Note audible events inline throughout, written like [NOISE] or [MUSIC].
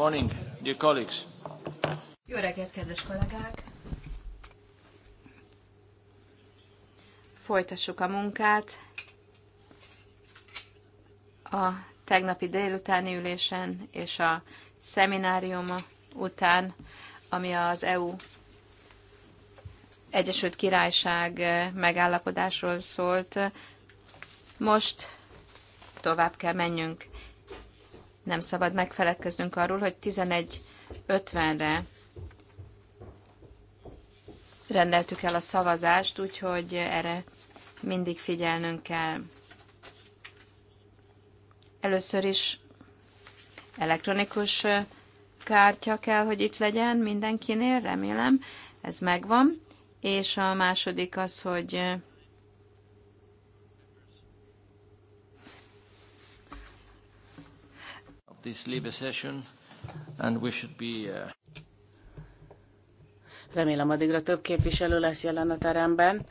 morning, dear colleagues. Jó reggelt, kedves kollégák! Folytassuk a munkát. A tegnapi délutáni ülésen és a szemináriuma után, ami az EU Egyesült Királyság megállapodásról szólt, most tovább kell menjünk nem szabad megfeledkeznünk arról, hogy 11.50-re rendeltük el a szavazást, úgyhogy erre mindig figyelnünk kell. Először is elektronikus kártya kell, hogy itt legyen mindenkinél, remélem, ez megvan. És a második az, hogy this Libe session, and we should be... Uh, Remélem addigra több képviselő lesz jelen a teremben,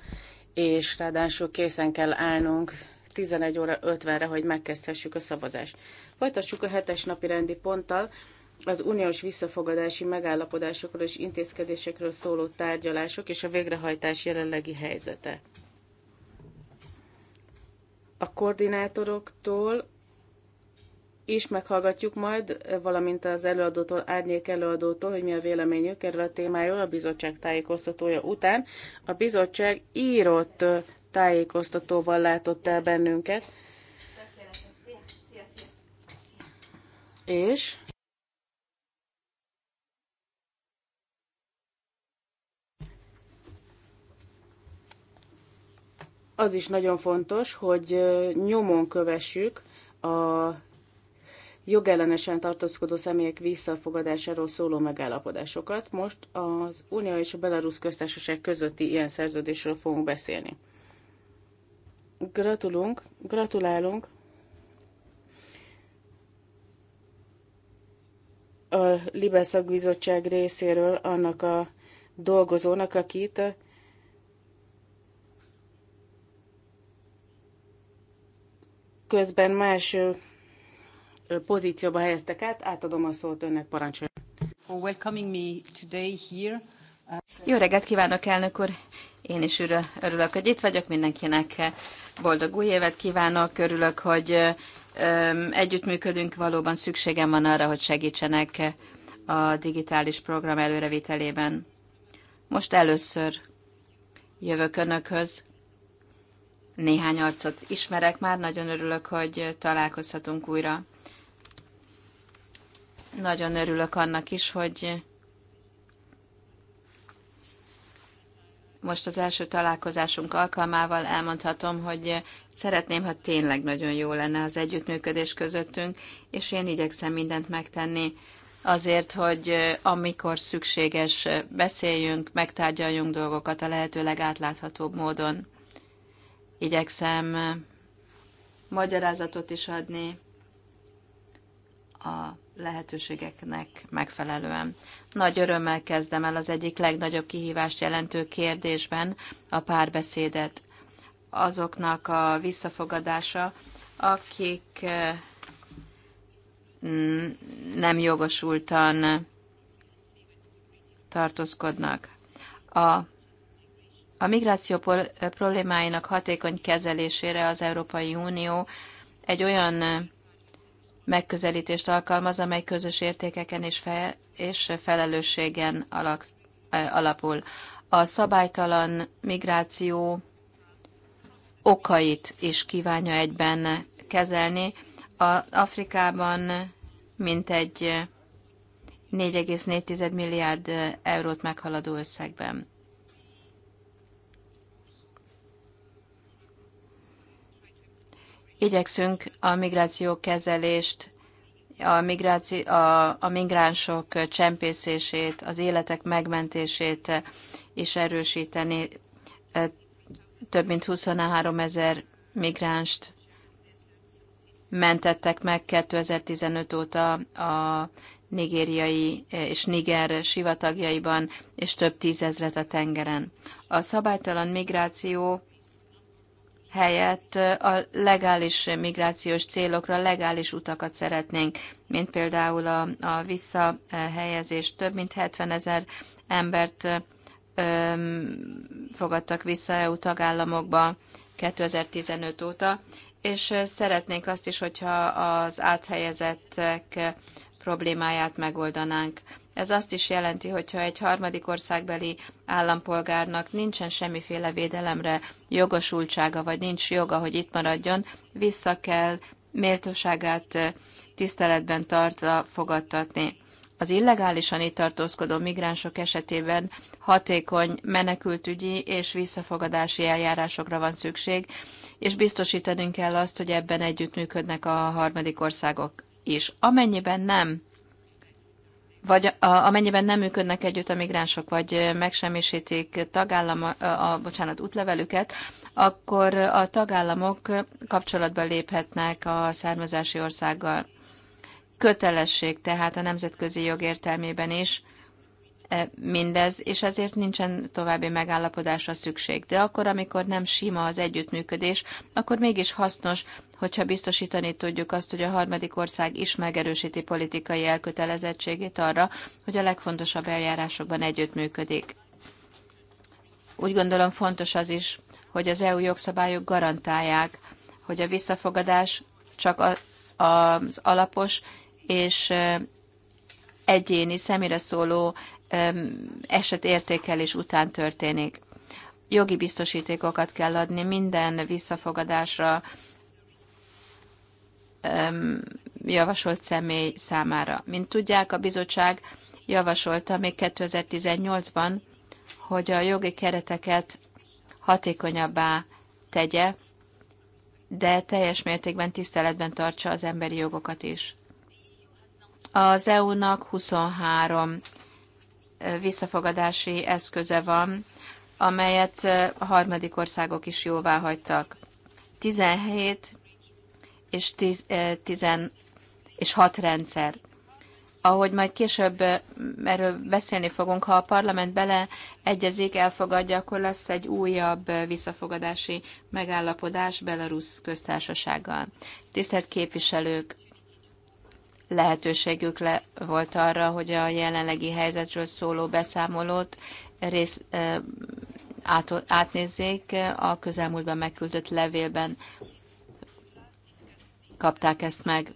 és ráadásul készen kell állnunk 11 óra 50-re, hogy megkezdhessük a szavazást. Folytassuk a hetes napi rendi ponttal, az uniós visszafogadási megállapodásokról és intézkedésekről szóló tárgyalások és a végrehajtás jelenlegi helyzete. A koordinátoroktól is meghallgatjuk majd, valamint az előadótól, árnyék előadótól, hogy mi a véleményük erről a témáról a bizottság tájékoztatója után. A bizottság írott tájékoztatóval látott el bennünket. És az is nagyon fontos, hogy nyomon kövessük a jogellenesen tartózkodó személyek visszafogadásáról szóló megállapodásokat. Most az Unió és a Belarus köztársaság közötti ilyen szerződésről fogunk beszélni. Gratulunk, gratulálunk a Libeszak Bizottság részéről annak a dolgozónak, akit közben más pozícióba helyeztek át. Átadom a szót önnek, parancsolja. Jó reggelt kívánok, elnök úr! Én is örülök, hogy itt vagyok, mindenkinek boldog új évet kívánok, örülök, hogy együttműködünk, valóban szükségem van arra, hogy segítsenek a digitális program előrevitelében. Most először jövök Önökhöz. Néhány arcot ismerek már, nagyon örülök, hogy találkozhatunk újra. Nagyon örülök annak is, hogy most az első találkozásunk alkalmával elmondhatom, hogy szeretném, ha tényleg nagyon jó lenne az együttműködés közöttünk, és én igyekszem mindent megtenni azért, hogy amikor szükséges, beszéljünk, megtárgyaljunk dolgokat a lehető legátláthatóbb módon. Igyekszem magyarázatot is adni a lehetőségeknek megfelelően. Nagy örömmel kezdem el az egyik legnagyobb kihívást jelentő kérdésben a párbeszédet. Azoknak a visszafogadása, akik eh, nem jogosultan tartózkodnak. A, a migráció problémáinak hatékony kezelésére az Európai Unió egy olyan megközelítést alkalmaz, amely közös értékeken és, fe, és felelősségen alak, alapul. A szabálytalan migráció okait is kívánja egyben kezelni. A Afrikában mintegy 4,4 milliárd eurót meghaladó összegben. Igyekszünk a migráció kezelést, a, migráci a, a migránsok csempészését, az életek megmentését eh, is erősíteni. Eh, több mint 23 ezer migránst mentettek meg 2015 óta a nigériai eh, és niger sivatagjaiban, és több tízezret a tengeren. A szabálytalan migráció helyett a legális migrációs célokra legális utakat szeretnénk, mint például a, a visszahelyezés. Több mint 70 ezer embert öm, fogadtak vissza EU tagállamokba 2015 óta, és szeretnénk azt is, hogyha az áthelyezettek problémáját megoldanánk. Ez azt is jelenti, hogyha egy harmadik országbeli állampolgárnak nincsen semmiféle védelemre jogosultsága, vagy nincs joga, hogy itt maradjon, vissza kell méltóságát eh, tiszteletben tartva fogadtatni. Az illegálisan itt tartózkodó migránsok esetében hatékony menekültügyi és visszafogadási eljárásokra van szükség, és biztosítanunk kell azt, hogy ebben együttműködnek a harmadik országok is. Amennyiben nem, vagy a, amennyiben nem működnek együtt a migránsok, vagy megsemmisítik tagállam, a, a, bocsánat, útlevelüket, akkor a tagállamok kapcsolatba léphetnek a származási országgal. Kötelesség tehát a nemzetközi jog értelmében is mindez, és ezért nincsen további megállapodásra szükség. De akkor, amikor nem sima az együttműködés, akkor mégis hasznos hogyha biztosítani tudjuk azt, hogy a harmadik ország is megerősíti politikai elkötelezettségét arra, hogy a legfontosabb eljárásokban együttműködik. Úgy gondolom fontos az is, hogy az EU jogszabályok garantálják, hogy a visszafogadás csak az alapos és egyéni, személyre szóló esetértékelés után történik. Jogi biztosítékokat kell adni minden visszafogadásra, javasolt személy számára. Mint tudják, a bizottság javasolta még 2018-ban, hogy a jogi kereteket hatékonyabbá tegye, de teljes mértékben tiszteletben tartsa az emberi jogokat is. Az EU-nak 23 visszafogadási eszköze van, amelyet a harmadik országok is jóvá hagytak. 17 és, tíz tizen, és hat rendszer. Ahogy majd később erről beszélni fogunk, ha a parlament beleegyezik, elfogadja, akkor lesz egy újabb visszafogadási megállapodás Belarus köztársasággal. Tisztelt képviselők, lehetőségük le volt arra, hogy a jelenlegi helyzetről szóló beszámolót rész, át, átnézzék a közelmúltban megküldött levélben kapták ezt meg.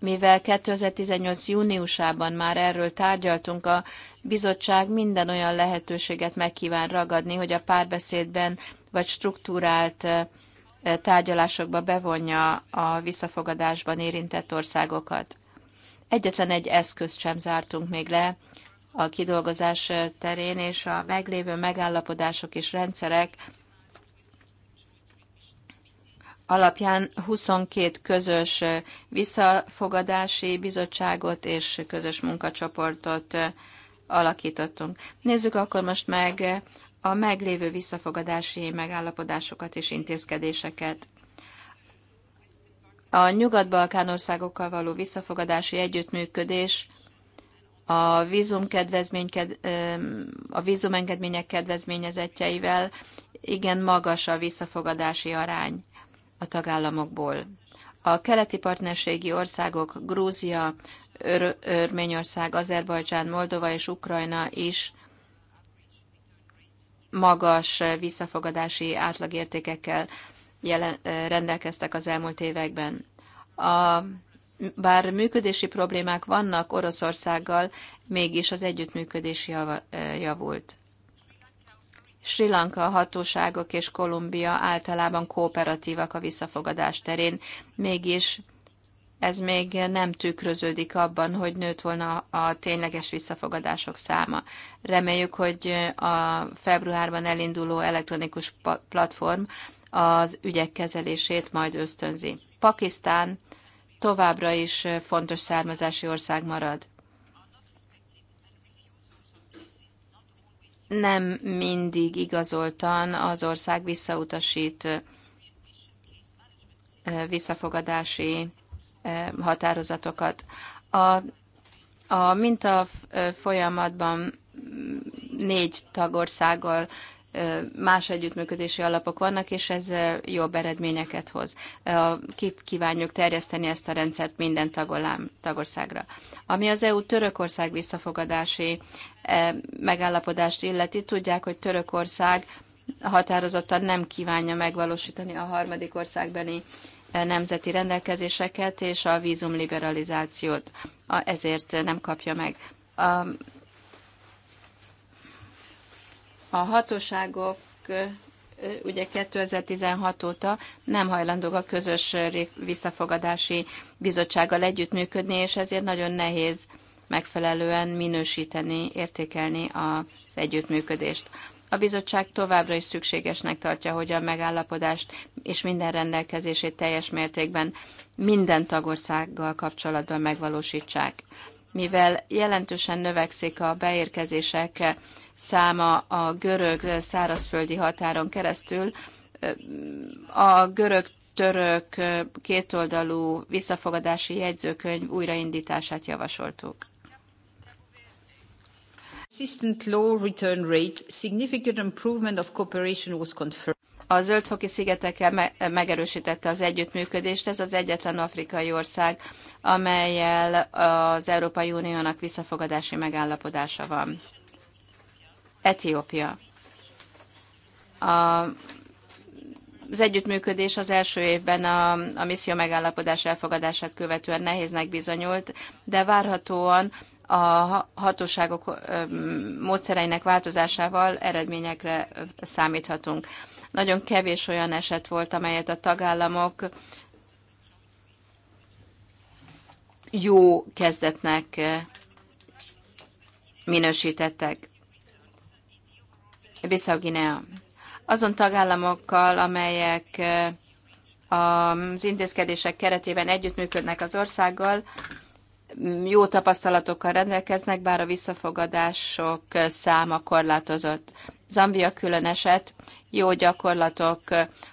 Mivel 2018. júniusában már erről tárgyaltunk, a bizottság minden olyan lehetőséget megkíván ragadni, hogy a párbeszédben vagy struktúrált tárgyalásokba bevonja a visszafogadásban érintett országokat. Egyetlen egy eszközt sem zártunk még le a kidolgozás terén, és a meglévő megállapodások és rendszerek alapján 22 közös visszafogadási bizottságot és közös munkacsoportot alakítottunk. Nézzük akkor most meg a meglévő visszafogadási megállapodásokat és intézkedéseket. A Nyugat-Balkán országokkal való visszafogadási együttműködés a vízumkedvezmény, a vízumengedmények kedvezményezetjeivel igen magas a visszafogadási arány a tagállamokból. A keleti partnerségi országok, Grúzia, Ör- Örményország, Azerbajdzsán, Moldova és Ukrajna is magas visszafogadási átlagértékekkel jelen, rendelkeztek az elmúlt években. A, bár működési problémák vannak Oroszországgal, mégis az együttműködés javult. Sri Lanka hatóságok és Kolumbia általában kooperatívak a visszafogadás terén, mégis ez még nem tükröződik abban, hogy nőtt volna a tényleges visszafogadások száma. Reméljük, hogy a februárban elinduló elektronikus platform az ügyek kezelését majd ösztönzi. Pakisztán továbbra is fontos származási ország marad. nem mindig igazoltan az ország visszautasít visszafogadási határozatokat. A, a minta folyamatban négy tagországgal más együttműködési alapok vannak, és ez jobb eredményeket hoz. kívánjuk terjeszteni ezt a rendszert minden tagolám, tagországra. Ami az EU-Törökország visszafogadási megállapodást illeti, tudják, hogy Törökország határozottan nem kívánja megvalósítani a harmadik országbeni nemzeti rendelkezéseket és a vízum liberalizációt, ezért nem kapja meg a hatóságok ugye 2016 óta nem hajlandók a közös visszafogadási bizottsággal együttműködni, és ezért nagyon nehéz megfelelően minősíteni, értékelni az együttműködést. A bizottság továbbra is szükségesnek tartja, hogy a megállapodást és minden rendelkezését teljes mértékben minden tagországgal kapcsolatban megvalósítsák. Mivel jelentősen növekszik a beérkezések száma a görög szárazföldi határon keresztül a görög-török kétoldalú visszafogadási jegyzőkönyv újraindítását javasoltuk. A zöldfoki szigetekkel me- megerősítette az együttműködést. Ez az egyetlen afrikai ország, amelyel az Európai Uniónak visszafogadási megállapodása van. Etiópia. A, az együttműködés az első évben a, a misszió megállapodás elfogadását követően nehéznek bizonyult, de várhatóan a hatóságok módszereinek változásával eredményekre számíthatunk. Nagyon kevés olyan eset volt, amelyet a tagállamok jó kezdetnek minősítettek. Bissau-Guinea. Azon tagállamokkal, amelyek az intézkedések keretében együttműködnek az országgal, jó tapasztalatokkal rendelkeznek, bár a visszafogadások száma korlátozott. Zambia külön eset, jó gyakorlatok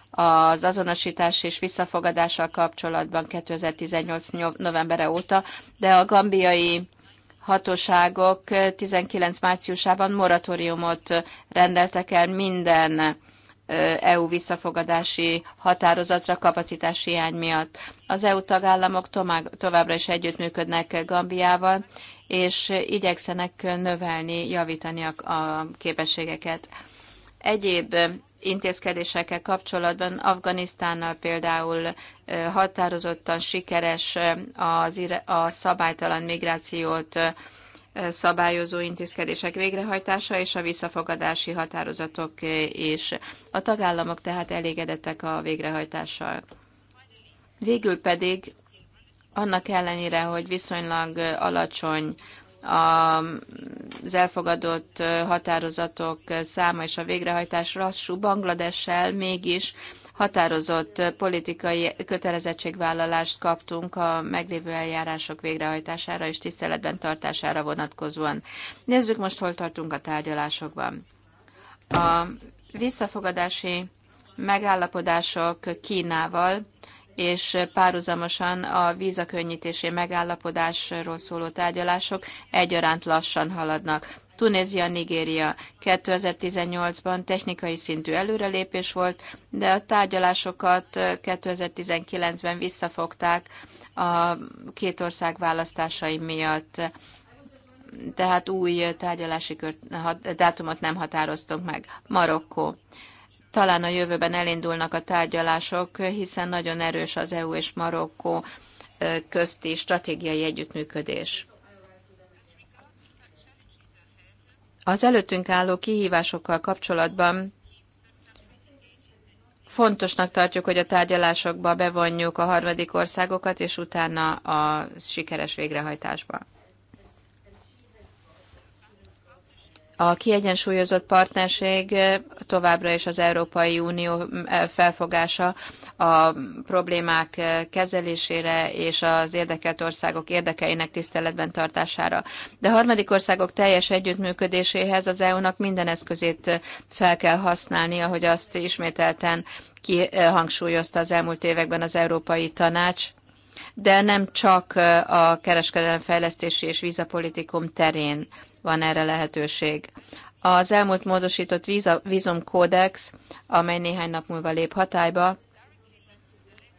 az azonosítás és visszafogadással kapcsolatban 2018 novembere óta, de a gambiai hatóságok 19 márciusában moratóriumot rendeltek el minden EU visszafogadási határozatra kapacitási hiány miatt. Az EU tagállamok továbbra is együttműködnek Gambiával, és igyekszenek növelni, javítani a képességeket. Egyéb intézkedésekkel kapcsolatban Afganisztánnal például határozottan sikeres az, a szabálytalan migrációt szabályozó intézkedések végrehajtása és a visszafogadási határozatok is. A tagállamok tehát elégedettek a végrehajtással. Végül pedig annak ellenére, hogy viszonylag alacsony az elfogadott határozatok száma és a végrehajtás lassú Bangladessel mégis határozott politikai kötelezettségvállalást kaptunk a meglévő eljárások végrehajtására és tiszteletben tartására vonatkozóan. Nézzük most, hol tartunk a tárgyalásokban. A visszafogadási megállapodások Kínával és párhuzamosan a vízakönnyítési megállapodásról szóló tárgyalások egyaránt lassan haladnak. Tunézia, Nigéria. 2018-ban technikai szintű előrelépés volt, de a tárgyalásokat 2019-ben visszafogták a két ország választásai miatt. Tehát új tárgyalási kört, dátumot nem határoztunk meg. Marokkó. Talán a jövőben elindulnak a tárgyalások, hiszen nagyon erős az EU és Marokkó közti stratégiai együttműködés. Az előttünk álló kihívásokkal kapcsolatban fontosnak tartjuk, hogy a tárgyalásokba bevonjuk a harmadik országokat, és utána a sikeres végrehajtásba. A kiegyensúlyozott partnerség továbbra is az Európai Unió mm, eh, felfogása a problémák eh, kezelésére és az érdekelt országok érdekeinek tiszteletben tartására. De harmadik országok teljes együttműködéséhez az EU-nak minden eszközét eh, fel kell használni, ahogy azt ismételten kihangsúlyozta az elmúlt években az Európai Tanács de nem csak a kereskedelemfejlesztési és vízapolitikum terén van erre lehetőség. Az elmúlt módosított vízumkódex, amely néhány nap múlva lép hatályba,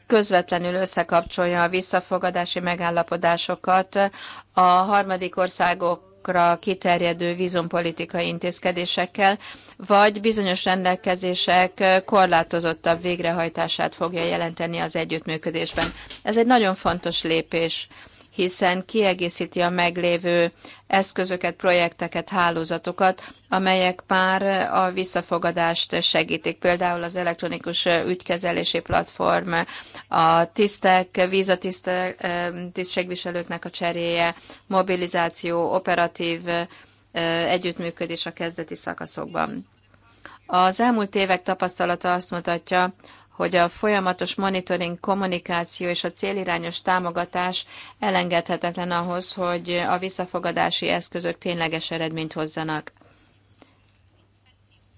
közvetlenül összekapcsolja a visszafogadási megállapodásokat a harmadik országokra kiterjedő vízumpolitikai intézkedésekkel, vagy bizonyos rendelkezések korlátozottabb végrehajtását fogja jelenteni az együttműködésben. Ez egy nagyon fontos lépés hiszen kiegészíti a meglévő eszközöket, projekteket, hálózatokat, amelyek már a visszafogadást segítik. Például az elektronikus ügykezelési platform, a tisztek, vízatisztségviselőknek a cseréje, mobilizáció, operatív együttműködés a kezdeti szakaszokban. Az elmúlt évek tapasztalata azt mutatja, hogy a folyamatos monitoring, kommunikáció és a célirányos támogatás elengedhetetlen ahhoz, hogy a visszafogadási eszközök tényleges eredményt hozzanak.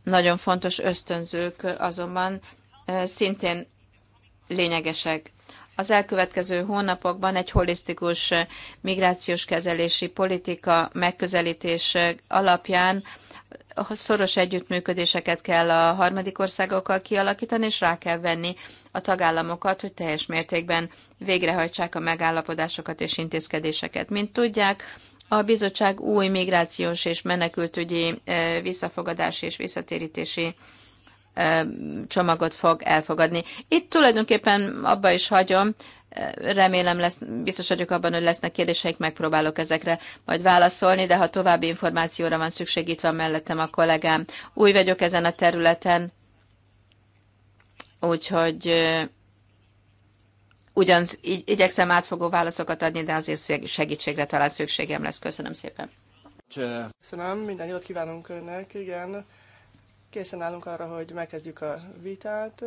Nagyon fontos ösztönzők azonban szintén lényegesek. Az elkövetkező hónapokban egy holisztikus migrációs kezelési politika megközelítés alapján szoros együttműködéseket kell a harmadik országokkal kialakítani, és rá kell venni a tagállamokat, hogy teljes mértékben végrehajtsák a megállapodásokat és intézkedéseket. Mint tudják, a bizottság új migrációs és menekültügyi visszafogadási és visszatérítési csomagot fog elfogadni. Itt tulajdonképpen abba is hagyom, Remélem lesz, biztos vagyok abban, hogy lesznek kérdéseik, megpróbálok ezekre majd válaszolni, de ha további információra van szükség, itt van mellettem a kollégám. Új vagyok ezen a területen, úgyhogy ugyan igy, igyekszem átfogó válaszokat adni, de azért segítségre talán szükségem lesz. Köszönöm szépen. Köszönöm, minden jót kívánunk Önnek, igen. Készen állunk arra, hogy megkezdjük a vitát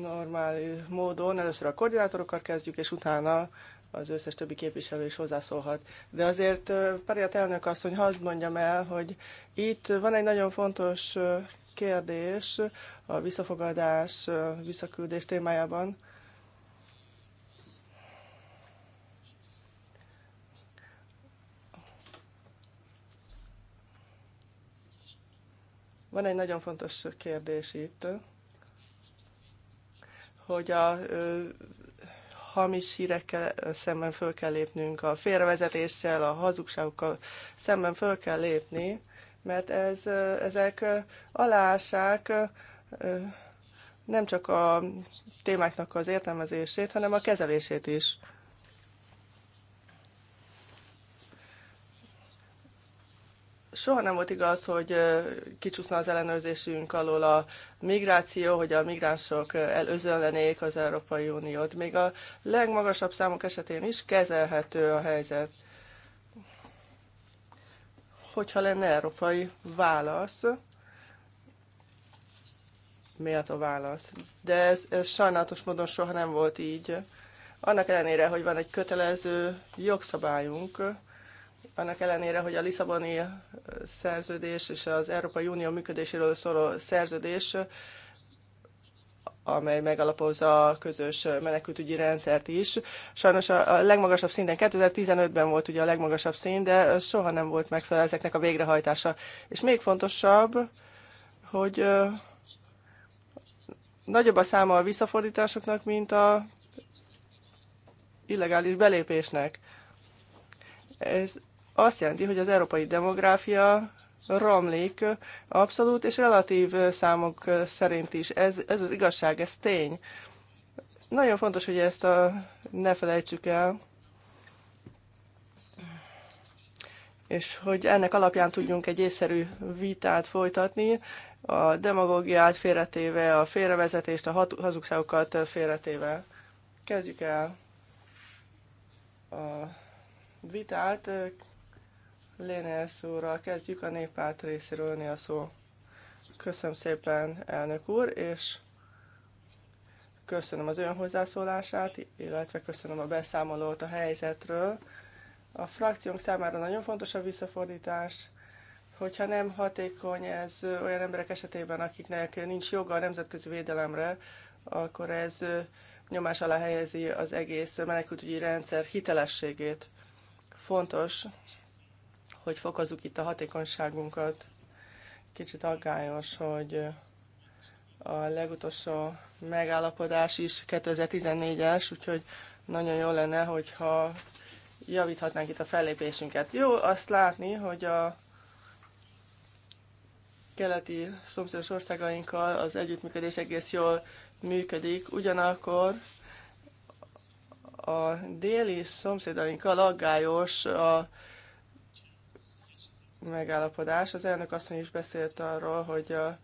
normál módon először a koordinátorokkal kezdjük, és utána az összes többi képviselő is hozzászólhat. De azért Pariat elnök asszony, hadd mondjam el, hogy itt van egy nagyon fontos kérdés a visszafogadás, visszaküldés témájában. Van egy nagyon fontos kérdés itt hogy a hamis hírekkel szemben föl kell lépnünk, a félrevezetéssel, a hazugságokkal szemben föl kell lépni, mert ez, ezek alássák nem csak a témáknak az értelmezését, hanem a kezelését is. soha nem volt igaz, hogy kicsúszna az ellenőrzésünk alól a migráció, hogy a migránsok elözönlenék az Európai Uniót. Még a legmagasabb számok esetén is kezelhető a helyzet. Hogyha lenne európai válasz, méltó válasz. De ez, ez sajnálatos módon soha nem volt így. Annak ellenére, hogy van egy kötelező jogszabályunk, annak ellenére, hogy a Lisszaboni szerződés és az Európai Unió működéséről szóló szerződés, amely megalapozza a közös menekültügyi rendszert is. Sajnos a legmagasabb szinten 2015-ben volt ugye a legmagasabb szint, de soha nem volt megfelelő ezeknek a végrehajtása. És még fontosabb, hogy nagyobb a száma a visszafordításoknak, mint a illegális belépésnek. Ez azt jelenti, hogy az európai demográfia romlik abszolút és relatív számok szerint is. Ez, ez az igazság, ez tény. Nagyon fontos, hogy ezt a, ne felejtsük el, és hogy ennek alapján tudjunk egy észszerű vitát folytatni, a demagógiát félretéve, a félrevezetést, a hazugságokat félretéve. Kezdjük el a vitát. Lénelsz úrral kezdjük, a néppárt részéről a szó. Köszönöm szépen, elnök úr, és köszönöm az ön hozzászólását, illetve köszönöm a beszámolót a helyzetről. A frakciónk számára nagyon fontos a visszafordítás, hogyha nem hatékony ez olyan emberek esetében, akiknek nincs joga a nemzetközi védelemre, akkor ez nyomás alá helyezi az egész menekültügyi rendszer hitelességét. Fontos, hogy fokozzuk itt a hatékonyságunkat. Kicsit aggályos, hogy a legutolsó megállapodás is 2014-es, úgyhogy nagyon jó lenne, hogyha javíthatnánk itt a fellépésünket. Jó azt látni, hogy a keleti szomszédos országainkkal az együttműködés egész jól működik, ugyanakkor a déli szomszédainkkal aggályos a megállapodás. Az elnök asszony is beszélt arról, hogy a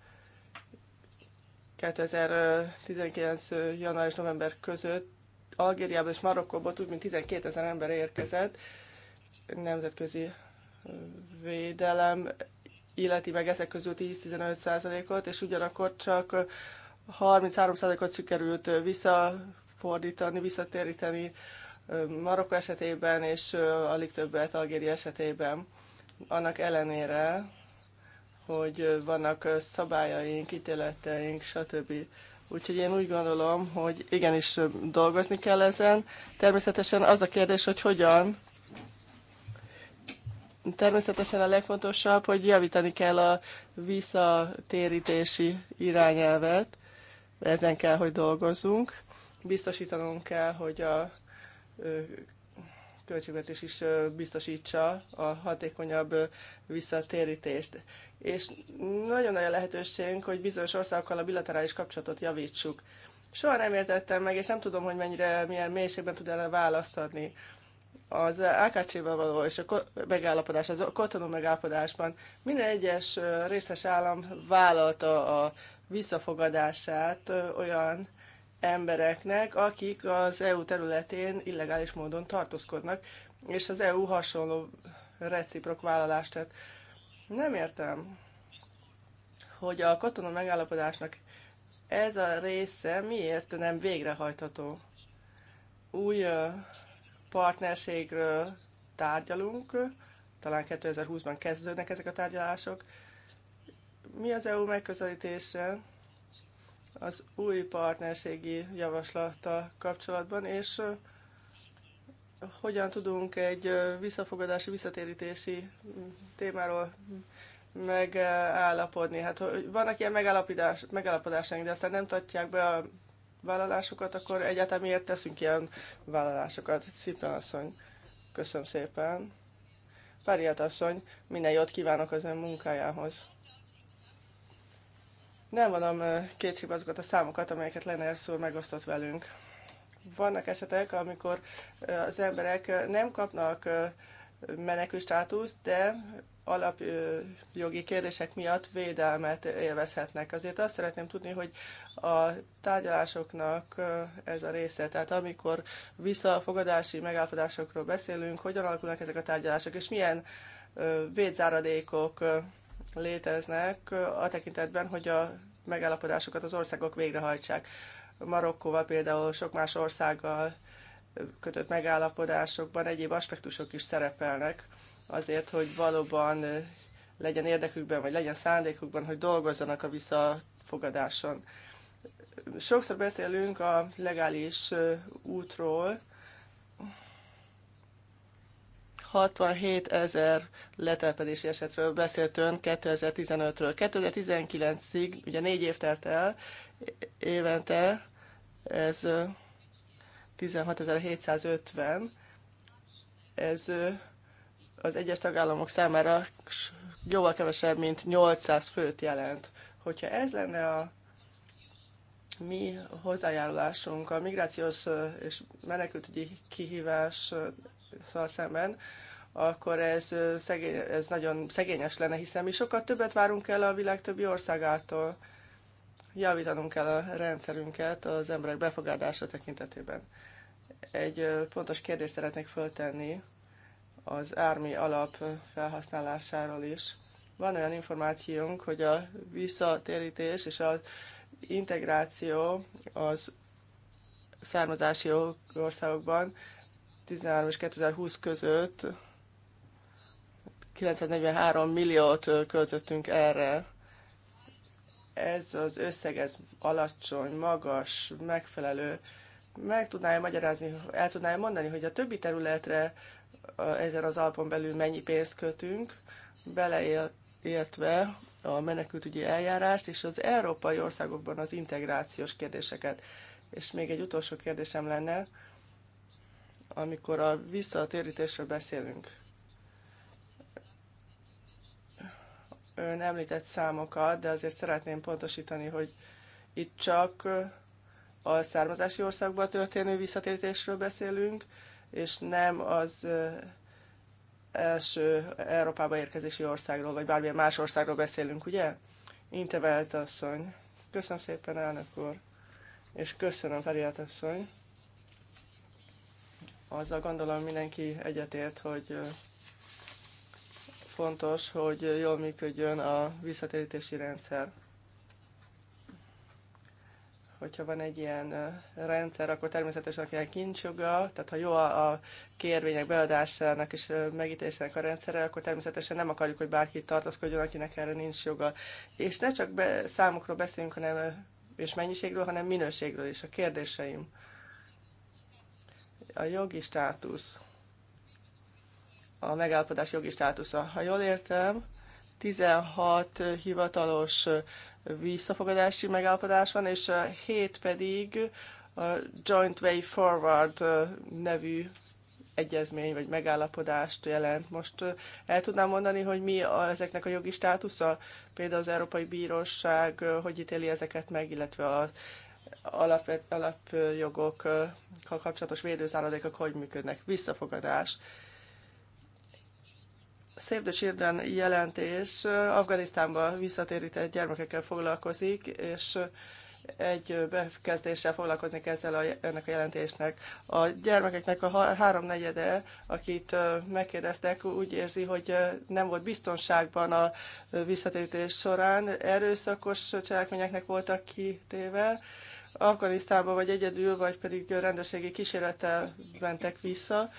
2019. január és november között Algériában és Marokkóból több mint 12 ezer ember érkezett nemzetközi védelem illeti meg ezek közül 10-15 százalékot, és ugyanakkor csak 33 százalékot sikerült visszafordítani, visszatéríteni Marokko esetében, és alig többet Algéria esetében annak ellenére, hogy vannak szabályaink, ítéleteink, stb. Úgyhogy én úgy gondolom, hogy igenis dolgozni kell ezen. Természetesen az a kérdés, hogy hogyan. Természetesen a legfontosabb, hogy javítani kell a visszatérítési irányelvet. Ezen kell, hogy dolgozunk. Biztosítanunk kell, hogy a költségvetés is biztosítsa a hatékonyabb visszatérítést. És nagyon nagy a lehetőségünk, hogy bizonyos országokkal a bilaterális kapcsolatot javítsuk. Soha nem értettem meg, és nem tudom, hogy mennyire, milyen mélységben tud erre választ adni. Az akc való és a megállapodás, az kotonó megállapodásban minden egyes részes állam vállalta a visszafogadását olyan embereknek, akik az EU területén illegális módon tartózkodnak, és az EU hasonló reciprok vállalást tett. Nem értem, hogy a katona megállapodásnak ez a része miért nem végrehajtható. Új partnerségről tárgyalunk, talán 2020-ban kezdődnek ezek a tárgyalások. Mi az EU megközelítése? az új partnerségi javaslata kapcsolatban, és hogyan tudunk egy visszafogadási, visszatérítési témáról megállapodni. Hát hogy vannak ilyen megállapodás, megállapodásaink, de aztán nem tartják be a vállalásokat, akkor egyáltalán miért teszünk ilyen vállalásokat? Szépen asszony, köszönöm szépen. Páriát asszony, minden jót kívánok az ön munkájához. Nem vonom kétségbe azokat a számokat, amelyeket Lenersz úr megosztott velünk. Vannak esetek, amikor az emberek nem kapnak menekül státuszt, de alapjogi kérdések miatt védelmet élvezhetnek. Azért azt szeretném tudni, hogy a tárgyalásoknak ez a része, tehát amikor visszafogadási megállapodásokról beszélünk, hogyan alakulnak ezek a tárgyalások, és milyen védzáradékok léteznek a tekintetben, hogy a megállapodásokat az országok végrehajtsák. Marokkóval például sok más országgal kötött megállapodásokban egyéb aspektusok is szerepelnek azért, hogy valóban legyen érdekükben, vagy legyen szándékukban, hogy dolgozzanak a visszafogadáson. Sokszor beszélünk a legális útról, 67 ezer letelepedési esetről beszélt ön 2015-ről. 2019-ig, ugye négy év telt el, évente ez 16.750, ez az egyes tagállamok számára jóval kevesebb, mint 800 főt jelent. Hogyha ez lenne a mi hozzájárulásunk a migrációs és menekültügyi kihívás szemben, akkor ez, szegény, ez nagyon szegényes lenne, hiszen mi sokkal többet várunk el a világ többi országától. Javítanunk kell a rendszerünket az emberek befogadása tekintetében. Egy pontos kérdést szeretnék föltenni az ármi alap felhasználásáról is. Van olyan információnk, hogy a visszatérítés és az integráció az származási országokban 13 és 2020 között 943 milliót költöttünk erre. Ez az összeg, ez alacsony, magas, megfelelő. Meg tudnája magyarázni, el tudnája mondani, hogy a többi területre ezen az alapon belül mennyi pénzt kötünk, beleértve a menekültügyi eljárást és az európai országokban az integrációs kérdéseket. És még egy utolsó kérdésem lenne, amikor a visszatérítésről beszélünk ön említett számokat, de azért szeretném pontosítani, hogy itt csak a származási országba történő visszatérítésről beszélünk, és nem az eh, első Európába érkezési országról, vagy bármilyen más országról beszélünk, ugye? Intevelt asszony. Köszönöm szépen, elnök úr. És köszönöm, Feriát asszony. Azzal gondolom mindenki egyetért, hogy eh, fontos, hogy jól működjön a visszatérítési rendszer. Hogyha van egy ilyen rendszer, akkor természetesen akinek nincs joga, tehát ha jó a kérvények beadásának és megítésének a rendszere, akkor természetesen nem akarjuk, hogy bárki tartózkodjon, akinek erre nincs joga. És ne csak be, számokról beszélünk, hanem és mennyiségről, hanem minőségről is. A kérdéseim. A jogi státusz a megállapodás jogi státusza. Ha jól értem, 16 hivatalos visszafogadási megállapodás van, és 7 pedig a Joint Way Forward nevű egyezmény vagy megállapodást jelent. Most el tudnám mondani, hogy mi a, ezeknek a jogi státusza? Például az Európai Bíróság hogy ítéli ezeket meg, illetve az alap, alapjogokkal kapcsolatos védőzáradékok hogy működnek. Visszafogadás. Save the Children jelentés eh, Afganisztánba visszatérített gyermekekkel foglalkozik, és egy bekezdéssel foglalkozni ezzel a, ennek a jelentésnek. A gyermekeknek a háromnegyede, akit eh, megkérdeztek, úgy érzi, hogy eh, nem volt biztonságban a visszatérítés során, erőszakos cselekményeknek voltak kitéve, Afganisztánban vagy egyedül, vagy pedig rendőrségi kísérlettel mentek vissza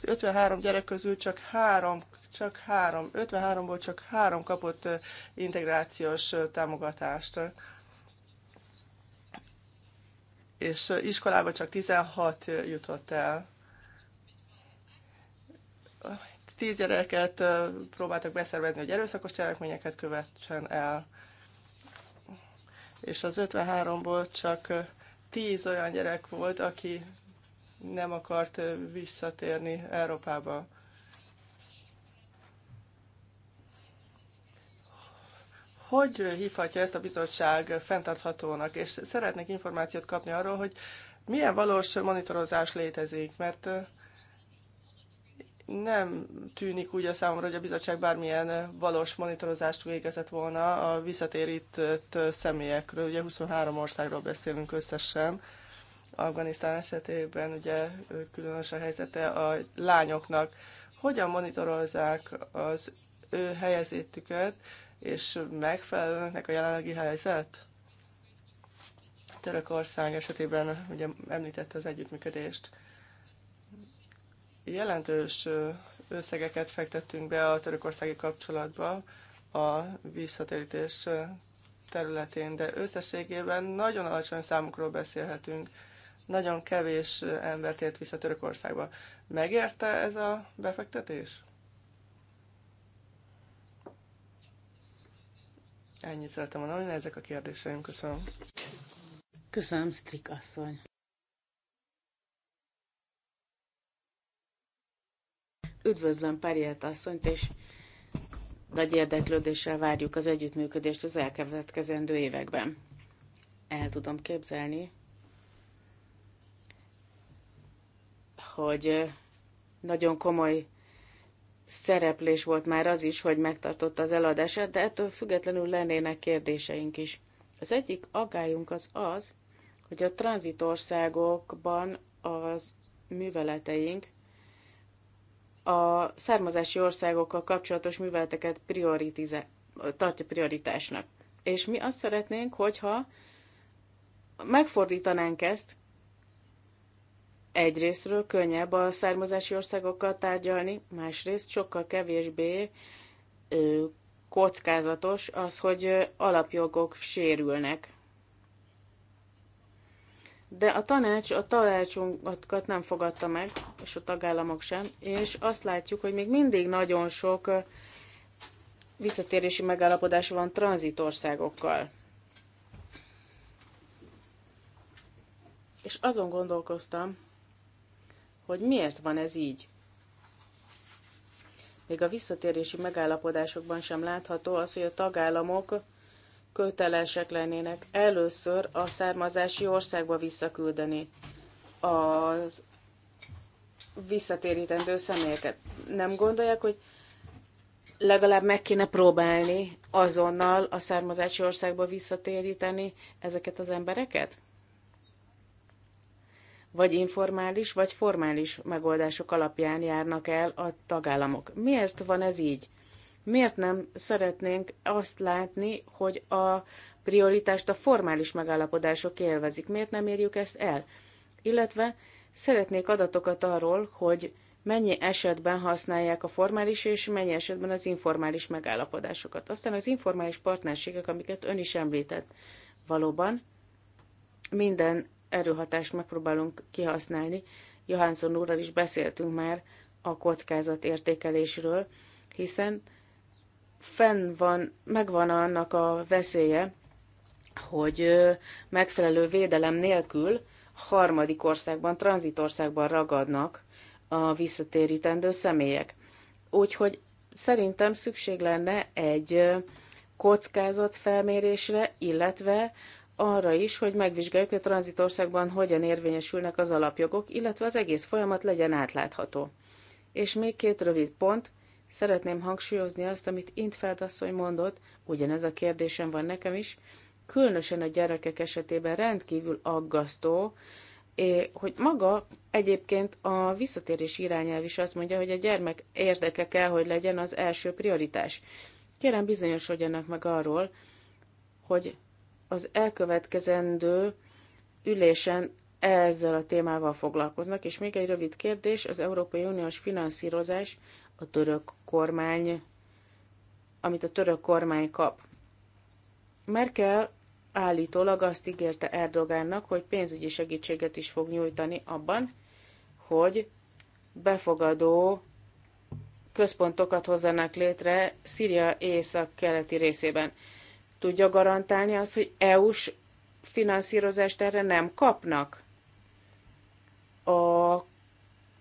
hogy 53 gyerek közül csak három, csak három, 53-ból csak három kapott integrációs támogatást. És iskolába csak 16 jutott el. Tíz gyereket próbáltak beszervezni, hogy erőszakos cselekményeket követsen el. És az 53-ból csak tíz olyan gyerek volt, aki nem akart visszatérni Európába. Hogy hívhatja ezt a bizottság fenntarthatónak? És szeretnék információt kapni arról, hogy milyen valós monitorozás létezik, mert nem tűnik úgy a számomra, hogy a bizottság bármilyen valós monitorozást végezett volna a visszatérített személyekről. Ugye 23 országról beszélünk összesen. Afganisztán esetében ugye különös a helyzete a lányoknak. Hogyan monitorozzák az ő helyzetüket, és megfelelőnek a jelenlegi helyzet? Törökország esetében ugye említette az együttműködést. Jelentős összegeket fektettünk be a törökországi kapcsolatba a visszatérítés területén, de összességében nagyon alacsony számokról beszélhetünk. Nagyon kevés ember tért vissza Törökországba. Megérte ez a befektetés? Ennyit szeretem mondani, ezek a kérdéseim. Köszönöm. Köszönöm, Strik asszony. Üdvözlöm Pariát asszonyt, és nagy érdeklődéssel várjuk az együttműködést az elkövetkezendő években. El tudom képzelni, hogy nagyon komoly szereplés volt már az is, hogy megtartotta az eladását, de ettől függetlenül lennének kérdéseink is. Az egyik agályunk az az, hogy a tranzitországokban az műveleteink a származási országokkal kapcsolatos műveleteket prioritize, tartja prioritásnak. És mi azt szeretnénk, hogyha megfordítanánk ezt, egyrésztről könnyebb a származási országokkal tárgyalni, másrészt sokkal kevésbé ö, kockázatos az, hogy alapjogok sérülnek. De a tanács a tanácsunkat nem fogadta meg, és a tagállamok sem, és azt látjuk, hogy még mindig nagyon sok visszatérési megállapodás van tranzitországokkal. És azon gondolkoztam, hogy miért van ez így. Még a visszatérési megállapodásokban sem látható az, hogy a tagállamok kötelesek lennének először a származási országba visszaküldeni az visszatérítendő személyeket. Nem gondolják, hogy legalább meg kéne próbálni azonnal a származási országba visszatéríteni ezeket az embereket? vagy informális, vagy formális megoldások alapján járnak el a tagállamok. Miért van ez így? Miért nem szeretnénk azt látni, hogy a prioritást a formális megállapodások élvezik? Miért nem érjük ezt el? Illetve szeretnék adatokat arról, hogy mennyi esetben használják a formális és mennyi esetben az informális megállapodásokat. Aztán az informális partnerségek, amiket ön is említett, valóban minden erőhatást megpróbálunk kihasználni. Johansson úrral is beszéltünk már a kockázat értékelésről, hiszen fenn van, megvan annak a veszélye, hogy megfelelő védelem nélkül harmadik országban, tranzitországban ragadnak a visszatérítendő személyek. Úgyhogy szerintem szükség lenne egy kockázatfelmérésre, illetve arra is, hogy megvizsgáljuk, hogy a tranzitországban hogyan érvényesülnek az alapjogok, illetve az egész folyamat legyen átlátható. És még két rövid pont. Szeretném hangsúlyozni azt, amit Intfeld asszony mondott, ugyanez a kérdésem van nekem is, különösen a gyerekek esetében rendkívül aggasztó, hogy maga egyébként a visszatérés irányelv is azt mondja, hogy a gyermek érdeke kell, hogy legyen az első prioritás. Kérem bizonyosodjanak meg arról, hogy az elkövetkezendő ülésen ezzel a témával foglalkoznak. És még egy rövid kérdés, az Európai Uniós finanszírozás a török kormány, amit a török kormány kap. Merkel állítólag azt ígérte Erdogánnak, hogy pénzügyi segítséget is fog nyújtani abban, hogy befogadó központokat hozzanak létre Szíria észak-keleti részében tudja garantálni azt, hogy EU-s finanszírozást erre nem kapnak a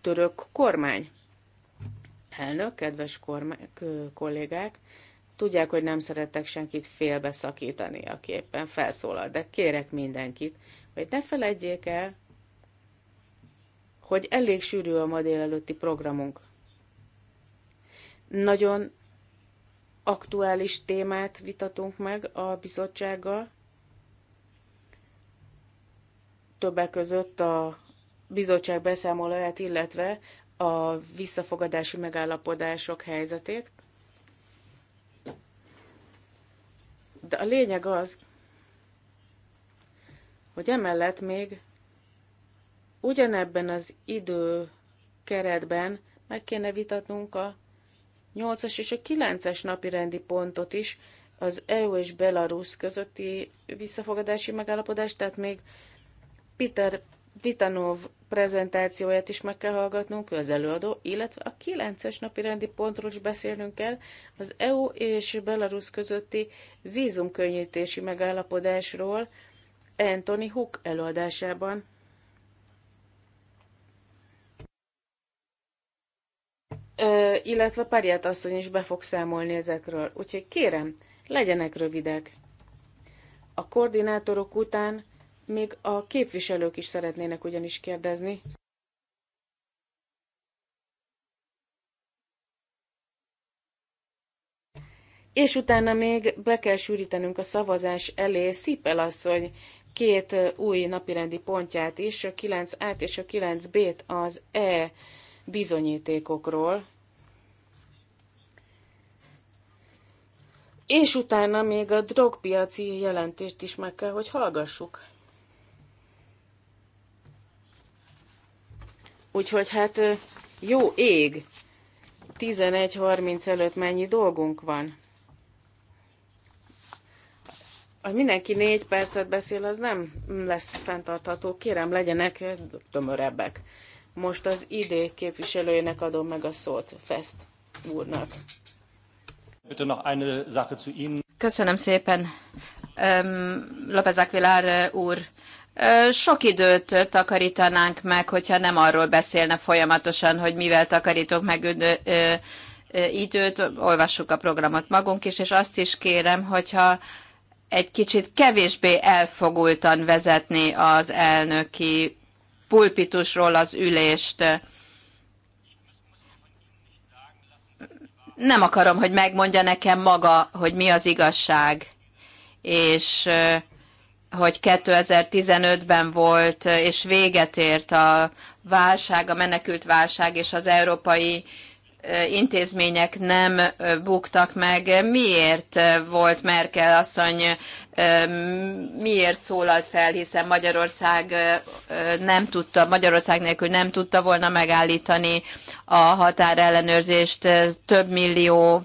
török kormány? Elnök, kedves kormány, kollégák, tudják, hogy nem szeretek senkit félbeszakítani, aki éppen felszólal, de kérek mindenkit, hogy ne feledjék el, hogy elég sűrű a ma délelőtti programunk. Nagyon aktuális témát vitatunk meg a bizottsággal. Többek között a bizottság beszámolóját, illetve a visszafogadási megállapodások helyzetét. De a lényeg az, hogy emellett még ugyanebben az idő keretben meg kéne vitatnunk a 8-as és a 9-es napi rendi pontot is, az EU és Belarus közötti visszafogadási megállapodást, tehát még Peter Vitanov prezentációját is meg kell hallgatnunk, ő az előadó, illetve a 9-es napi rendi pontról is beszélnünk kell, az EU és Belarus közötti vízumkönnyítési megállapodásról Anthony Hook előadásában. Ö, illetve Pariát asszony is be fog számolni ezekről. Úgyhogy kérem, legyenek rövidek. A koordinátorok után még a képviselők is szeretnének ugyanis kérdezni. És utána még be kell sűrítenünk a szavazás elé Szipel asszony két új napirendi pontját is, a 9 át és a 9B-t az E bizonyítékokról, és utána még a drogpiaci jelentést is meg kell, hogy hallgassuk. Úgyhogy hát jó ég, 11.30 előtt mennyi dolgunk van. Ha mindenki négy percet beszél, az nem lesz fenntartható. Kérem, legyenek tömörebbek. Most az ID képviselőjének adom meg a szót, Fest úrnak. Köszönöm szépen, Lopezák Vilár úr. Sok időt takarítanánk meg, hogyha nem arról beszélne folyamatosan, hogy mivel takarítok meg időt, olvassuk a programot magunk is, és azt is kérem, hogyha egy kicsit kevésbé elfogultan vezetni az elnöki pulpitusról az ülést. Nem akarom, hogy megmondja nekem maga, hogy mi az igazság, és hogy 2015-ben volt, és véget ért a válság, a menekült válság, és az európai intézmények nem buktak meg. Miért volt Merkel asszony miért szólalt fel, hiszen Magyarország nem tudta, Magyarország nélkül nem tudta volna megállítani a határellenőrzést. Több millió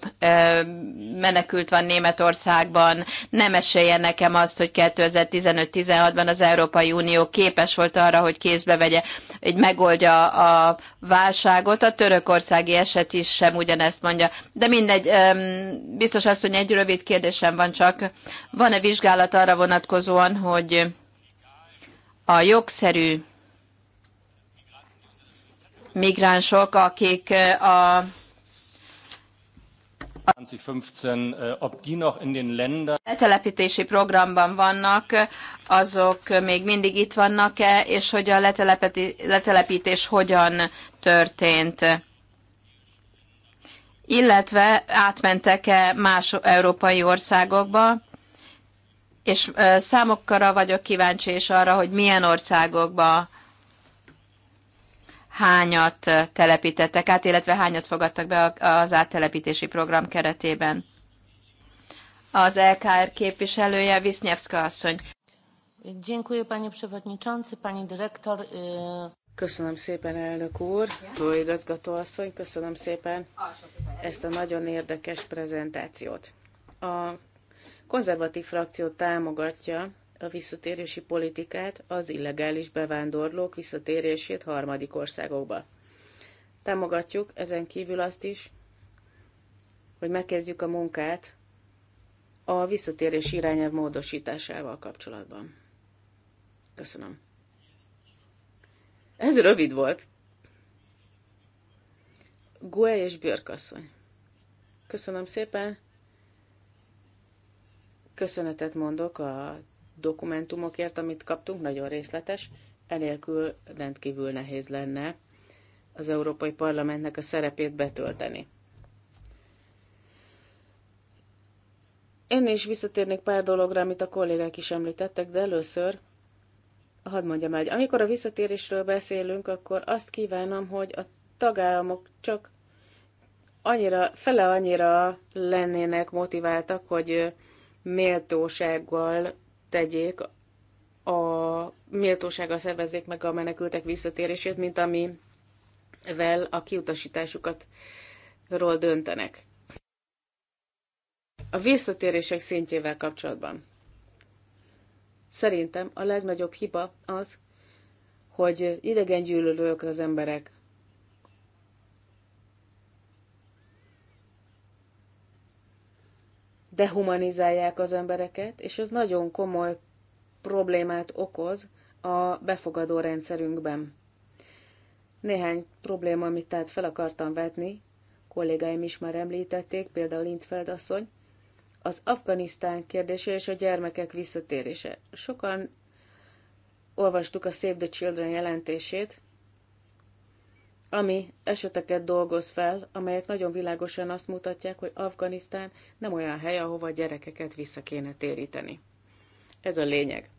menekült van Németországban. Nem esélye nekem azt, hogy 2015-16-ban az Európai Unió képes volt arra, hogy kézbe vegye, hogy megoldja a válságot. A törökországi eset is sem ugyanezt mondja. De mindegy, biztos azt, hogy egy rövid kérdésem van csak. Van-e vizsgálat vizsgálat arra vonatkozóan, hogy a jogszerű migránsok, akik a 2015, äh, ob die noch in den Ländern letelepítési programban vannak, azok még mindig itt vannak-e, és hogy a letelepítés hogyan történt. Illetve átmentek-e más európai országokba, és számokra vagyok kíváncsi, és arra, hogy milyen országokba hányat telepítettek át, illetve hányat fogadtak be az áttelepítési program keretében. Az LKR képviselője Visznyevszka asszony. Köszönöm szépen, elnök úr, főigazgató asszony, köszönöm szépen ezt a nagyon érdekes prezentációt. A konzervatív frakció támogatja a visszatérési politikát, az illegális bevándorlók visszatérését harmadik országokba. Támogatjuk ezen kívül azt is, hogy megkezdjük a munkát a visszatérés irányelv módosításával kapcsolatban. Köszönöm. Ez rövid volt. Gue és asszony. Köszönöm szépen. Köszönetet mondok a dokumentumokért, amit kaptunk, nagyon részletes, enélkül rendkívül nehéz lenne az Európai Parlamentnek a szerepét betölteni. Én is visszatérnék pár dologra, amit a kollégák is említettek, de először hadd mondjam el, hogy amikor a visszatérésről beszélünk, akkor azt kívánom, hogy a tagállamok csak annyira, fele annyira lennének motiváltak, hogy méltósággal tegyék, a méltósággal szervezzék meg a menekültek visszatérését, mint amivel a kiutasításukat ról döntenek. A visszatérések szintjével kapcsolatban. Szerintem a legnagyobb hiba az, hogy idegen gyűlölők az emberek. dehumanizálják az embereket, és ez nagyon komoly problémát okoz a befogadó rendszerünkben. Néhány probléma, amit tehát fel akartam vetni, kollégáim is már említették, például Lindfeld asszony, az Afganisztán kérdése és a gyermekek visszatérése. Sokan olvastuk a Save the Children jelentését, ami eseteket dolgoz fel, amelyek nagyon világosan azt mutatják, hogy Afganisztán nem olyan hely, ahova gyerekeket vissza kéne téríteni. Ez a lényeg.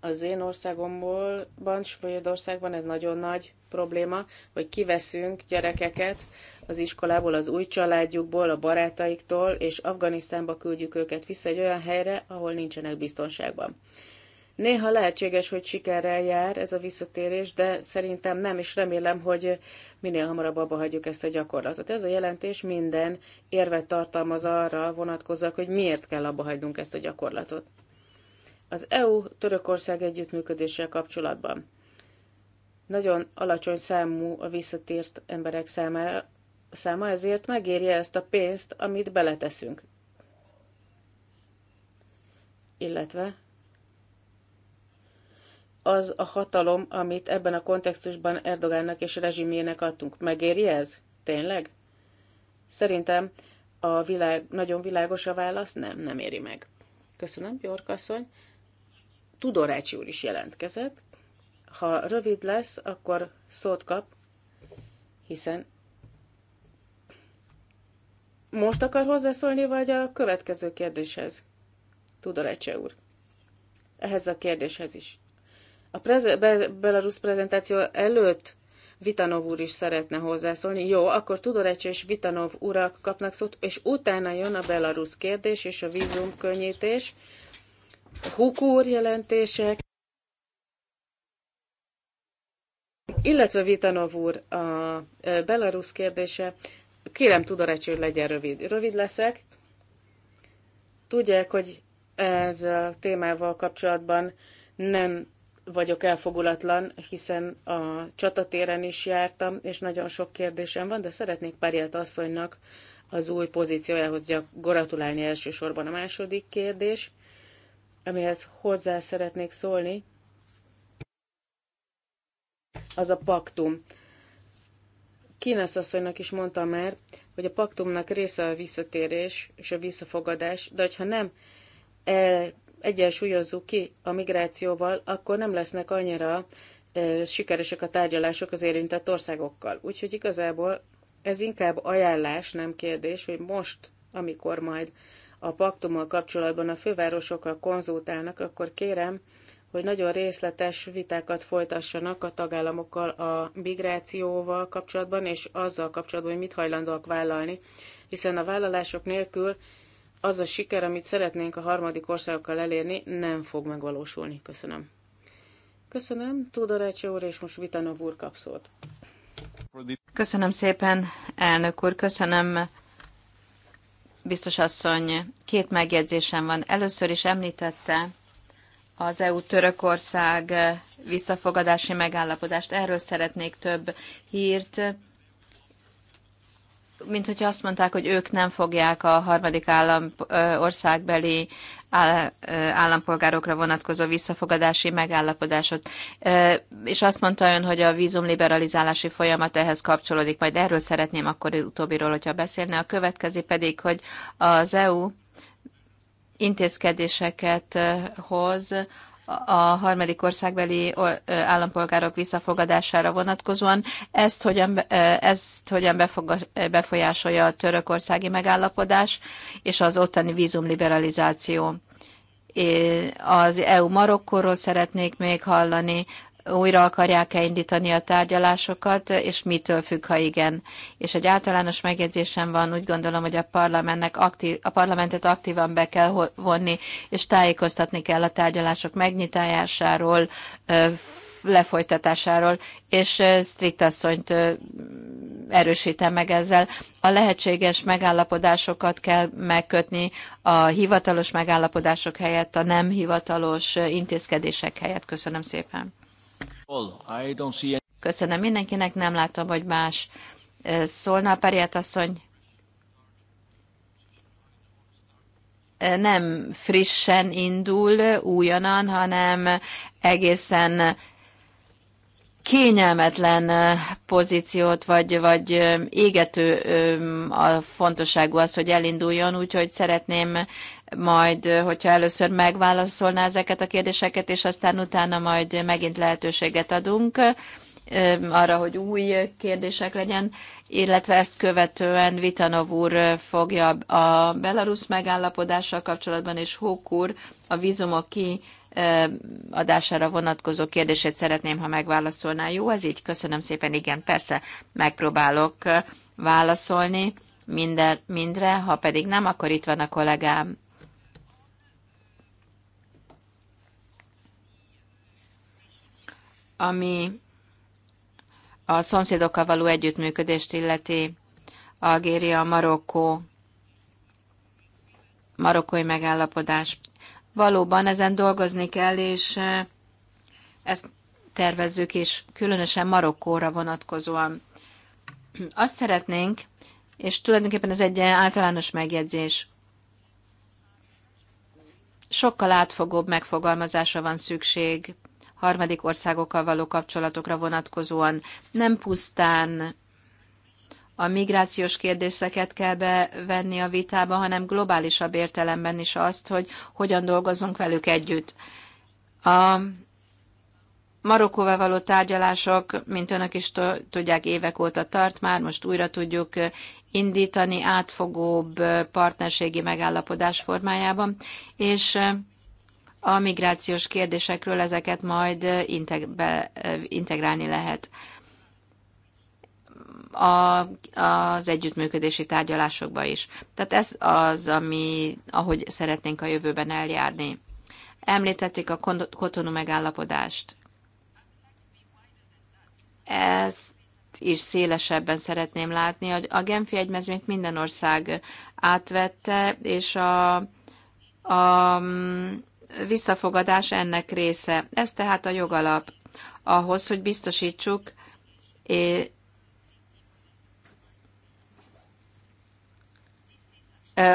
Az én országomból, Ban, Svédországban ez nagyon nagy probléma, hogy kiveszünk gyerekeket az iskolából, az új családjukból, a barátaiktól, és Afganisztánba küldjük őket vissza egy olyan helyre, ahol nincsenek biztonságban. Néha lehetséges, hogy sikerrel jár ez a visszatérés, de szerintem nem, és remélem, hogy minél hamarabb abba hagyjuk ezt a gyakorlatot. Ez a jelentés minden érvet tartalmaz arra vonatkozzak, hogy miért kell abba hagynunk ezt a gyakorlatot. Az EU-Törökország együttműködéssel kapcsolatban. Nagyon alacsony számú a visszatért emberek számára, száma, ezért megérje ezt a pénzt, amit beleteszünk. Illetve az a hatalom, amit ebben a kontextusban Erdogánnak és rezsimjének adtunk. Megéri ez? Tényleg? Szerintem a világ, nagyon világos a válasz, nem, nem éri meg. Köszönöm, Björk asszony. Tudorácsi úr is jelentkezett. Ha rövid lesz, akkor szót kap, hiszen most akar hozzászólni, vagy a következő kérdéshez? Tudorácsi úr. Ehhez a kérdéshez is. A preze- Be- Belarus prezentáció előtt Vitanov úr is szeretne hozzászólni. Jó, akkor Tudorecs és Vitanov urak kapnak szót, és utána jön a Belarus kérdés és a vízum könnyítés, hukúr jelentések, illetve Vitanov úr a e, Belarus kérdése. Kérem Tudorecs, hogy legyen rövid. Rövid leszek. Tudják, hogy ez a témával kapcsolatban nem vagyok elfogulatlan, hiszen a csatatéren is jártam, és nagyon sok kérdésem van, de szeretnék Párját asszonynak az új pozíciójához gratulálni elsősorban a második kérdés, amihez hozzá szeretnék szólni, az a paktum. Kínesz asszonynak is mondtam már, hogy a paktumnak része a visszatérés és a visszafogadás, de hogyha nem el egyensúlyozzuk ki a migrációval, akkor nem lesznek annyira sikeresek a tárgyalások az érintett országokkal. Úgyhogy igazából ez inkább ajánlás, nem kérdés, hogy most, amikor majd a paktummal kapcsolatban a fővárosokkal konzultálnak, akkor kérem, hogy nagyon részletes vitákat folytassanak a tagállamokkal a migrációval kapcsolatban, és azzal kapcsolatban, hogy mit hajlandóak vállalni, hiszen a vállalások nélkül az a siker, amit szeretnénk a harmadik országokkal elérni, nem fog megvalósulni. Köszönöm. Köszönöm, Rácsi úr, és most Vitanov úr kap szót. Köszönöm szépen, elnök úr, köszönöm, biztos asszony. Két megjegyzésem van. Először is említette az EU-Törökország visszafogadási megállapodást. Erről szeretnék több hírt mint hogyha azt mondták, hogy ők nem fogják a harmadik állam, országbeli állampolgárokra vonatkozó visszafogadási megállapodásot. És azt mondta ön, hogy a vízumliberalizálási folyamat ehhez kapcsolódik, majd erről szeretném akkor utóbbiról, hogyha beszélne. A következő pedig, hogy az EU intézkedéseket hoz a harmadik országbeli állampolgárok visszafogadására vonatkozóan. Ezt hogyan, ezt hogyan befolyásolja a törökországi megállapodás és az ottani vízumliberalizáció? az EU Marokkóról szeretnék még hallani, újra akarják-e indítani a tárgyalásokat, és mitől függ, ha igen. És egy általános megjegyzésem van, úgy gondolom, hogy a, parlamentnek aktív, a parlamentet aktívan be kell vonni, és tájékoztatni kell a tárgyalások megnyitásáról, lefolytatásáról, és strikt asszonyt erősítem meg ezzel. A lehetséges megállapodásokat kell megkötni a hivatalos megállapodások helyett, a nem hivatalos intézkedések helyett. Köszönöm szépen. Köszönöm mindenkinek, nem látom, hogy más szólna. Periát asszony, nem frissen indul újonnan, hanem egészen kényelmetlen pozíciót, vagy, vagy égető a fontosságú az, hogy elinduljon, úgyhogy szeretném majd, hogyha először megválaszolná ezeket a kérdéseket, és aztán utána majd megint lehetőséget adunk arra, hogy új kérdések legyen, illetve ezt követően Vitanov úr fogja a Belarus megállapodással kapcsolatban, és Hók úr a vízumok ki adására vonatkozó kérdését szeretném, ha megválaszolná. Jó, ez így? Köszönöm szépen, igen, persze megpróbálok válaszolni minden, mindre, ha pedig nem, akkor itt van a kollégám ami a szomszédokkal való együttműködést illeti Algéria, Marokkó, marokkói megállapodás. Valóban ezen dolgozni kell, és ezt tervezzük is, különösen Marokkóra vonatkozóan. Azt szeretnénk, és tulajdonképpen ez egy általános megjegyzés, sokkal átfogóbb megfogalmazásra van szükség harmadik országokkal való kapcsolatokra vonatkozóan. Nem pusztán a migrációs kérdéseket kell bevenni a vitába, hanem globálisabb értelemben is azt, hogy hogyan dolgozzunk velük együtt. A Marokkóval való tárgyalások, mint önök is tudják, évek óta tart már, most újra tudjuk indítani átfogóbb partnerségi megállapodás formájában, és a migrációs kérdésekről ezeket majd integrálni lehet a, az együttműködési tárgyalásokba is. Tehát ez az, ami, ahogy szeretnénk a jövőben eljárni. Említették a kotonu megállapodást. Ezt is szélesebben szeretném látni. A Genfi egymezményt minden ország átvette, és a, a visszafogadás ennek része. Ez tehát a jogalap ahhoz, hogy biztosítsuk, e,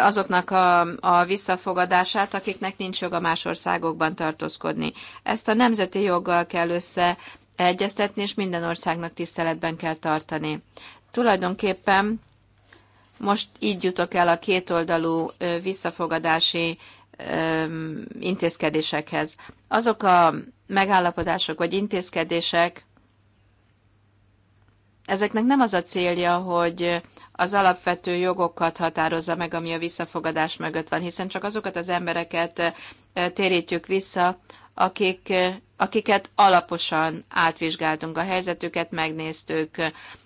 azoknak a, a visszafogadását, akiknek nincs joga más országokban tartózkodni. Ezt a nemzeti joggal kell összeegyeztetni, és minden országnak tiszteletben kell tartani. Tulajdonképpen most így jutok el a kétoldalú e, visszafogadási intézkedésekhez. Azok a megállapodások vagy intézkedések, ezeknek nem az a célja, hogy az alapvető jogokat határozza meg, ami a visszafogadás mögött van, hiszen csak azokat az embereket térítjük vissza, akik, akiket alaposan átvizsgáltunk a helyzetüket, megnéztük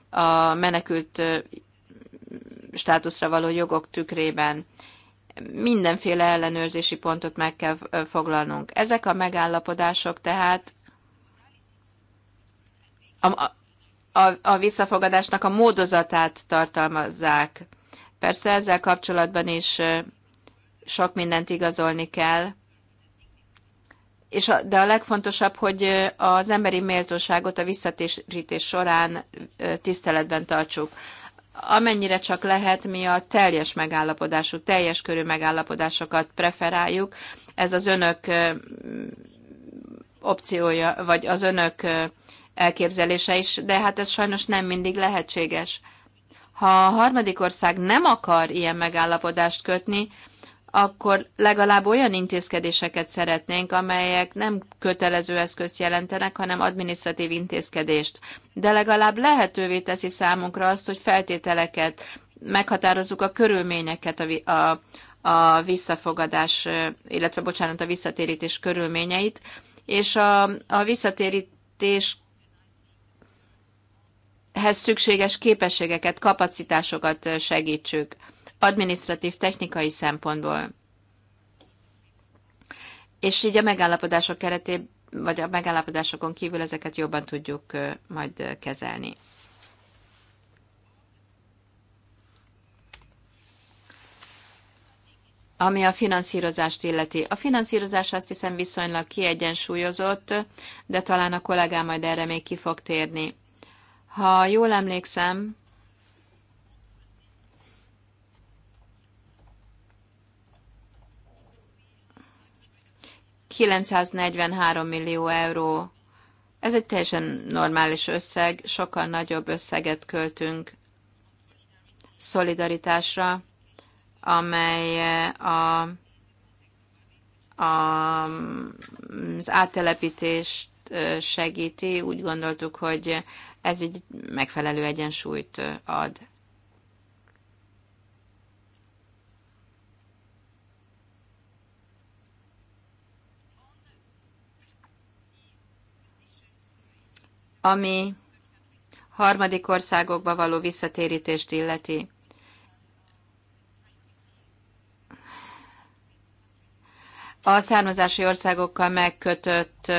a menekült státuszra való jogok tükrében mindenféle ellenőrzési pontot meg kell foglalnunk. Ezek a megállapodások tehát a, a, a visszafogadásnak a módozatát tartalmazzák. Persze ezzel kapcsolatban is sok mindent igazolni kell, és a, de a legfontosabb, hogy az emberi méltóságot a visszatérítés során tiszteletben tartsuk amennyire csak lehet, mi a teljes megállapodású, teljes körű megállapodásokat preferáljuk. Ez az önök opciója, vagy az önök elképzelése is, de hát ez sajnos nem mindig lehetséges. Ha a harmadik ország nem akar ilyen megállapodást kötni, akkor legalább olyan intézkedéseket szeretnénk, amelyek nem kötelező eszközt jelentenek, hanem adminisztratív intézkedést. De legalább lehetővé teszi számunkra azt, hogy feltételeket meghatározzuk a körülményeket a, a, a visszafogadás, illetve bocsánat, a visszatérítés körülményeit, és a, a visszatérítés szükséges képességeket, kapacitásokat segítsük administratív technikai szempontból. És így a megállapodások keretében, vagy a megállapodásokon kívül ezeket jobban tudjuk majd kezelni. Ami a finanszírozást illeti. A finanszírozás azt hiszem viszonylag kiegyensúlyozott, de talán a kollégám majd erre még ki fog térni. Ha jól emlékszem, 943 millió euró. Ez egy teljesen normális összeg, sokkal nagyobb összeget költünk szolidaritásra, amely a, a, az áttelepítést segíti. Úgy gondoltuk, hogy ez egy megfelelő egyensúlyt ad. ami harmadik országokba való visszatérítést illeti. A származási országokkal megkötött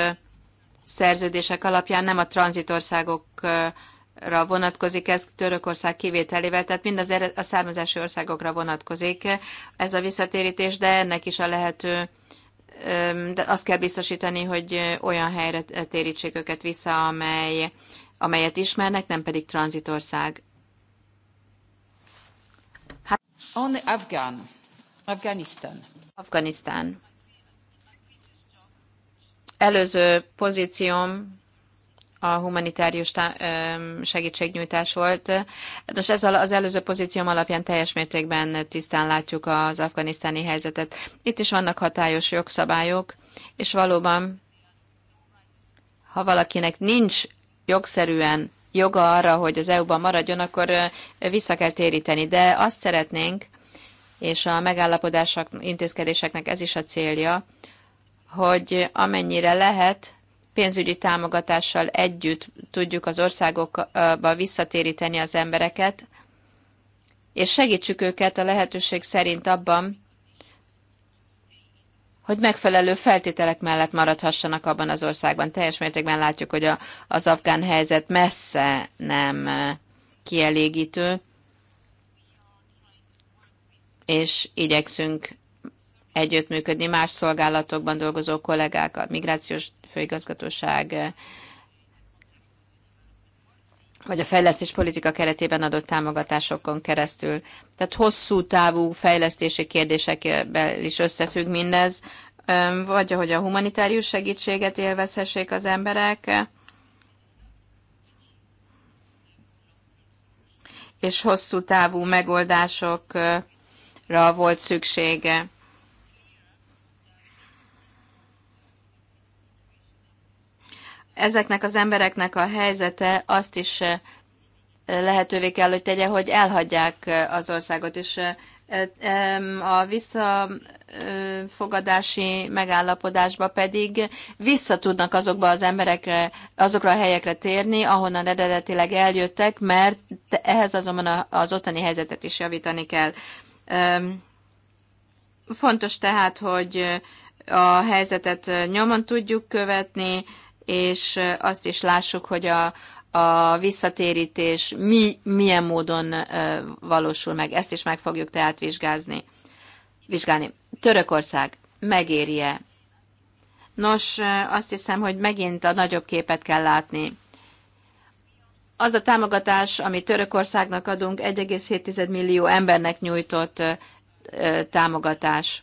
szerződések alapján nem a tranzitországokra vonatkozik, ez Törökország kivételével, tehát mind az er- a származási országokra vonatkozik ez a visszatérítés, de ennek is a lehető de azt kell biztosítani, hogy olyan helyre térítsék őket vissza, amely, amelyet ismernek, nem pedig tranzitország. Hát, on Afghan, Afghanistan. Afganisztán. Előző pozícióm a humanitárius segítségnyújtás volt. Nos, ez az előző pozícióm alapján teljes mértékben tisztán látjuk az afganisztáni helyzetet. Itt is vannak hatályos jogszabályok, és valóban, ha valakinek nincs jogszerűen joga arra, hogy az EU-ban maradjon, akkor vissza kell téríteni. De azt szeretnénk, és a megállapodások, intézkedéseknek ez is a célja, hogy amennyire lehet, pénzügyi támogatással együtt tudjuk az országokba visszatéríteni az embereket, és segítsük őket a lehetőség szerint abban, hogy megfelelő feltételek mellett maradhassanak abban az országban. Teljes mértékben látjuk, hogy a, az afgán helyzet messze nem eh, kielégítő, és igyekszünk együttműködni más szolgálatokban dolgozó kollégák, a Migrációs Főigazgatóság, vagy a fejlesztés politika keretében adott támogatásokon keresztül. Tehát hosszú távú fejlesztési kérdésekkel is összefügg mindez, vagy ahogy a humanitárius segítséget élvezhessék az emberek, és hosszú távú megoldásokra volt szüksége. ezeknek az embereknek a helyzete azt is eh, lehetővé kell, hogy tegye, hogy elhagyják eh, az országot, és eh, a visszafogadási megállapodásba pedig vissza tudnak azokba az emberekre, azokra a helyekre térni, ahonnan eredetileg eljöttek, mert ehhez azonban az ottani helyzetet is javítani kell. Fontos tehát, hogy a helyzetet nyomon tudjuk követni, és azt is lássuk, hogy a, a visszatérítés mi, milyen módon valósul meg. Ezt is meg fogjuk tehát vizsgázni. vizsgálni. Törökország megéri-e? Nos, azt hiszem, hogy megint a nagyobb képet kell látni. Az a támogatás, amit Törökországnak adunk, 1,7 millió embernek nyújtott támogatás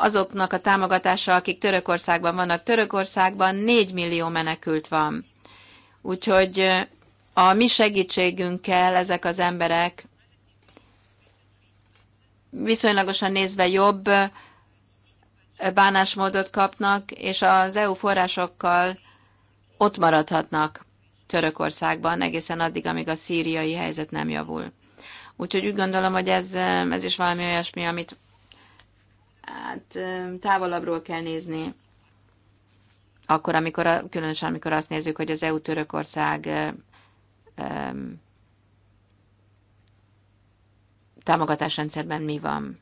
azoknak a támogatása, akik Törökországban vannak. Törökországban 4 millió menekült van. Úgyhogy a mi segítségünkkel ezek az emberek viszonylagosan nézve jobb bánásmódot kapnak, és az EU forrásokkal ott maradhatnak Törökországban egészen addig, amíg a szíriai helyzet nem javul. Úgyhogy úgy gondolom, hogy ez, ez is valami olyasmi, amit hát távolabbról kell nézni. Akkor, amikor, különösen amikor azt nézzük, hogy az EU-Törökország támogatásrendszerben mi van.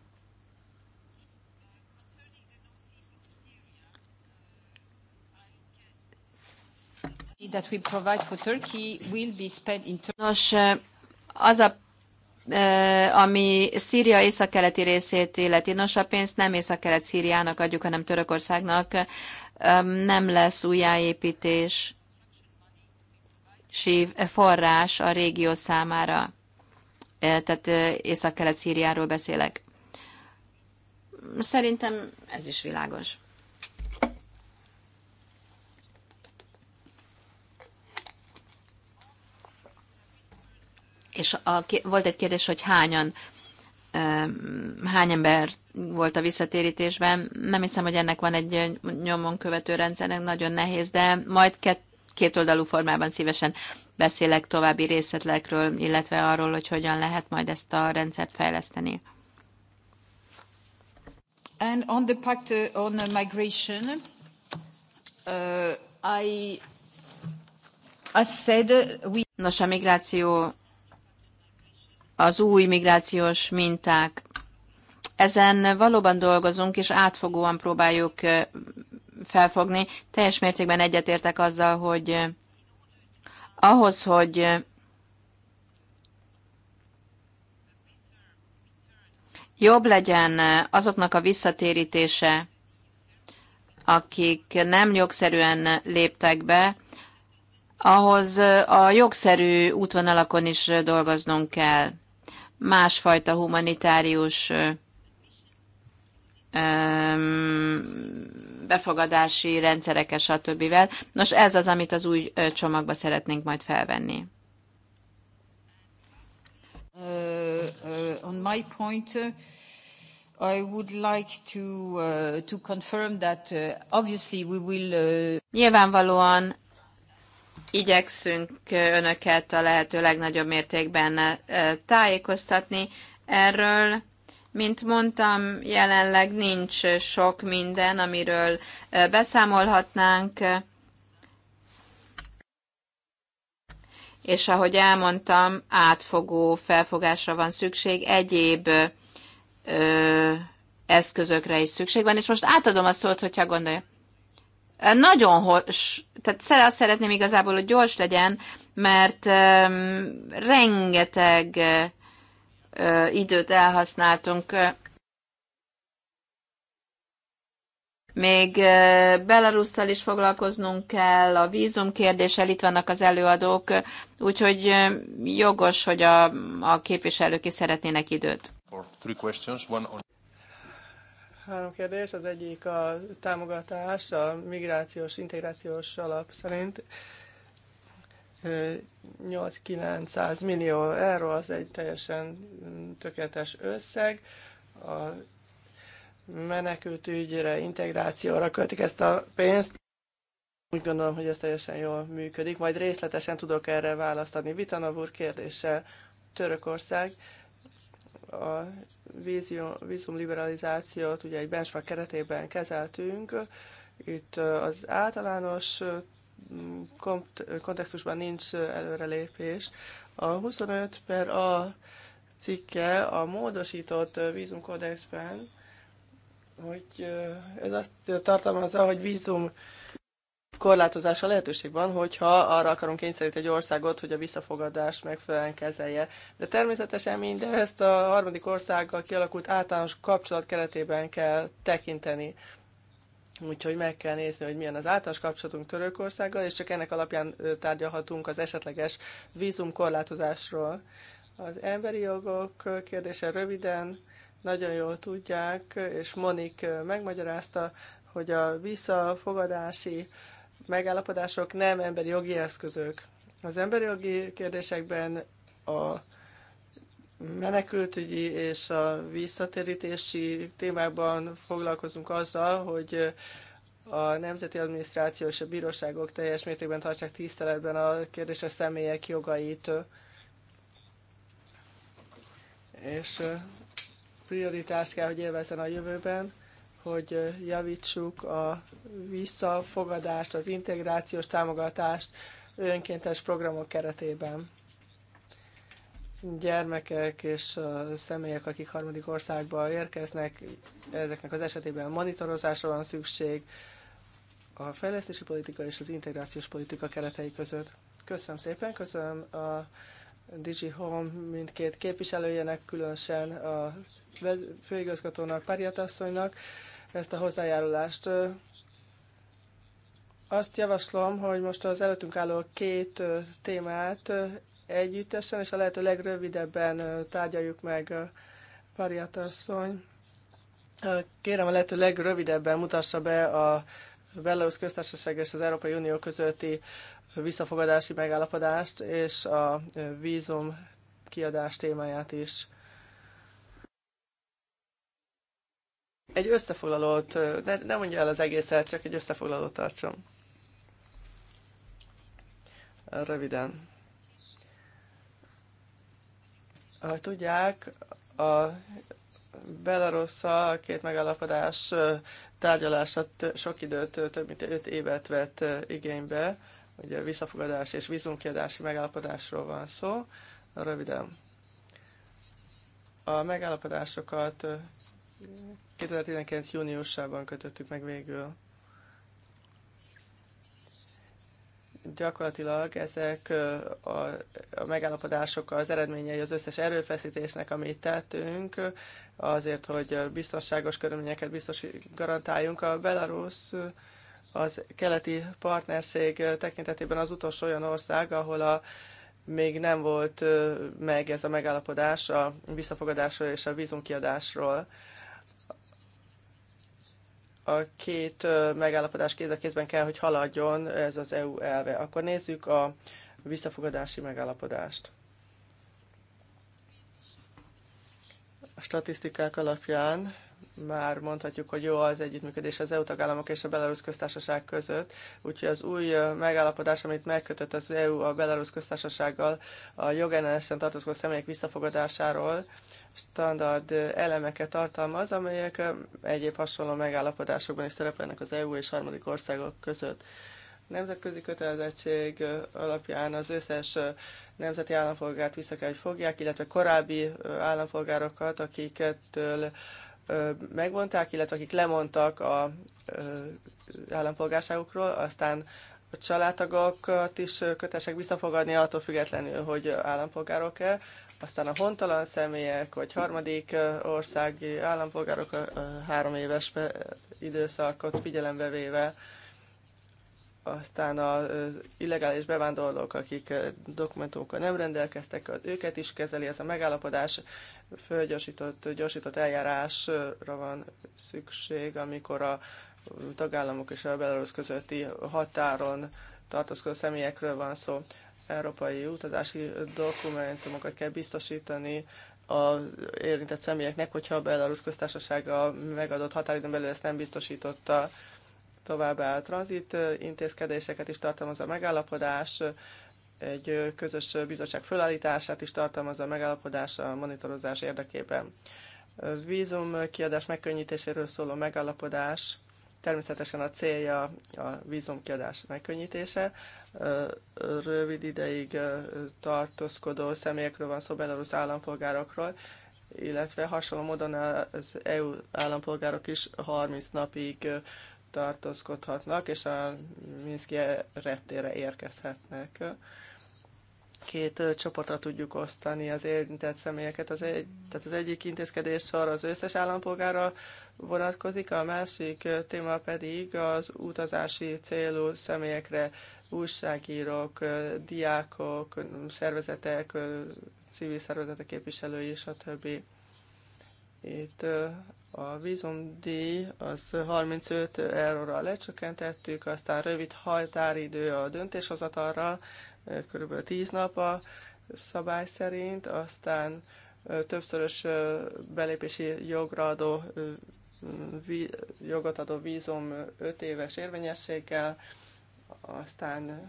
Nos, az a ami Szíria északkeleti részét illeti. Nos, a pénzt nem északkelet Szíriának adjuk, hanem Törökországnak. Nem lesz újjáépítés forrás a régió számára. Tehát északkelet Szíriáról beszélek. Szerintem ez is világos. és a, volt egy kérdés, hogy hányan, hány ember volt a visszatérítésben. Nem hiszem, hogy ennek van egy nyomon követő rendszernek, nagyon nehéz, de majd két, kétoldalú formában szívesen beszélek további részletekről, illetve arról, hogy hogyan lehet majd ezt a rendszert fejleszteni. And on the pact on migration, uh, I, I said uh, we... Nos, a migráció az új migrációs minták. Ezen valóban dolgozunk, és átfogóan próbáljuk felfogni. Teljes mértékben egyetértek azzal, hogy ahhoz, hogy jobb legyen azoknak a visszatérítése, akik nem jogszerűen léptek be, ahhoz a jogszerű útvonalakon is dolgoznunk kell másfajta humanitárius befogadási rendszereket, stb. Nos, ez az, amit az új csomagba szeretnénk majd felvenni. Uh, uh, on my point, uh, I would like to, uh, to confirm that uh, obviously we will... Uh... Nyilvánvalóan igyekszünk önöket a lehető legnagyobb mértékben eh, tájékoztatni erről. Mint mondtam, jelenleg nincs sok minden, amiről eh, beszámolhatnánk. És ahogy elmondtam, átfogó felfogásra van szükség, egyéb ö, eh, eszközökre is szükség van. És most átadom a szót, hogyha gondolja. Nagyon hos, tehát azt szeretném igazából, hogy gyors legyen, mert rengeteg időt elhasználtunk. Még Belarusszal is foglalkoznunk kell, a vízum kérdéssel itt vannak az előadók, úgyhogy jogos, hogy a, a képviselők is szeretnének időt. Három kérdés. Az egyik a támogatás, a migrációs, integrációs alap szerint 8-900 millió euró az egy teljesen tökéletes összeg. A menekült ügyre, integrációra költik ezt a pénzt. Úgy gondolom, hogy ez teljesen jól működik. Majd részletesen tudok erre választani. Vitanov úr kérdése, Törökország a vízumliberalizációt ugye egy benchmark keretében kezeltünk. Itt az általános mm, kontextusban nincs előrelépés. A 25 per A cikke a módosított vízumkódexben, hogy ez azt tartalmazza, hogy vízum korlátozása lehetőség van, hogyha arra akarunk kényszeríteni egy országot, hogy a visszafogadást megfelelően kezelje. De természetesen mindezt a harmadik országgal kialakult általános kapcsolat keretében kell tekinteni. Úgyhogy meg kell nézni, hogy milyen az általános kapcsolatunk Törökországgal, és csak ennek alapján tárgyalhatunk az esetleges vízumkorlátozásról. Az emberi jogok kérdése röviden, nagyon jól tudják, és Monik megmagyarázta, hogy a visszafogadási megállapodások nem emberi jogi eszközök. Az emberi jogi kérdésekben a menekültügyi és a visszatérítési témában foglalkozunk azzal, hogy a nemzeti adminisztráció és a bíróságok teljes mértékben tartsák tiszteletben a kérdéses személyek jogait. És prioritást kell, hogy élvezzen a jövőben hogy javítsuk a visszafogadást, az integrációs támogatást önkéntes programok keretében. Gyermekek és személyek, akik harmadik országba érkeznek, ezeknek az esetében monitorozásra van szükség a fejlesztési politika és az integrációs politika keretei között. Köszönöm szépen, köszönöm a Digi Home mindkét képviselőjének, különösen a főigazgatónak, Párját asszonynak, ezt a hozzájárulást. Azt javaslom, hogy most az előttünk álló két témát együttesen, és a lehető legrövidebben tárgyaljuk meg Pariat asszony. Kérem a lehető legrövidebben mutassa be a Belarus köztársaság és az Európai Unió közötti visszafogadási megállapodást és a vízum kiadás témáját is. egy összefoglalót, ne, ne mondja el az egészet, csak egy összefoglalót tartson. Röviden. Ahogy tudják, a Belarusszal a két megállapodás tárgyalása sok időt, több mint 5 évet vett igénybe. Ugye visszafogadás és vízumkiadási megállapodásról van szó. Röviden. A megállapodásokat 2019. júniusában kötöttük meg végül. Gyakorlatilag ezek a, a megállapodások az eredményei az összes erőfeszítésnek, amit tettünk, azért, hogy biztonságos körülményeket biztos garantáljunk. A Belarus az keleti partnerség tekintetében az utolsó olyan ország, ahol a még nem volt meg ez a megállapodás a visszafogadásról és a vízumkiadásról a két megállapodás kéz a kézben kell, hogy haladjon ez az EU elve. Akkor nézzük a visszafogadási megállapodást. A statisztikák alapján már mondhatjuk, hogy jó az együttműködés az EU tagállamok és a Belarus köztársaság között, úgyhogy az új megállapodás, amit megkötött az EU a Belarus köztársasággal a jogellenesen tartozó személyek visszafogadásáról, standard elemeket tartalmaz, amelyek egyéb hasonló megállapodásokban is szerepelnek az EU és harmadik országok között. Nemzetközi kötelezettség alapján az összes nemzeti állampolgárt vissza kell, hogy fogják, illetve korábbi állampolgárokat, akiket megvonták, illetve akik lemondtak a állampolgárságukról, aztán a családtagokat is kötesek visszafogadni, attól függetlenül, hogy állampolgárok-e, aztán a hontalan személyek, vagy harmadik országi állampolgárok a három éves időszakot figyelembe véve, aztán az illegális bevándorlók, akik dokumentumokkal nem rendelkeztek, őket is kezeli ez a megállapodás, fölgyorsított, gyorsított eljárásra van szükség, amikor a tagállamok és a Belarus közötti határon tartózkodó személyekről van szó. Európai utazási dokumentumokat kell biztosítani az érintett személyeknek, hogyha a Belarus köztársasága megadott határidőn belül ezt nem biztosította. Továbbá a tranzit intézkedéseket is tartalmaz a megállapodás, egy közös bizottság fölállítását is tartalmazza a megállapodás a monitorozás érdekében. Vízum kiadás megkönnyítéséről szóló megállapodás természetesen a célja a kiadás megkönnyítése. Rövid ideig tartózkodó személyekről van szó, belarusz állampolgárokról, illetve hasonló módon az EU állampolgárok is 30 napig tartózkodhatnak, és a Minszki reptére érkezhetnek két csoportra tudjuk osztani az érintett személyeket. Az egy, tehát az egyik intézkedés sor az összes állampolgára vonatkozik, a másik téma pedig az utazási célú személyekre, újságírók, diákok, szervezetek, civil szervezetek képviselői, stb. Itt a vízumdíj az 35 euróra lecsökkentettük, aztán rövid hajtáridő a döntéshozatalra, körülbelül 10 nap a szabály szerint, aztán többszörös belépési jogra adó, jogot adó vízum 5 éves érvényességgel, aztán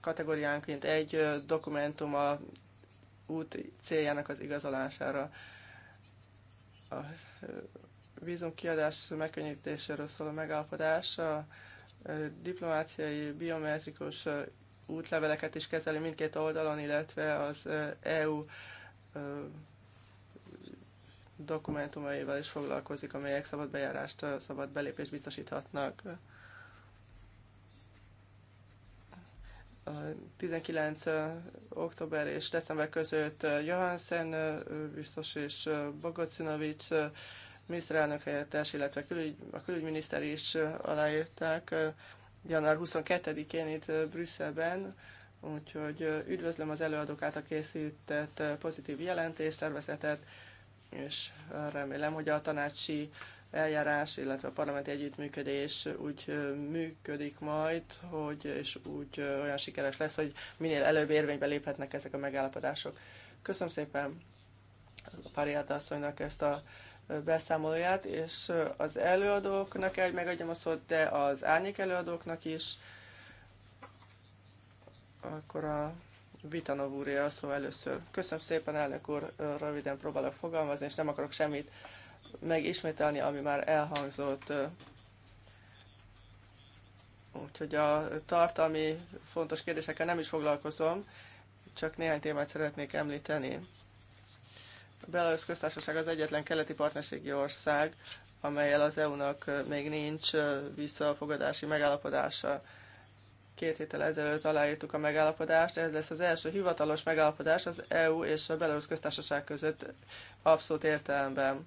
kategóriánként egy dokumentum a út céljának az igazolására. A vízum kiadás megkönnyítéséről szóló megállapodás a diplomáciai biometrikus útleveleket is kezeli mindkét oldalon, illetve az EU dokumentumaival is foglalkozik, amelyek szabad bejárást, szabad belépést biztosíthatnak. A 19. október és december között Johansen biztos és Bogocinovic miniszterelnök helyettes, illetve a a külügyminiszter is aláírták január 22-én itt Brüsszelben, úgyhogy üdvözlöm az előadók által készített pozitív jelentést, tervezetet, és remélem, hogy a tanácsi eljárás, illetve a parlamenti együttműködés úgy működik majd, hogy, és úgy olyan sikeres lesz, hogy minél előbb érvénybe léphetnek ezek a megállapodások. Köszönöm szépen a Pariáta asszonynak ezt a beszámolóját, és az előadóknak kell, hogy megadjam a szót, de az árnyék előadóknak is. Akkor a Vitanov úr a szó először. Köszönöm szépen, elnök úr, röviden próbálok fogalmazni, és nem akarok semmit megismételni, ami már elhangzott. Úgyhogy a tartalmi fontos kérdésekkel nem is foglalkozom, csak néhány témát szeretnék említeni. A Belarus köztársaság az egyetlen keleti partnerségi ország, amelyel az EU-nak még nincs visszafogadási megállapodása. Két héttel ezelőtt aláírtuk a megállapodást, ez lesz az első hivatalos megállapodás az EU és a Belarus köztársaság között abszolút értelemben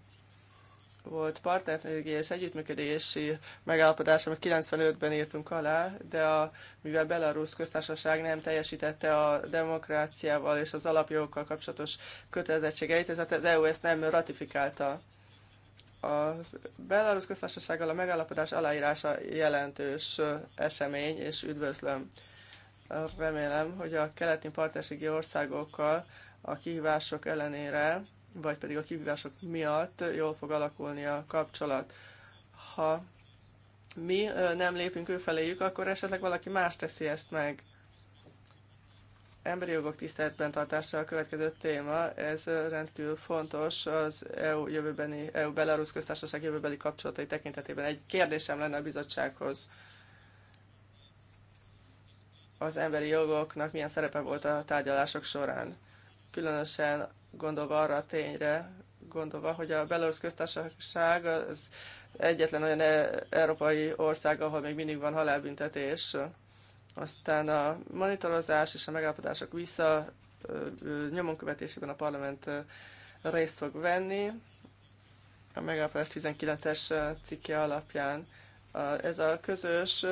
volt partnerjogi és együttműködési megállapodás, amit 95-ben írtunk alá, de a, mivel Belarus köztársaság nem teljesítette a demokráciával és az alapjogokkal kapcsolatos kötelezettségeit, ezért az EU ezt nem ratifikálta. A Belarus köztársasággal a megállapodás aláírása jelentős esemény, és üdvözlöm. Remélem, hogy a keleti partnerségi országokkal a kihívások ellenére vagy pedig a kihívások miatt jól fog alakulni a kapcsolat. Ha mi nem lépünk ő feléjük, akkor esetleg valaki más teszi ezt meg. Emberi jogok tiszteletben tartása a következő téma, ez rendkívül fontos az EU jövőbeni, EU Belarus köztársaság jövőbeli kapcsolatai tekintetében. Egy kérdésem lenne a bizottsághoz. Az emberi jogoknak milyen szerepe volt a tárgyalások során? Különösen gondolva arra a tényre, gondolva, hogy a belorusz köztársaság az egyetlen olyan e- európai ország, ahol még mindig van halálbüntetés. Aztán a monitorozás és a megállapodások vissza nyomon követésében a parlament részt fog venni. A megállapodás 19-es cikke alapján ez a közös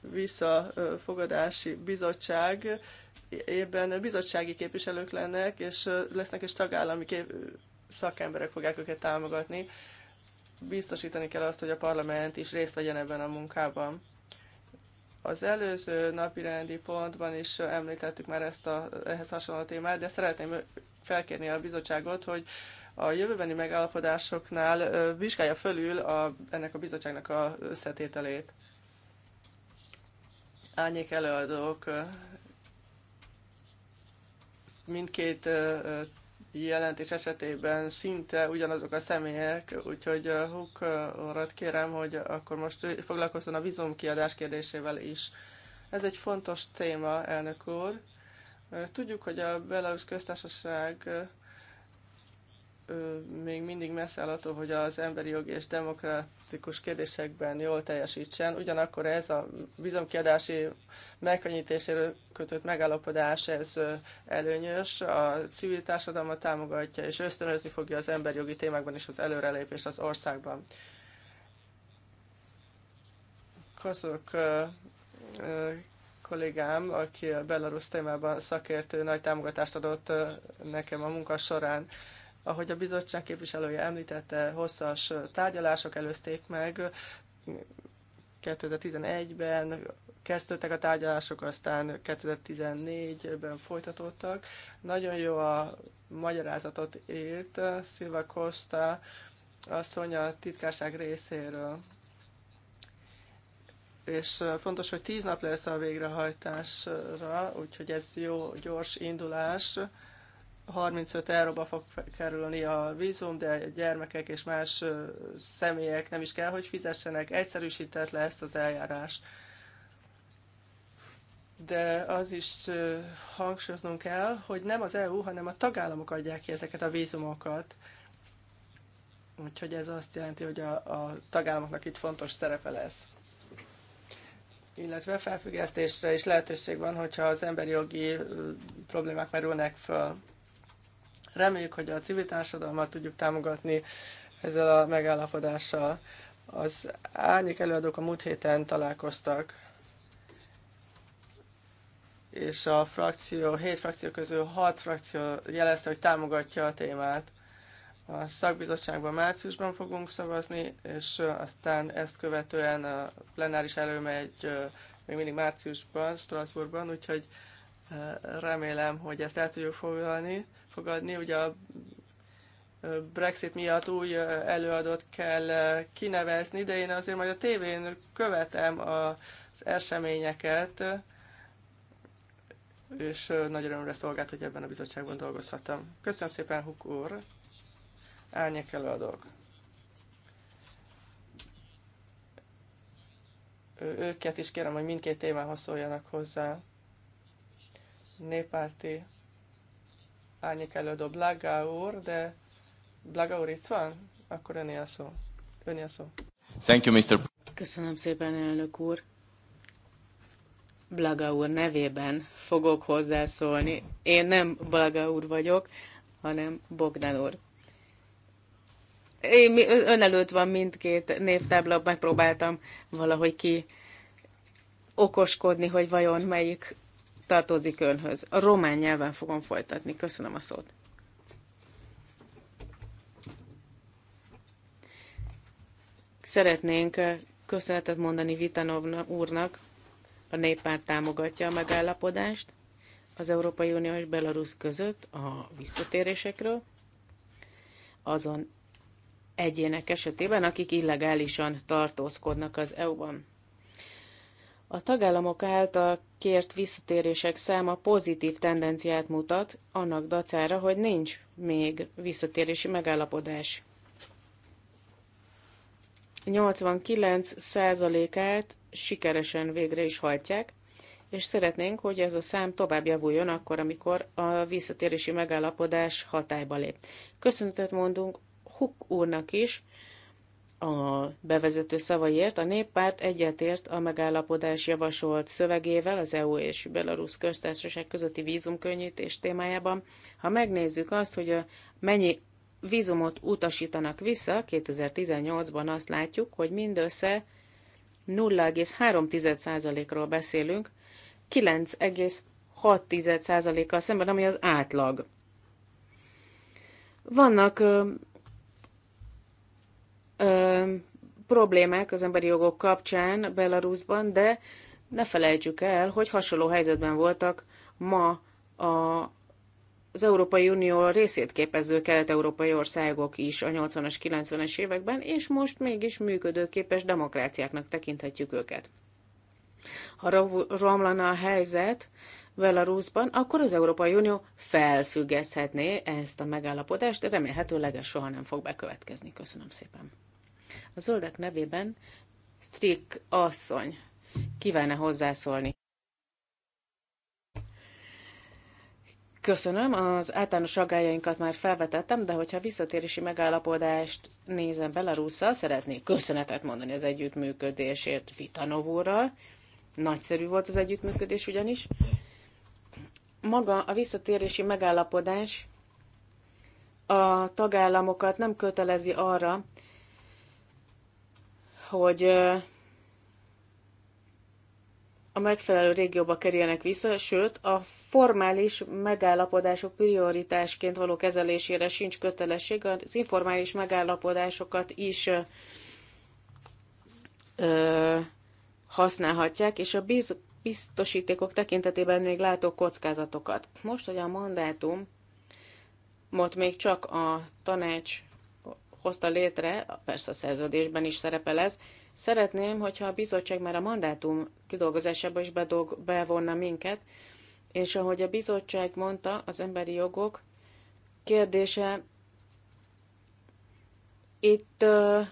visszafogadási bizottság évben bizottsági képviselők lennek, és lesznek is tagállami kép- szakemberek fogják őket támogatni. Biztosítani kell azt, hogy a parlament is részt vegyen ebben a munkában. Az előző napirendi pontban is említettük már ezt a, ehhez hasonló témát, de szeretném felkérni a bizottságot, hogy a jövőbeni megállapodásoknál vizsgálja fölül a, ennek a bizottságnak a összetételét. Árnyék előadók mindkét jelentés esetében szinte ugyanazok a személyek, úgyhogy Huk orrat kérem, hogy akkor most foglalkozzon a vízumkiadás kérdésével is. Ez egy fontos téma, elnök úr. Tudjuk, hogy a Belarus köztársaság még mindig messze áll attól, hogy az emberi jogi és demokratikus kérdésekben jól teljesítsen. Ugyanakkor ez a bizomkiadási megkönnyítéséről kötött megállapodás, ez előnyös, a civil társadalmat támogatja, és ösztönözni fogja az emberi jogi témákban is az előrelépést az országban. Kozok kollégám, aki a Belarus témában szakértő, nagy támogatást adott nekem a munka során. Ahogy a bizottság képviselője említette, hosszas tárgyalások előzték meg. 2011-ben kezdődtek a tárgyalások, aztán 2014-ben folytatódtak. Nagyon jó a magyarázatot írt Szilva Costa a Szonya titkárság részéről. És fontos, hogy tíz nap lesz a végrehajtásra, úgyhogy ez jó, gyors indulás. 35 euróba fog kerülni a vízum, de a gyermekek és más személyek nem is kell, hogy fizessenek. Egyszerűsített le ezt az eljárás. De az is hangsúlyoznunk kell, hogy nem az EU, hanem a tagállamok adják ki ezeket a vízumokat. Úgyhogy ez azt jelenti, hogy a, a tagállamoknak itt fontos szerepe lesz illetve felfüggesztésre is lehetőség van, hogyha az emberi jogi problémák merülnek fel. Reméljük, hogy a civil társadalmat tudjuk támogatni ezzel a megállapodással. Az árnyék előadók a múlt héten találkoztak, és a frakció, hét frakció közül hat frakció jelezte, hogy támogatja a témát. A szakbizottságban márciusban fogunk szavazni, és aztán ezt követően a plenáris előmegy még mindig márciusban, Strasbourgban, úgyhogy remélem, hogy ezt el tudjuk foglalni fogadni. Ugye a Brexit miatt új előadót kell kinevezni, de én azért majd a tévén követem az eseményeket, és nagy örömre szolgált, hogy ebben a bizottságban dolgozhattam. Köszönöm szépen, Huk úr! Árnyék előadók! Őket is kérem, hogy mindkét témához szóljanak hozzá. Néppárti árnyék előadó Blaga úr, de Blaga úr itt van? Akkor öné a szó. Öné a szó. Thank you, Mr. Köszönöm szépen, elnök úr. Blaga úr nevében fogok hozzászólni. Én nem Blaga úr vagyok, hanem Bogdan úr. Én, ön előtt van mindkét névtábla, megpróbáltam valahogy ki okoskodni, hogy vajon melyik tartozik önhöz. A román nyelven fogom folytatni. Köszönöm a szót. Szeretnénk eh, köszönetet mondani Vitanov úrnak, a néppárt támogatja a megállapodást az Európai Unió és Belarus között a visszatérésekről, azon egyének esetében, akik illegálisan tartózkodnak az EU-ban. A tagállamok által kért visszatérések száma pozitív tendenciát mutat, annak dacára, hogy nincs még visszatérési megállapodás. 89%-át sikeresen végre is hajtják, és szeretnénk, hogy ez a szám tovább javuljon akkor, amikor a visszatérési megállapodás hatályba lép. Köszönetet mondunk Huk úrnak is, a bevezető szavaiért. A néppárt egyetért a megállapodás javasolt szövegével az EU és Belarus köztársaság közötti vízumkönnyítés témájában. Ha megnézzük azt, hogy a mennyi vízumot utasítanak vissza, 2018-ban azt látjuk, hogy mindössze 0,3%-ról beszélünk, 9,6%-kal szemben, ami az átlag. Vannak ö, problémák az emberi jogok kapcsán Belarusban, de ne felejtsük el, hogy hasonló helyzetben voltak ma a az Európai Unió részét képező kelet-európai országok is a 80-as, 90-es években, és most mégis működőképes demokráciáknak tekinthetjük őket. Ha romlana a helyzet Belarusban, akkor az Európai Unió felfüggeszthetné ezt a megállapodást, de remélhetőleg ez soha nem fog bekövetkezni. Köszönöm szépen. A zöldek nevében Strik asszony kívánna hozzászólni. Köszönöm, az általános aggájainkat már felvetettem, de hogyha visszatérési megállapodást nézem Belarusszal, szeretnék köszönetet mondani az együttműködésért Vitanovúrral. Nagyszerű volt az együttműködés ugyanis. Maga a visszatérési megállapodás a tagállamokat nem kötelezi arra, hogy a megfelelő régióba kerüljenek vissza, sőt, a formális megállapodások prioritásként való kezelésére sincs kötelesség, az informális megállapodásokat is ö, használhatják, és a biz, biztosítékok tekintetében még látok kockázatokat. Most, hogy a mandátum, most még csak a tanács hozta létre, persze a szerződésben is szerepel ez, szeretném, hogyha a bizottság már a mandátum kidolgozásába is bedolg, bevonna minket, és ahogy a bizottság mondta, az emberi jogok kérdése itt uh,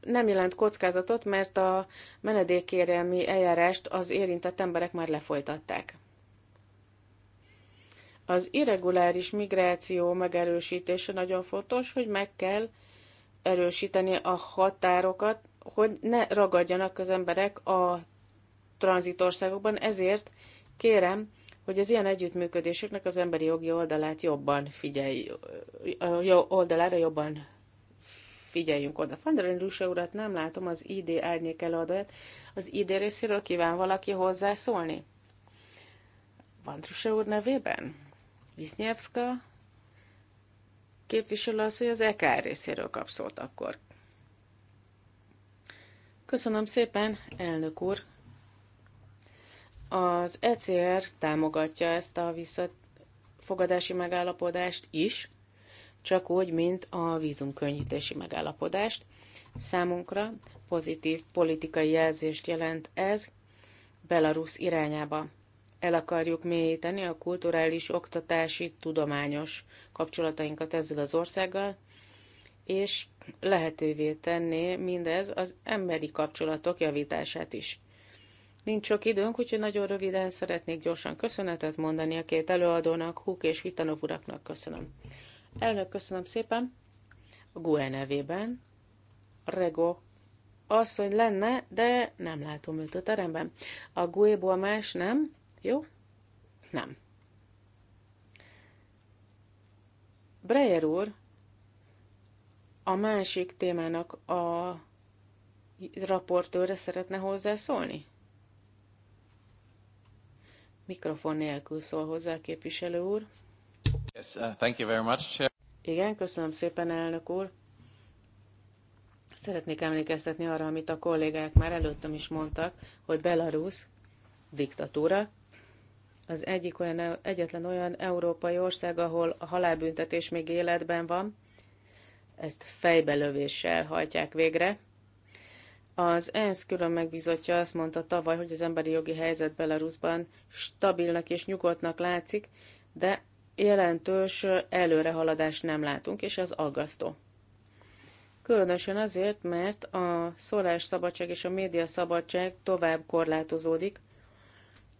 nem jelent kockázatot, mert a menedékkérelmi eljárást az érintett emberek már lefolytatták. Az irreguláris migráció megerősítése nagyon fontos, hogy meg kell erősíteni a határokat, hogy ne ragadjanak az emberek a tranzitországokban, ezért kérem, hogy az ilyen együttműködéseknek az emberi jogi oldalát jobban figyelj, oldalára jobban figyeljünk oda. Fandarin Lusa urat nem látom, az ID árnyék előadóját. Az ID részéről kíván valaki hozzászólni? Vandrusa úr nevében? Visznyevszka képviselő az, hogy az EKR részéről kap szót akkor. Köszönöm szépen, elnök úr. Az ECR támogatja ezt a visszafogadási megállapodást is, csak úgy, mint a vízumkönnyítési megállapodást. Számunkra pozitív politikai jelzést jelent ez Belarus irányába el akarjuk mélyíteni a kulturális, oktatási, tudományos kapcsolatainkat ezzel az országgal, és lehetővé tenné mindez az emberi kapcsolatok javítását is. Nincs sok időnk, úgyhogy nagyon röviden szeretnék gyorsan köszönetet mondani a két előadónak, Huk és Vitanov uraknak köszönöm. Elnök, köszönöm szépen. A GUE nevében Rego asszony lenne, de nem látom őt a teremben. A GUE-ból más nem, jó? Nem. Breyer úr a másik témának a raportőre szeretne hozzászólni? Mikrofon nélkül szól hozzá a képviselő úr. Yes, uh, thank you very much, Chair. Igen, köszönöm szépen, elnök úr. Szeretnék emlékeztetni arra, amit a kollégák már előttem is mondtak, hogy Belarus diktatúra, az egyik olyan, egyetlen olyan európai ország, ahol a halálbüntetés még életben van. Ezt fejbelövéssel hajtják végre. Az ENSZ külön megbizotja azt mondta tavaly, hogy az emberi jogi helyzet Belarusban stabilnak és nyugodtnak látszik, de jelentős előrehaladást nem látunk, és ez aggasztó. Különösen azért, mert a szólásszabadság és a médiaszabadság tovább korlátozódik,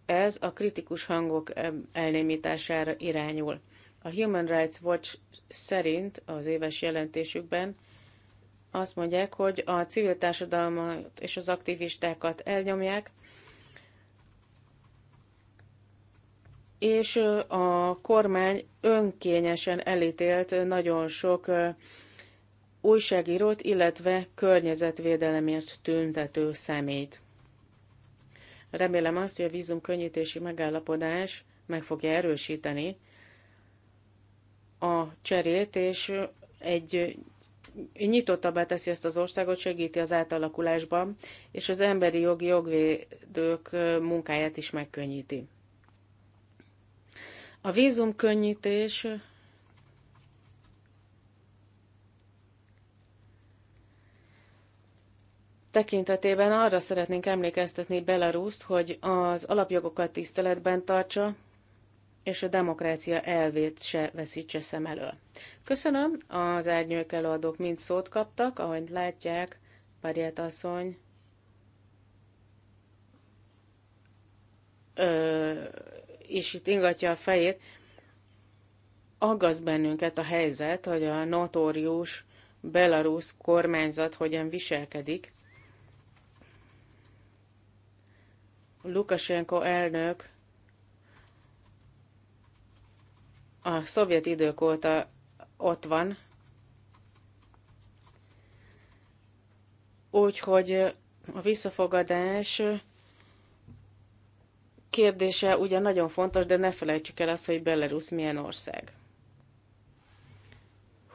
ez a kritikus hangok elnémítására irányul. A Human Rights Watch szerint az éves jelentésükben azt mondják, hogy a civil társadalmat és az aktivistákat elnyomják, és a kormány önkényesen elítélt nagyon sok újságírót, illetve környezetvédelemért tüntető szemét. Remélem azt, hogy a vízumkönnyítési megállapodás meg fogja erősíteni a cserét, és egy nyitottabbá teszi ezt az országot, segíti az átalakulásban, és az emberi jogi jogvédők munkáját is megkönnyíti. A vízumkönnyítés tekintetében arra szeretnénk emlékeztetni Belaruszt, hogy az alapjogokat tiszteletben tartsa, és a demokrácia elvét se veszítse szem elől. Köszönöm, az árnyők előadók mind szót kaptak, ahogy látják, Pariet asszony ö, és itt ingatja a fejét. Aggaszt bennünket a helyzet, hogy a notórius belarusz kormányzat hogyan viselkedik, Lukasenko elnök a szovjet idők óta ott van, úgyhogy a visszafogadás kérdése ugye nagyon fontos, de ne felejtsük el azt, hogy Belarus milyen ország.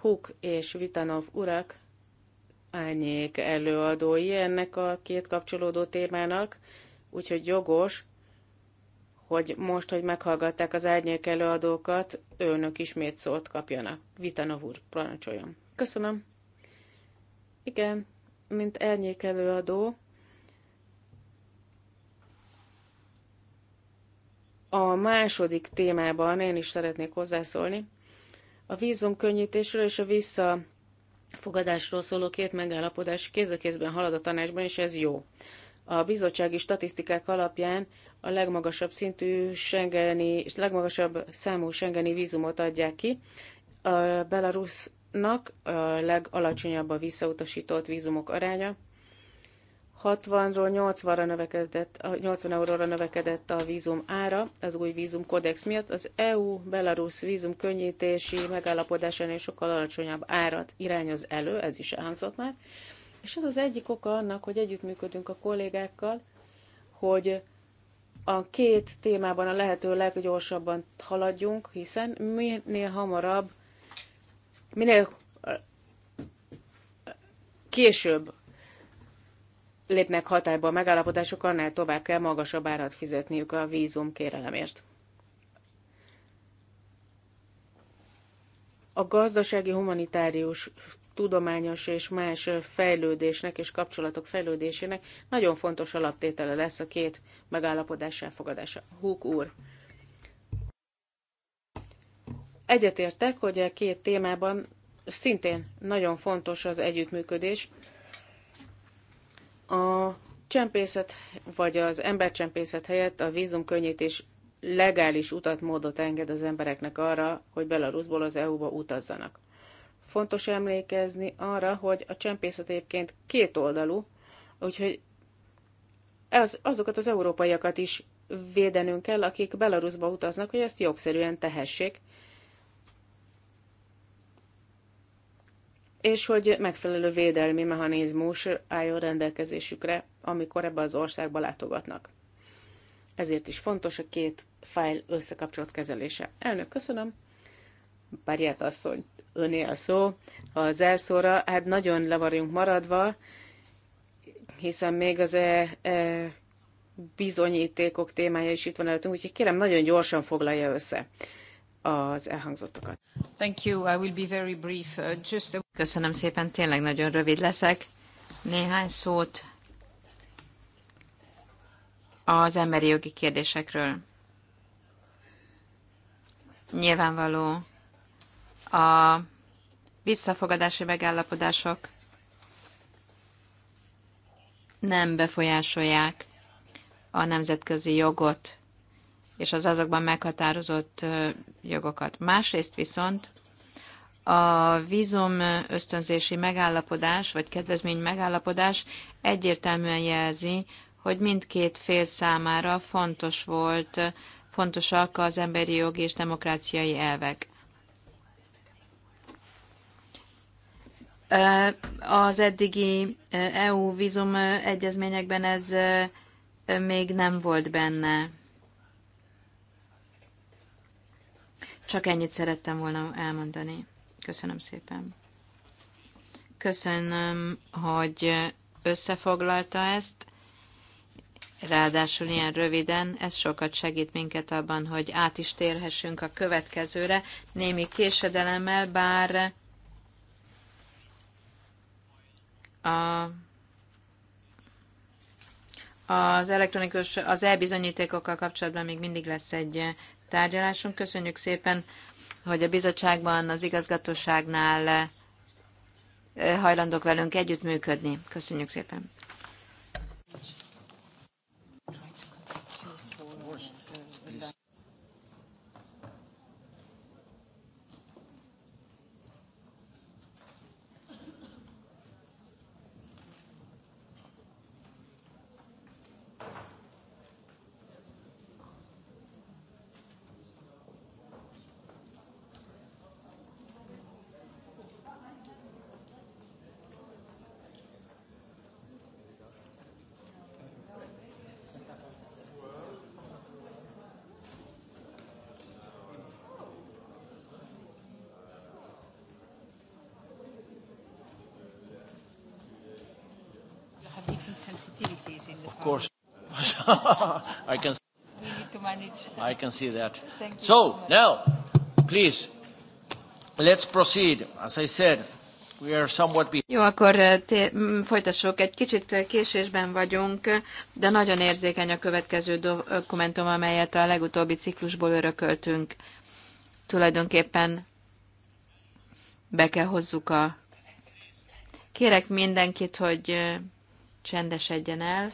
Huk és Vitanov urak árnyék előadói ennek a két kapcsolódó témának, Úgyhogy jogos, hogy most, hogy meghallgatták az árnyék előadókat, önök ismét szót kapjanak. Vitanov úr, parancsoljon. Köszönöm. Igen, mint árnyék előadó, a második témában én is szeretnék hozzászólni. A vízumkönnyítésről és a visszafogadásról szóló két megállapodás kéz a kézben halad a tanácsban, és ez jó a bizottsági statisztikák alapján a legmagasabb szintű Schengeni, és legmagasabb számú Schengeni vízumot adják ki. A Belarusnak a legalacsonyabb a visszautasított vízumok aránya. 60-ról 80-ra növekedett, 80 euróra növekedett a vízum ára az új vízum kódex miatt. Az EU-Belarus vízum könnyítési megállapodásánál sokkal alacsonyabb árat irányoz elő, ez is elhangzott már. És ez az egyik oka annak, hogy együttműködünk a kollégákkal, hogy a két témában a lehető leggyorsabban haladjunk, hiszen minél hamarabb, minél később lépnek hatályba a megállapodások, annál tovább kell magasabb árat fizetniük a vízum kérelemért. A gazdasági humanitárius tudományos és más fejlődésnek és kapcsolatok fejlődésének nagyon fontos alaptétele lesz a két megállapodás elfogadása. Húk úr! Egyetértek, hogy a e két témában szintén nagyon fontos az együttműködés. A csempészet vagy az embercsempészet helyett a vízumkönnyítés legális utat, módot enged az embereknek arra, hogy Belarusból az EU-ba utazzanak. Fontos emlékezni arra, hogy a csempészet egyébként kétoldalú, úgyhogy ez, azokat az európaiakat is védenünk kell, akik Belarusba utaznak, hogy ezt jogszerűen tehessék, és hogy megfelelő védelmi mechanizmus álljon rendelkezésükre, amikor ebbe az országba látogatnak. Ezért is fontos a két fájl összekapcsolt kezelése. Elnök, köszönöm. Párját asszony, öné a szó. A elszóra, hát nagyon le vagyunk maradva, hiszen még az e, e bizonyítékok témája is itt van előttünk, úgyhogy kérem, nagyon gyorsan foglalja össze az elhangzottakat. Thank you. I will be very brief. Uh, just a... Köszönöm szépen, tényleg nagyon rövid leszek. Néhány szót az emberi jogi kérdésekről. Nyilvánvaló, a visszafogadási megállapodások nem befolyásolják a nemzetközi jogot és az azokban meghatározott jogokat. Másrészt viszont a vízum ösztönzési megállapodás, vagy kedvezmény megállapodás egyértelműen jelzi, hogy mindkét fél számára fontos volt, fontosak az emberi jogi és demokráciai elvek. Az eddigi EU vízum egyezményekben ez még nem volt benne. Csak ennyit szerettem volna elmondani. Köszönöm szépen. Köszönöm, hogy összefoglalta ezt. Ráadásul ilyen röviden, ez sokat segít minket abban, hogy át is térhessünk a következőre, némi késedelemmel, bár a, az elektronikus, az elbizonyítékokkal kapcsolatban még mindig lesz egy tárgyalásunk. Köszönjük szépen, hogy a bizottságban, az igazgatóságnál eh, hajlandók velünk együttműködni. Köszönjük szépen. [LAUGHS] I can. We need to manage. I can see that. Thank you so, so now, please, let's proceed. As I said, we are somewhat. Jó, akkor eh, mm, folytassuk. Egy kicsit eh, késésben vagyunk, de nagyon érzékeny a következő dokumentum, amelyet a legutóbbi ciklusból örököltünk. Tulajdonképpen be kell hozzuk a... Kérek mindenkit, hogy eh, csendesedjen el.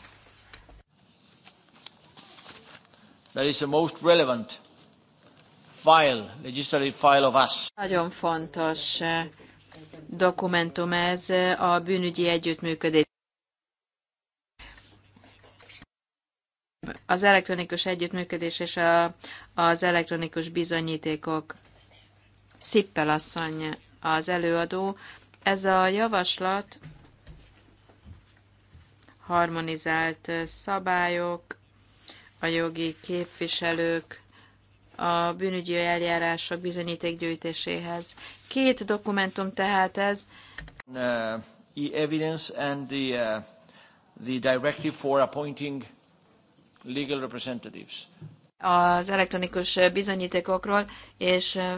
that is the most relevant file, legislative file of us. Nagyon fontos eh, dokumentum ez eh, a bűnügyi együttműködés. Az elektronikus együttműködés és a, az elektronikus bizonyítékok. Szippel asszony az előadó. Ez a javaslat harmonizált eh, szabályok, a jogi képviselők a bűnügyi eljárások bizonyítékgyűjtéséhez. Két dokumentum tehát ez. Uh, e evidence and the, uh, the directive for appointing legal representatives. Az elektronikus bizonyítékokról és uh,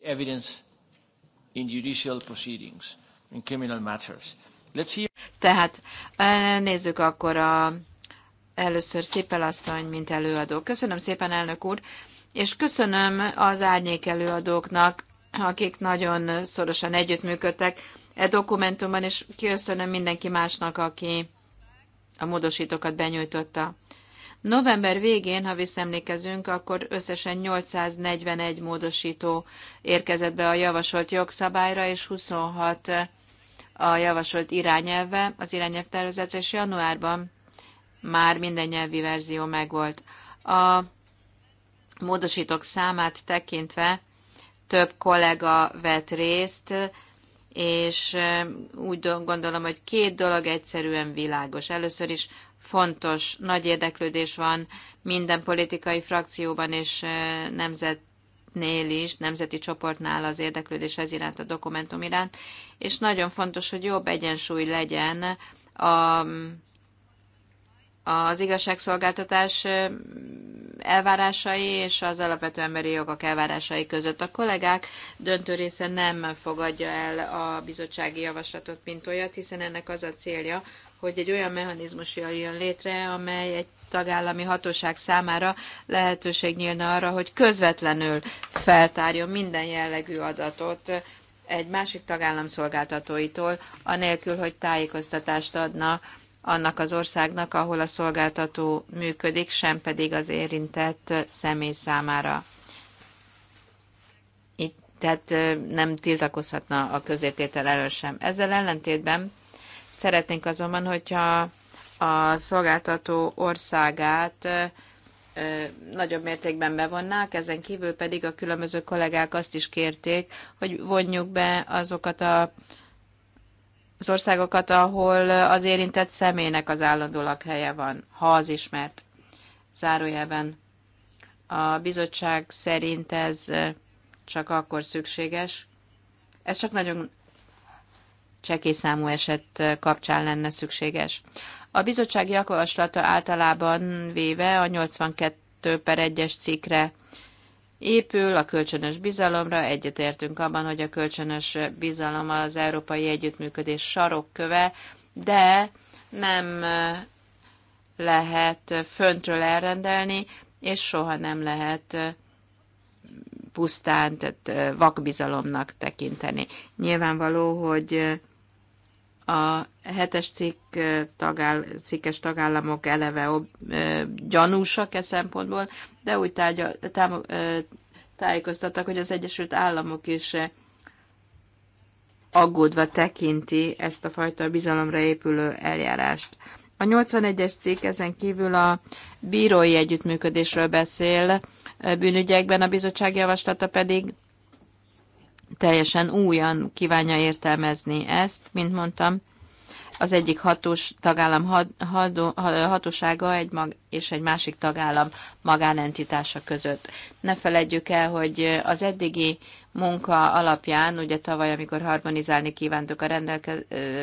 evidence in judicial proceedings in criminal matters. Let's see Tehát uh, nézzük akkor a először szépen asszony, mint előadó. Köszönöm szépen, elnök úr, és köszönöm az árnyék előadóknak, akik nagyon szorosan együttműködtek e dokumentumban, és köszönöm mindenki másnak, aki a módosítókat benyújtotta. November végén, ha visszemlékezünk, akkor összesen 841 módosító érkezett be a javasolt jogszabályra, és 26 a javasolt irányelve, az irányelvtervezetre, és januárban már minden nyelvi verzió megvolt. A módosítók számát tekintve több kollega vett részt, és úgy gondolom, hogy két dolog egyszerűen világos. Először is fontos, nagy érdeklődés van minden politikai frakcióban és nél is, nemzeti csoportnál az érdeklődés ez iránt, a dokumentum iránt, és nagyon fontos, hogy jobb egyensúly legyen a az igazságszolgáltatás elvárásai és az alapvető emberi jogok elvárásai között. A kollégák döntő része nem fogadja el a bizottsági javaslatot, mint olyat, hiszen ennek az a célja, hogy egy olyan mechanizmus jöjjön létre, amely egy tagállami hatóság számára lehetőség nyílna arra, hogy közvetlenül feltárjon minden jellegű adatot egy másik tagállam szolgáltatóitól, anélkül, hogy tájékoztatást adna annak az országnak, ahol a szolgáltató működik, sem pedig az érintett személy számára. Így, tehát nem tiltakozhatna a közététel elől sem. Ezzel ellentétben szeretnénk azonban, hogyha a szolgáltató országát nagyobb mértékben bevonnák, ezen kívül pedig a különböző kollégák azt is kérték, hogy vonjuk be azokat a az országokat, ahol az érintett személynek az állandó lakhelye van, ha az ismert. Zárójelben. A bizottság szerint ez csak akkor szükséges. Ez csak nagyon csekélyszámú eset kapcsán lenne szükséges. A bizottság javaslata általában véve a 82 per 1-es cikkre épül a kölcsönös bizalomra. Egyetértünk abban, hogy a kölcsönös bizalom az európai együttműködés sarokköve, de nem eh, lehet föntről elrendelni, és soha nem lehet eh, pusztán, tehát eh, vakbizalomnak tekinteni. Nyilvánvaló, hogy a hetes cikk, tagáll, cikkes tagállamok eleve gyanúsak e szempontból, de úgy tárgya, tám, tájékoztattak, hogy az Egyesült Államok is aggódva tekinti ezt a fajta bizalomra épülő eljárást. A 81-es cikk ezen kívül a bírói együttműködésről beszél bűnügyekben, a bizottság javaslata pedig teljesen újan kívánja értelmezni ezt, mint mondtam, az egyik hatós tagállam had, had, hatósága egy mag, és egy másik tagállam magánentitása között. Ne feledjük el, hogy az eddigi munka alapján, ugye tavaly, amikor harmonizálni kívántuk a rendelke,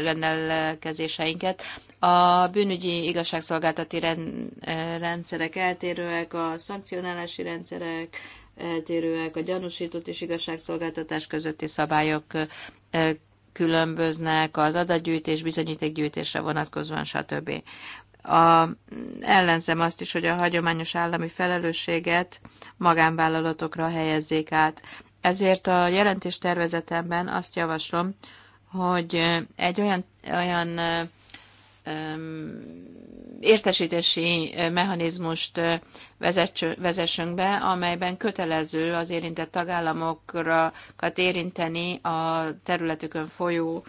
rendelkezéseinket, a bűnügyi igazságszolgáltati rend, eh, rendszerek eltérőek, a szankcionálási rendszerek eltérőek, a gyanúsított és igazságszolgáltatás közötti szabályok eh, különböznek az adatgyűjtés, bizonyítékgyűjtésre vonatkozóan, stb. A, ellenzem azt is, hogy a hagyományos állami felelősséget magánvállalatokra helyezzék át. Ezért a jelentés azt javaslom, hogy egy olyan, olyan értesítési mechanizmust vezessünk be, amelyben kötelező az érintett tagállamokat érinteni a területükön folyó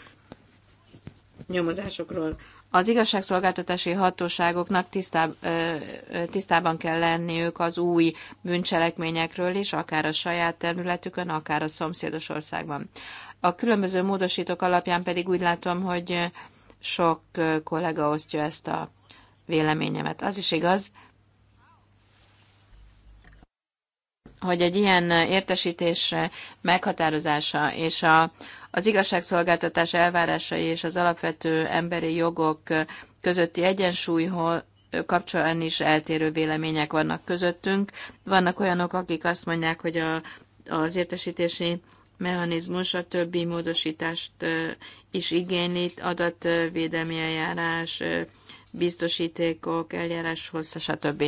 nyomozásokról. Az igazságszolgáltatási hatóságoknak tisztább, tisztában kell lenniük az új bűncselekményekről is, akár a saját területükön, akár a szomszédos országban. A különböző módosítók alapján pedig úgy látom, hogy sok kollega osztja ezt a véleményemet. Az is igaz, hogy egy ilyen értesítés meghatározása és a, az igazságszolgáltatás elvárásai és az alapvető emberi jogok közötti egyensúlyhoz kapcsolatban is eltérő vélemények vannak közöttünk. Vannak olyanok, akik azt mondják, hogy a, az értesítési mechanizmus a többi módosítást is igényli, adatvédelmi eljárás, biztosítékok, eljárás hossza, stb.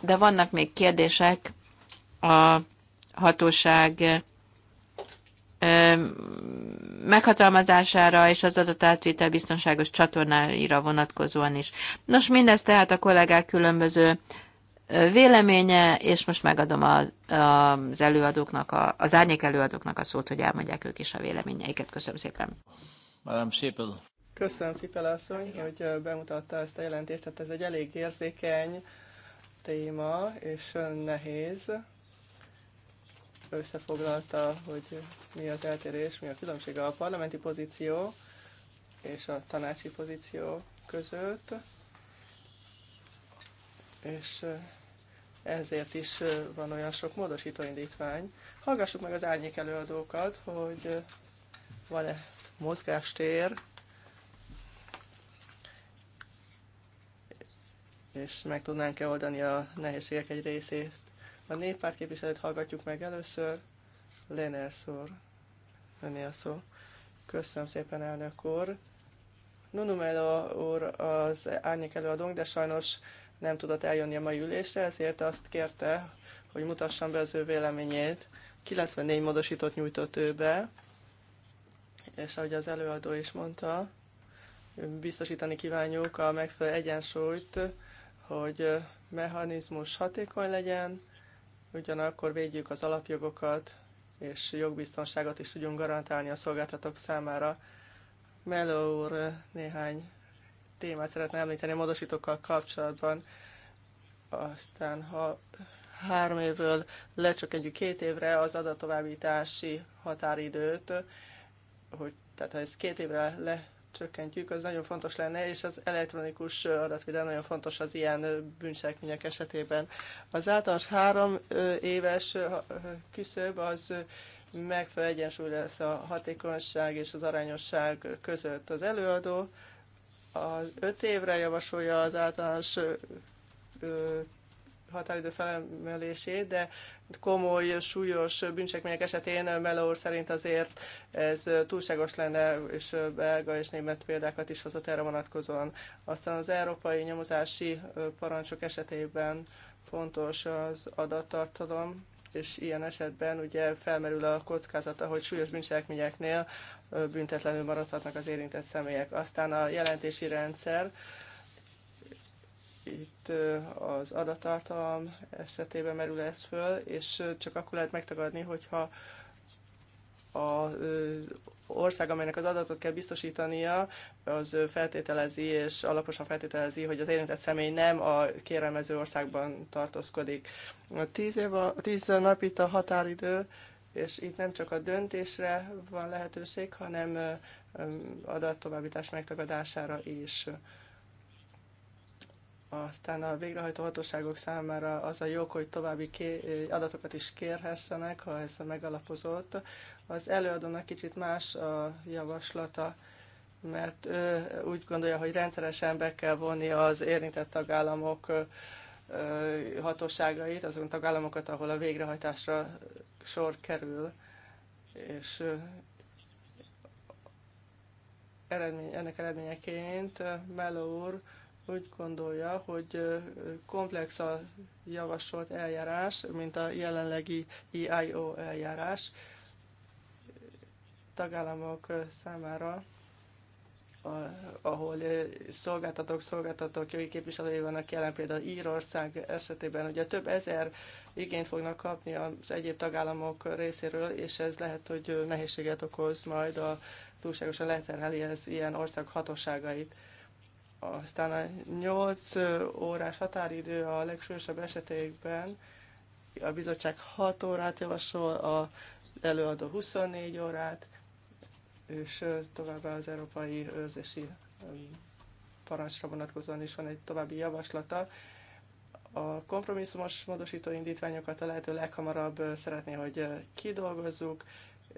De vannak még kérdések a hatóság meghatalmazására és az adatátvétel biztonságos csatornáira vonatkozóan is. Nos, mindezt tehát a kollégák különböző véleménye, és most megadom az, az előadóknak, a, az árnyék előadóknak a szót, hogy elmondják ők is a véleményeiket. Köszönöm szépen. Madame Sipel. Köszönöm Sipel asszony, hogy bemutatta ezt a jelentést, tehát ez egy elég érzékeny téma, és nehéz. Összefoglalta, hogy mi az eltérés, mi a különbség a parlamenti pozíció és a tanácsi pozíció között és ezért is van olyan sok módosító indítvány. Hallgassuk meg az árnyék előadókat, hogy van-e mozgástér, és meg tudnánk-e oldani a nehézségek egy részét. A néppárt képviselőt hallgatjuk meg először, Léner szór, öné a szó. Köszönöm szépen, elnök úr. Nunumela úr az árnyék előadónk, de sajnos nem tudott eljönni a mai ülésre, ezért azt kérte, hogy mutassam be az ő véleményét. 94 módosított nyújtott ő be, és ahogy az előadó is mondta, biztosítani kívánjuk a megfelelő egyensúlyt, hogy mechanizmus hatékony legyen, ugyanakkor védjük az alapjogokat, és jogbiztonságot is tudjunk garantálni a szolgáltatók számára. Melo úr néhány témát szeretne említeni a módosítókkal kapcsolatban. Aztán, ha három évről lecsökkentjük két évre az adatovábbítási határidőt, hogy, tehát ha ezt két évre lecsökkentjük, az nagyon fontos lenne, és az elektronikus adatvédelem nagyon fontos az ilyen bűncselekmények esetében. Az általános három éves küszöb az megfelelő egyensúly lesz a hatékonyság és az arányosság között. Az előadó az öt évre javasolja az általános határidő felemelését, de komoly, súlyos bűncsekmények esetén Meló szerint azért ez túlságos lenne, és belga és német példákat is hozott erre vonatkozóan. Aztán az európai nyomozási parancsok esetében fontos az adattartalom, és ilyen esetben ugye felmerül a kockázata, hogy súlyos bűncselekményeknél büntetlenül maradhatnak az érintett személyek. Aztán a jelentési rendszer, itt az adatartalom esetében merül ez föl, és csak akkor lehet megtagadni, hogyha a ország, amelynek az adatot kell biztosítania, az feltételezi és alaposan feltételezi, hogy az érintett személy nem a kérelmező országban tartózkodik. A tíz, év a, a tíz nap itt a határidő, és itt nem csak a döntésre van lehetőség, hanem adattovábbítás megtagadására is. Aztán a végrehajtó hatóságok számára az a jog, hogy további adatokat is kérhessenek, ha ez megalapozott. Az előadónak kicsit más a javaslata, mert ő úgy gondolja, hogy rendszeresen be kell vonni az érintett tagállamok hatóságait, azon tagállamokat, ahol a végrehajtásra sor kerül, és eredmény, ennek eredményeként Melló úr úgy gondolja, hogy komplex a javasolt eljárás, mint a jelenlegi EIO eljárás tagállamok számára ahol eh, szolgáltatók, szolgáltatók jogi képviselői vannak jelen, például Írország esetében, ugye több ezer igényt fognak kapni az egyéb tagállamok részéről, és ez lehet, hogy eh, nehézséget okoz majd a túlságosan leterheli ez ilyen ország hatóságait. Aztán a 8 eh, órás határidő a legsúlyosabb esetekben, a bizottság 6 órát javasol, a előadó 24 órát, és továbbá az Európai Őrzési Parancsra vonatkozóan is van egy további javaslata. A kompromisszumos módosító indítványokat a lehető leghamarabb szeretné, hogy kidolgozzuk,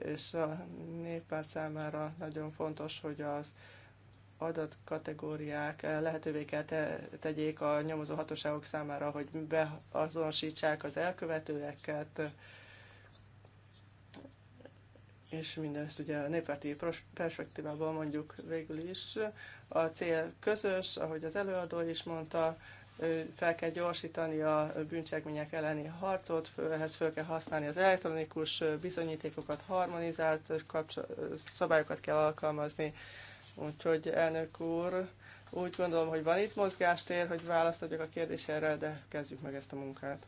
és a néppárt számára nagyon fontos, hogy az adatkategóriák lehetővé kell te, tegyék a nyomozó hatóságok számára, hogy beazonosítsák az elkövetőeket, és mindezt ugye a néppárti perspektívából mondjuk végül is. A cél közös, ahogy az előadó is mondta, fel kell gyorsítani a bűncselekmények elleni harcot, ehhez fel kell használni az elektronikus bizonyítékokat, harmonizált szabályokat kell alkalmazni. Úgyhogy elnök úr, úgy gondolom, hogy van itt mozgástér, hogy választ adjak a kérdésre, de kezdjük meg ezt a munkát.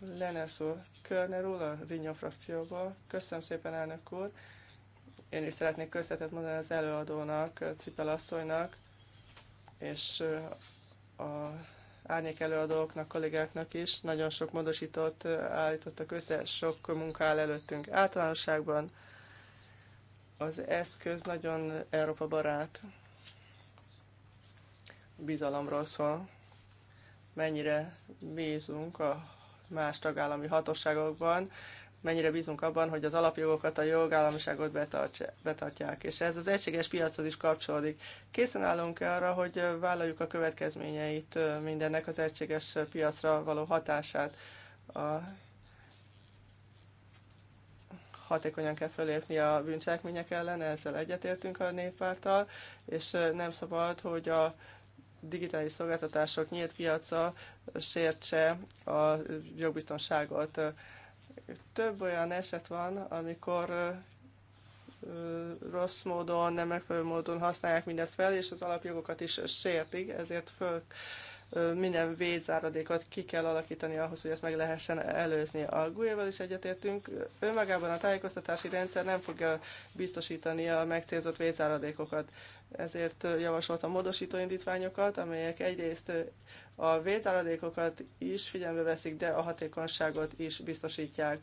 Lenners úr, Körner úr a Rinyó frakcióból. Köszönöm szépen, elnök úr. Én is szeretnék köszönetet mondani az előadónak, Cipel asszonynak, és a árnyék előadóknak, kollégáknak is. Nagyon sok módosítót állítottak össze, sok munka áll előttünk. Általánosságban az eszköz nagyon Európa barát bizalomról szól. Mennyire bízunk a más tagállami hatóságokban, mennyire bízunk abban, hogy az alapjogokat, a jogállamiságot betartják. És ez az egységes piachoz is kapcsolódik. Készen állunk-e arra, hogy vállaljuk a következményeit mindennek az egységes piacra való hatását? A hatékonyan kell fölépni a bűncselekmények ellen, ezzel egyetértünk a néppárttal, és nem szabad, hogy a digitális szolgáltatások nyílt piaca sértse a jogbiztonságot. Több olyan eset van, amikor rossz módon, nem megfelelő módon használják mindezt fel, és az alapjogokat is sértik, ezért föl minden védzáradékot ki kell alakítani ahhoz, hogy ezt meg lehessen előzni. A GUE-val is egyetértünk, önmagában a tájékoztatási rendszer nem fogja biztosítani a megcélzott védzáradékokat ezért javasoltam módosító indítványokat, amelyek egyrészt a vétáradékokat is figyelembe veszik, de a hatékonyságot is biztosítják.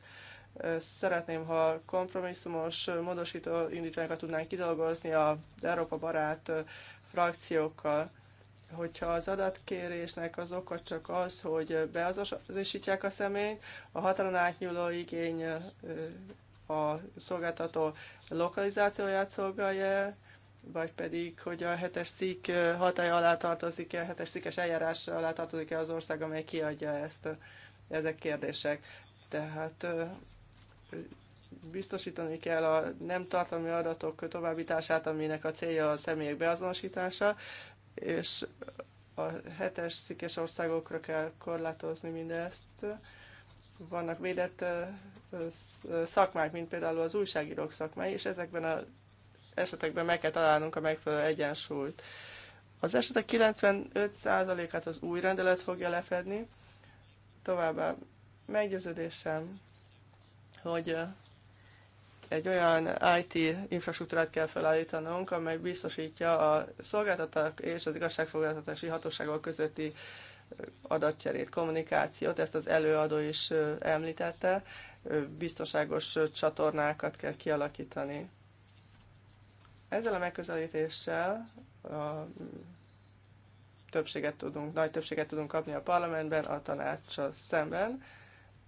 Szeretném, ha kompromisszumos módosító indítványokat tudnánk kidolgozni az Európa barát frakciókkal, hogyha az adatkérésnek az oka csak az, hogy beazonosítják a személyt, a határon átnyúló igény a szolgáltató lokalizációját szolgálja, vagy pedig, hogy a hetes cikk hatája alá tartozik-e, a hetes cikkes eljárás alá tartozik-e az ország, amely kiadja ezt. Ezek kérdések. Tehát biztosítani kell a nem tartalmi adatok továbbítását, aminek a célja a személyek beazonosítása, és a hetes szikes országokra kell korlátozni mindezt. Vannak védett szakmák, mint például az újságírók szakmai, és ezekben a esetekben meg kell találnunk a megfelelő egyensúlyt. Az esetek 95%-át az új rendelet fogja lefedni, továbbá meggyőződésem, hogy egy olyan IT infrastruktúrát kell felállítanunk, amely biztosítja a szolgáltatók és az igazságszolgáltatási hatóságok közötti adatcserét, kommunikációt, ezt az előadó is említette, biztonságos csatornákat kell kialakítani. Ezzel a megközelítéssel a többséget tudunk, nagy többséget tudunk kapni a parlamentben, a tanácssal szemben,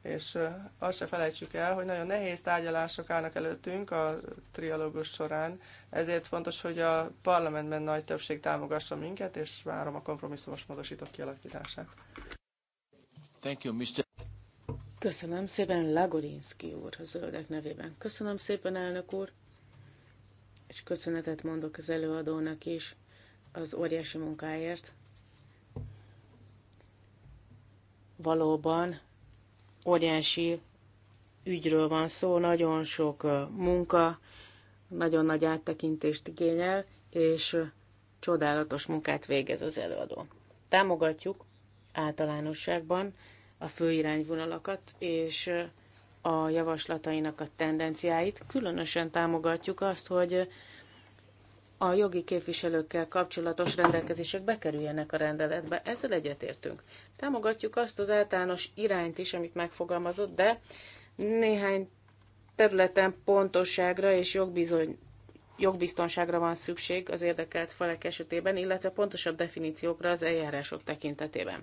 és azt se felejtsük el, hogy nagyon nehéz tárgyalások állnak előttünk a trialógus során, ezért fontos, hogy a parlamentben nagy többség támogassa minket, és várom a kompromisszumos módosítók kialakítását. Thank you, Mr. Köszönöm szépen Lagorinski úr, a zöldek nevében. Köszönöm szépen, elnök úr és köszönetet mondok az előadónak is az óriási munkáért. Valóban óriási ügyről van szó, nagyon sok munka, nagyon nagy áttekintést igényel, és csodálatos munkát végez az előadó. Támogatjuk általánosságban a főirányvonalakat, és a javaslatainak a tendenciáit. Különösen támogatjuk azt, hogy a jogi képviselőkkel kapcsolatos rendelkezések bekerüljenek a rendeletbe. Ezzel egyetértünk. Támogatjuk azt az általános irányt is, amit megfogalmazott, de néhány területen pontosságra és jogbizony, jogbiztonságra van szükség az érdekelt felek esetében, illetve pontosabb definíciókra az eljárások tekintetében.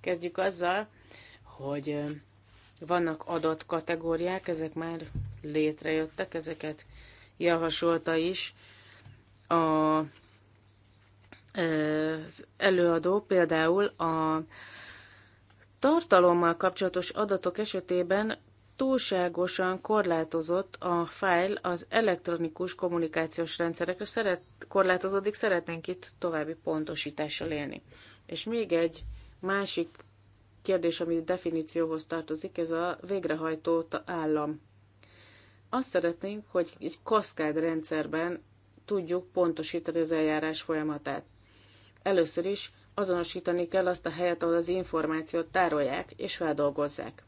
Kezdjük azzal, hogy vannak adott kategóriák, ezek már létrejöttek, ezeket javasolta is a, az előadó, például a tartalommal kapcsolatos adatok esetében túlságosan korlátozott a fájl az elektronikus kommunikációs rendszerekre szeret, korlátozódik, szeretnénk itt további pontosítással élni. És még egy másik kérdés, ami definícióhoz tartozik, ez a végrehajtó állam. Azt szeretnénk, hogy egy kaszkád rendszerben tudjuk pontosítani az eljárás folyamatát. Először is azonosítani kell azt a helyet, ahol az információt tárolják és feldolgozzák.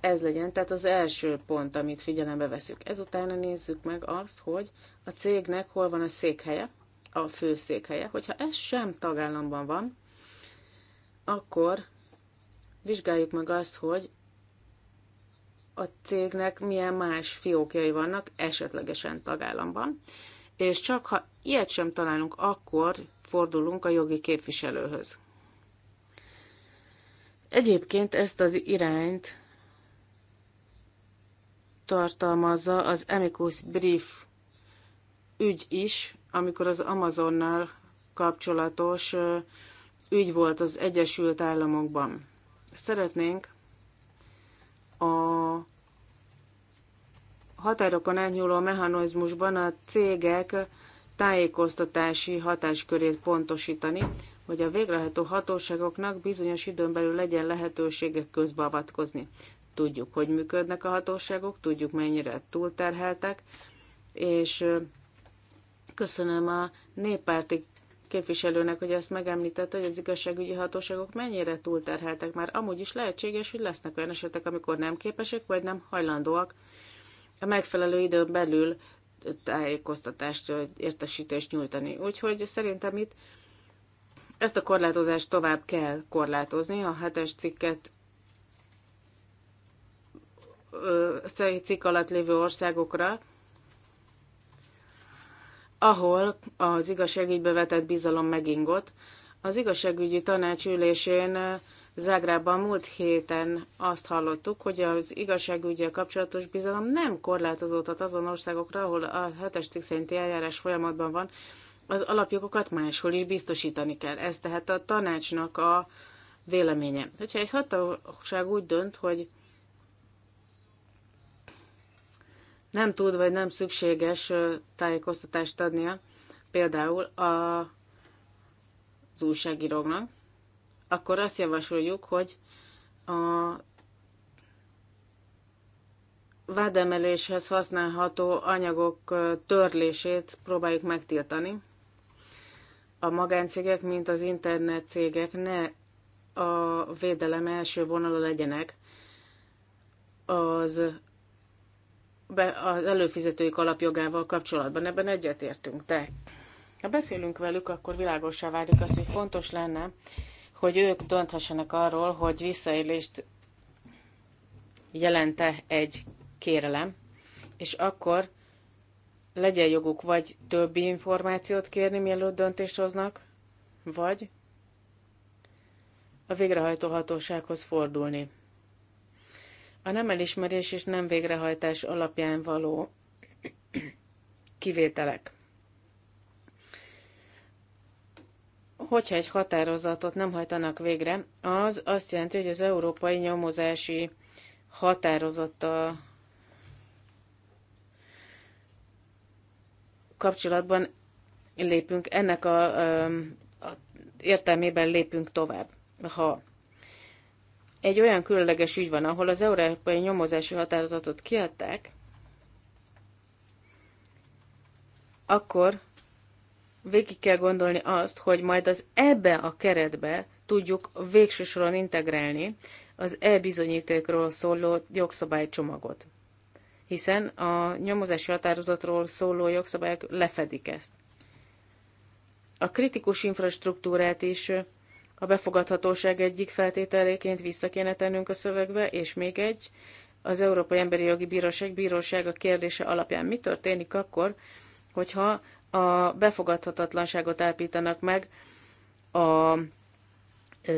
Ez legyen tehát az első pont, amit figyelembe veszük. Ezután nézzük meg azt, hogy a cégnek hol van a székhelye, a fő székhelye. Hogyha ez sem tagállamban van, akkor vizsgáljuk meg azt, hogy a cégnek milyen más fiókjai vannak, esetlegesen tagállamban, és csak ha ilyet sem találunk, akkor fordulunk a jogi képviselőhöz. Egyébként ezt az irányt tartalmazza az Amicus Brief ügy is, amikor az Amazonnal kapcsolatos ügy volt az Egyesült Államokban. Szeretnénk a határokon elnyúló mechanizmusban a cégek tájékoztatási hatáskörét pontosítani, hogy a végrehajtó hatóságoknak bizonyos időn belül legyen lehetősége közbeavatkozni. Tudjuk, hogy működnek a hatóságok, tudjuk, mennyire túlterheltek, és köszönöm a néppárti képviselőnek, hogy ezt megemlítette, hogy az igazságügyi hatóságok mennyire túlterheltek már. Amúgy is lehetséges, hogy lesznek olyan esetek, amikor nem képesek, vagy nem hajlandóak a megfelelő időn belül tájékoztatást, értesítést nyújtani. Úgyhogy szerintem itt ezt a korlátozást tovább kell korlátozni, a hetes cikket cikk alatt lévő országokra, ahol az igazságügybe vetett bizalom megingott. Az igazságügyi tanácsülésén eh, Zágrában múlt héten azt hallottuk, hogy az igazságügyel kapcsolatos bizalom nem korlátozódhat azon országokra, ahol a hetes cikk szerinti eljárás folyamatban van, az alapjogokat máshol is biztosítani kell. Ez tehát a tanácsnak a véleménye. Hogyha egy hatóság úgy dönt, hogy nem tud vagy nem szükséges tájékoztatást adnia például a, az újságíróknak, akkor azt javasoljuk, hogy a vádemeléshez használható anyagok törlését próbáljuk megtiltani. A magáncégek, mint az internet cégek ne a védelem első vonala legyenek az be az előfizetőik alapjogával kapcsolatban. Ebben egyetértünk, de ha beszélünk velük, akkor világosá válik az, hogy fontos lenne, hogy ők dönthessenek arról, hogy visszaélést jelente egy kérelem, és akkor legyen joguk vagy többi információt kérni, mielőtt döntést hoznak, vagy a végrehajtó hatósághoz fordulni. A nem elismerés és nem végrehajtás alapján való kivételek. Hogyha egy határozatot nem hajtanak végre, az azt jelenti, hogy az európai nyomozási határozata kapcsolatban lépünk, ennek a, a értelmében lépünk tovább. Ha egy olyan különleges ügy van, ahol az európai nyomozási határozatot kiadták, akkor végig kell gondolni azt, hogy majd az ebbe a keretbe tudjuk végső soron integrálni az e-bizonyítékról szóló jogszabálycsomagot. Hiszen a nyomozási határozatról szóló jogszabályok lefedik ezt. A kritikus infrastruktúrát is a befogadhatóság egyik feltételéként vissza kéne tennünk a szövegbe, és még egy, az Európai Emberi Jogi Bíróság bírósága kérdése alapján mi történik akkor, hogyha a befogadhatatlanságot állítanak meg a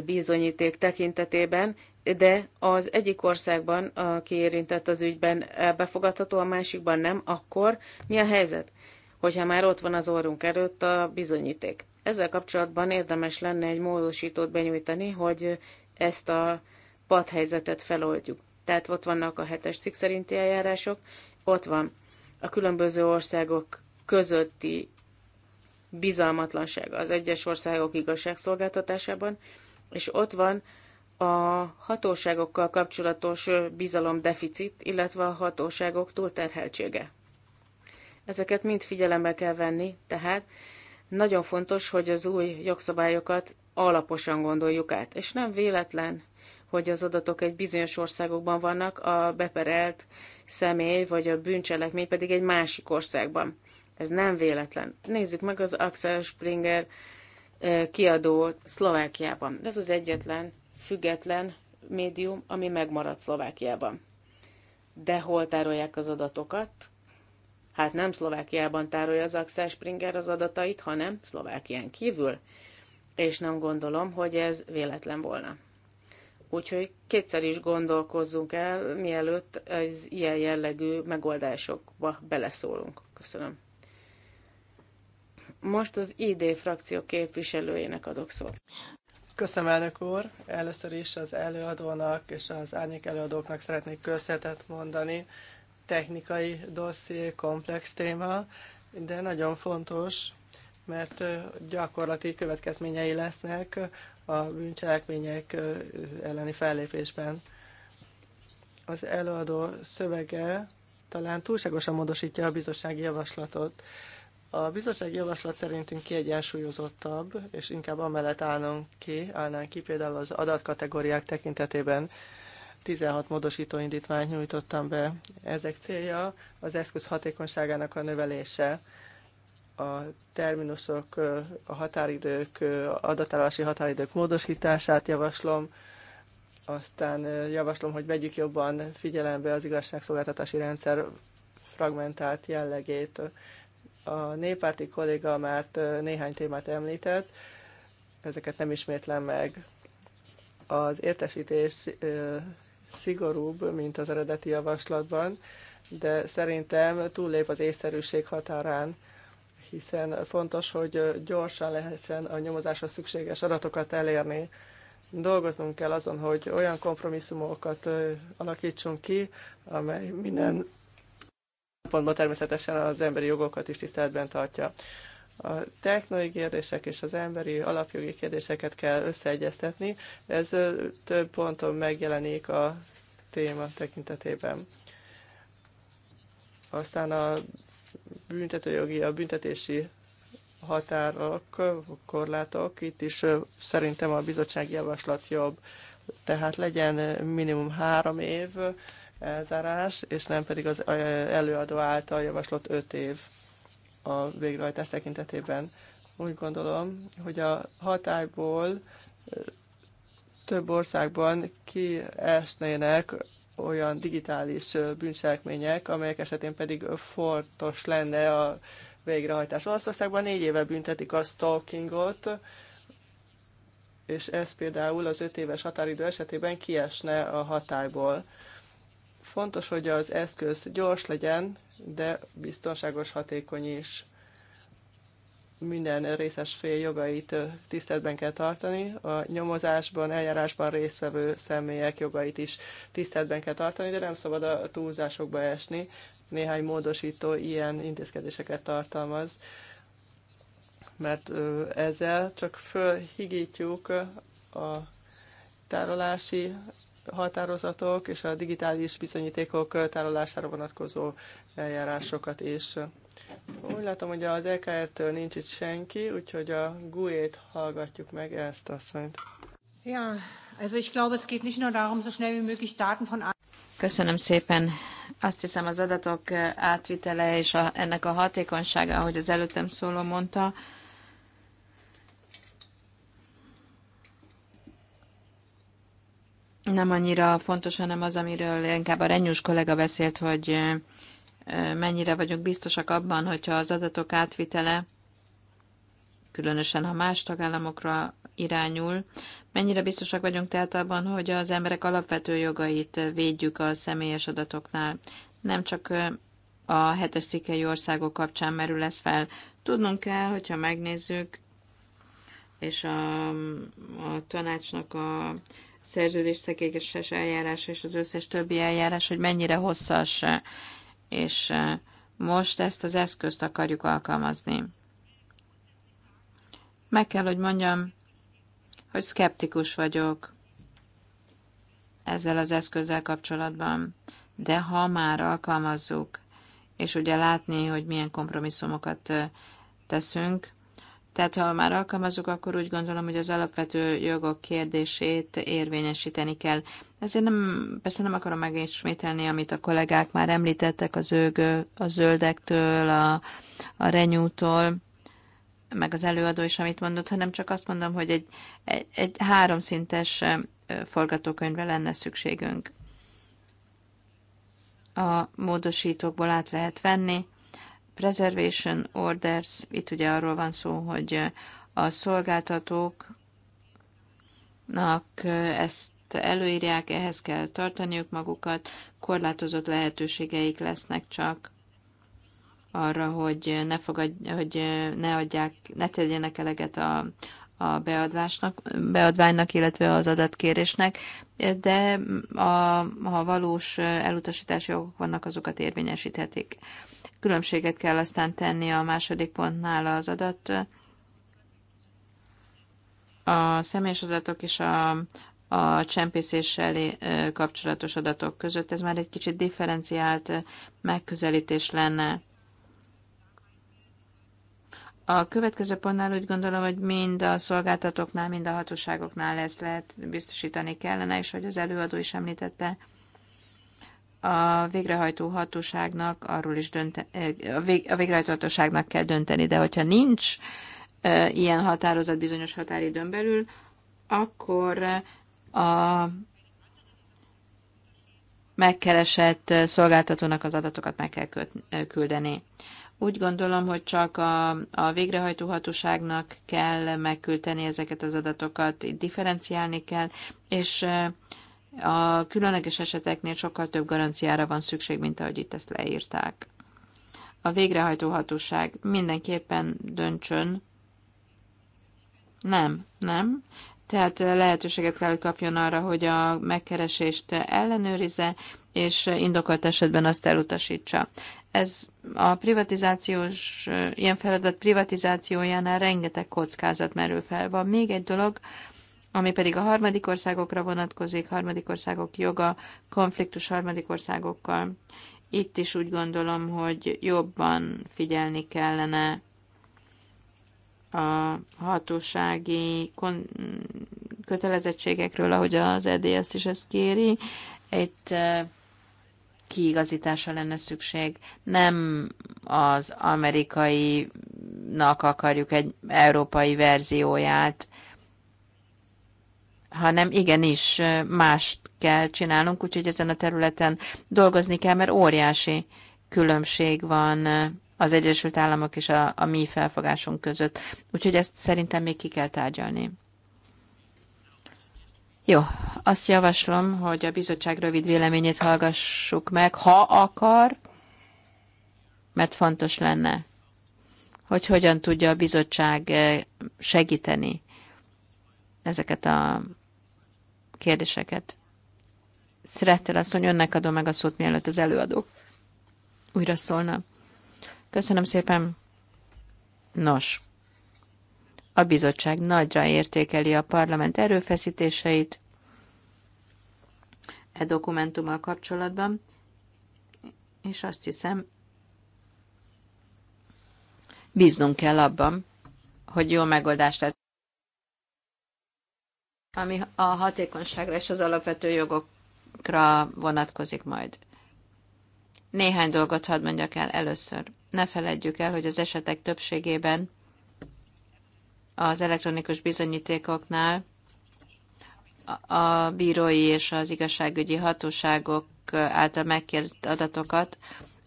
bizonyíték tekintetében, de az egyik országban, aki érintett az ügyben eh, befogadható, a másikban nem, akkor mi a helyzet? Hogyha már ott van az orrunk előtt a bizonyíték. Ezzel kapcsolatban érdemes lenne egy módosítót benyújtani, hogy ezt a padhelyzetet feloldjuk. Tehát ott vannak a hetes cikk szerinti eljárások, ott van a különböző országok közötti bizalmatlansága az egyes országok igazságszolgáltatásában, és ott van a hatóságokkal kapcsolatos bizalomdeficit, illetve a hatóságok túlterheltsége. Ezeket mind figyelembe kell venni, tehát nagyon fontos, hogy az új jogszabályokat alaposan gondoljuk át, és nem véletlen, hogy az adatok egy bizonyos országokban vannak, a beperelt személy vagy a bűncselekmény pedig egy másik országban. Ez nem véletlen. Nézzük meg az Axel Springer kiadó Szlovákiában. Ez az egyetlen független médium, ami megmaradt Szlovákiában. De hol tárolják az adatokat? Hát nem Szlovákiában tárolja az Axel Springer az adatait, hanem Szlovákián kívül. És nem gondolom, hogy ez véletlen volna. Úgyhogy kétszer is gondolkozzunk el, mielőtt az ilyen jellegű megoldásokba beleszólunk. Köszönöm. Most az ID frakció képviselőjének adok szót. Köszönöm, elnök úr! Először is az előadónak és az árnyék előadóknak szeretnék köszönetet mondani technikai dosszié, komplex téma, de nagyon fontos, mert gyakorlati következményei lesznek a bűncselekmények elleni fellépésben. Az előadó szövege talán túlságosan módosítja a bizottsági javaslatot. A bizottsági javaslat szerintünk kiegyensúlyozottabb, és inkább amellett állnánk ki, állnánk ki például az adatkategóriák tekintetében, 16 módosító indítványt nyújtottam be. Ezek célja az eszköz hatékonyságának a növelése, a terminusok, a határidők, adatállási határidők módosítását javaslom, aztán javaslom, hogy vegyük jobban figyelembe az igazságszolgáltatási rendszer fragmentált jellegét. A néppárti kolléga már néhány témát említett, ezeket nem ismétlem meg. Az értesítés szigorúbb, mint az eredeti javaslatban, de szerintem túllép az észszerűség határán, hiszen fontos, hogy gyorsan lehessen a nyomozásra szükséges adatokat elérni. Dolgoznunk kell azon, hogy olyan kompromisszumokat alakítsunk ki, amely minden pontban természetesen az emberi jogokat is tiszteletben tartja. A technológiai kérdések és az emberi alapjogi kérdéseket kell összeegyeztetni. Ez több ponton megjelenik a téma tekintetében. Aztán a büntetőjogi, a büntetési határok, korlátok, itt is szerintem a bizottsági javaslat jobb. Tehát legyen minimum három év elzárás, és nem pedig az előadó által javaslott öt év a végrehajtás tekintetében. Úgy gondolom, hogy a hatályból több országban kiesnének olyan digitális bűncselekmények, amelyek esetén pedig fontos lenne a végrehajtás. Olaszországban négy éve büntetik a stalkingot, és ez például az öt éves határidő esetében kiesne a hatályból. Fontos, hogy az eszköz gyors legyen, de biztonságos, hatékony is. Minden részes fél jogait tiszteletben kell tartani, a nyomozásban, eljárásban résztvevő személyek jogait is tiszteletben kell tartani, de nem szabad a túlzásokba esni. Néhány módosító ilyen intézkedéseket tartalmaz, mert ezzel csak fölhigítjuk a tárolási határozatok és a digitális bizonyítékok tárolására vonatkozó eljárásokat is. Úgy látom, hogy az EKR-től nincs itt senki, úgyhogy a GUE-t hallgatjuk meg, ezt asszonyt. Ja, also ich glaube, es geht nicht nur darum, so schnell wie möglich Daten von Köszönöm szépen. Azt hiszem az adatok átvitele és a, ennek a hatékonysága, ahogy az előttem szóló mondta, nem annyira fontos, hanem az, amiről inkább a Renyús kollega beszélt, hogy mennyire vagyunk biztosak abban, hogyha az adatok átvitele, különösen ha más tagállamokra irányul, mennyire biztosak vagyunk tehát abban, hogy az emberek alapvető jogait védjük a személyes adatoknál. Nem csak a hetes cikkei országok kapcsán merül ez fel. Tudnunk kell, hogyha megnézzük, és a, a tanácsnak a szerződésszegéses eljárás és az összes többi eljárás, hogy mennyire hosszas, és eh, most ezt az eszközt akarjuk alkalmazni. Meg kell, hogy mondjam, hogy szkeptikus vagyok ezzel az eszközzel kapcsolatban, de ha már alkalmazzuk, és ugye látni, hogy milyen kompromisszumokat eh, teszünk, tehát ha már alkalmazok, akkor úgy gondolom, hogy az alapvető jogok kérdését érvényesíteni kell. Ezért nem, persze nem akarom megismételni, amit a kollégák már említettek az ők, a zöldektől, a, a renyútól, meg az előadó is, amit mondott, hanem csak azt mondom, hogy egy, egy, egy háromszintes forgatókönyvre lenne szükségünk. A módosítókból át lehet venni, Preservation orders, itt ugye arról van szó, hogy a szolgáltatóknak ezt előírják, ehhez kell tartaniuk magukat, korlátozott lehetőségeik lesznek csak arra, hogy ne, fogadj, hogy ne adják, ne tegyenek eleget a, a beadvásnak, beadványnak, illetve az adatkérésnek, de a, ha valós elutasítási jogok vannak, azokat érvényesíthetik. Különbséget kell aztán tenni a második pontnál az adat, a személyes adatok és a, a csempészéssel kapcsolatos adatok között. Ez már egy kicsit differenciált megközelítés lenne. A következő pontnál úgy gondolom, hogy mind a szolgáltatóknál, mind a hatóságoknál ezt lehet biztosítani kellene, és hogy az előadó is említette, a végrehajtó hatóságnak arról is dönte, a, vég, a végrehajtó hatóságnak kell dönteni, de hogyha nincs e, ilyen határozat bizonyos határidőn belül, akkor a megkeresett szolgáltatónak az adatokat meg kell köt, küldeni. Úgy gondolom, hogy csak a, a végrehajtó hatóságnak kell megküldeni ezeket az adatokat, differenciálni kell, és a különleges eseteknél sokkal több garanciára van szükség, mint ahogy itt ezt leírták. A végrehajtó hatóság mindenképpen döntsön. Nem, nem. Tehát lehetőséget kell, hogy kapjon arra, hogy a megkeresést ellenőrize, és indokolt esetben azt elutasítsa. Ez a privatizációs, ilyen feladat privatizációjánál rengeteg kockázat merül fel. Van még egy dolog, ami pedig a harmadik országokra vonatkozik, harmadik országok joga, konfliktus harmadik országokkal. Itt is úgy gondolom, hogy jobban figyelni kellene a hatósági kötelezettségekről, ahogy az EDS is ezt kéri. Itt eh, kiigazítása lenne szükség. Nem az amerikainak akarjuk egy európai verzióját hanem igenis mást kell csinálnunk, úgyhogy ezen a területen dolgozni kell, mert óriási különbség van az Egyesült Államok és a, a mi felfogásunk között. Úgyhogy ezt szerintem még ki kell tárgyalni. Jó, azt javaslom, hogy a bizottság rövid véleményét hallgassuk meg, ha akar, mert fontos lenne, hogy hogyan tudja a bizottság segíteni ezeket a kérdéseket. Szerettel asszony, önnek adom meg a szót, mielőtt az előadó újra szólna. Köszönöm szépen. Nos, a bizottság nagyra értékeli a parlament erőfeszítéseit e dokumentummal kapcsolatban, és azt hiszem, bíznunk kell abban, hogy jó megoldás lesz ami a hatékonyságra és az alapvető jogokra vonatkozik majd. Néhány dolgot hadd mondjak el először. Ne feledjük el, hogy az esetek többségében az elektronikus bizonyítékoknál a bírói és az igazságügyi hatóságok által megkérdezett adatokat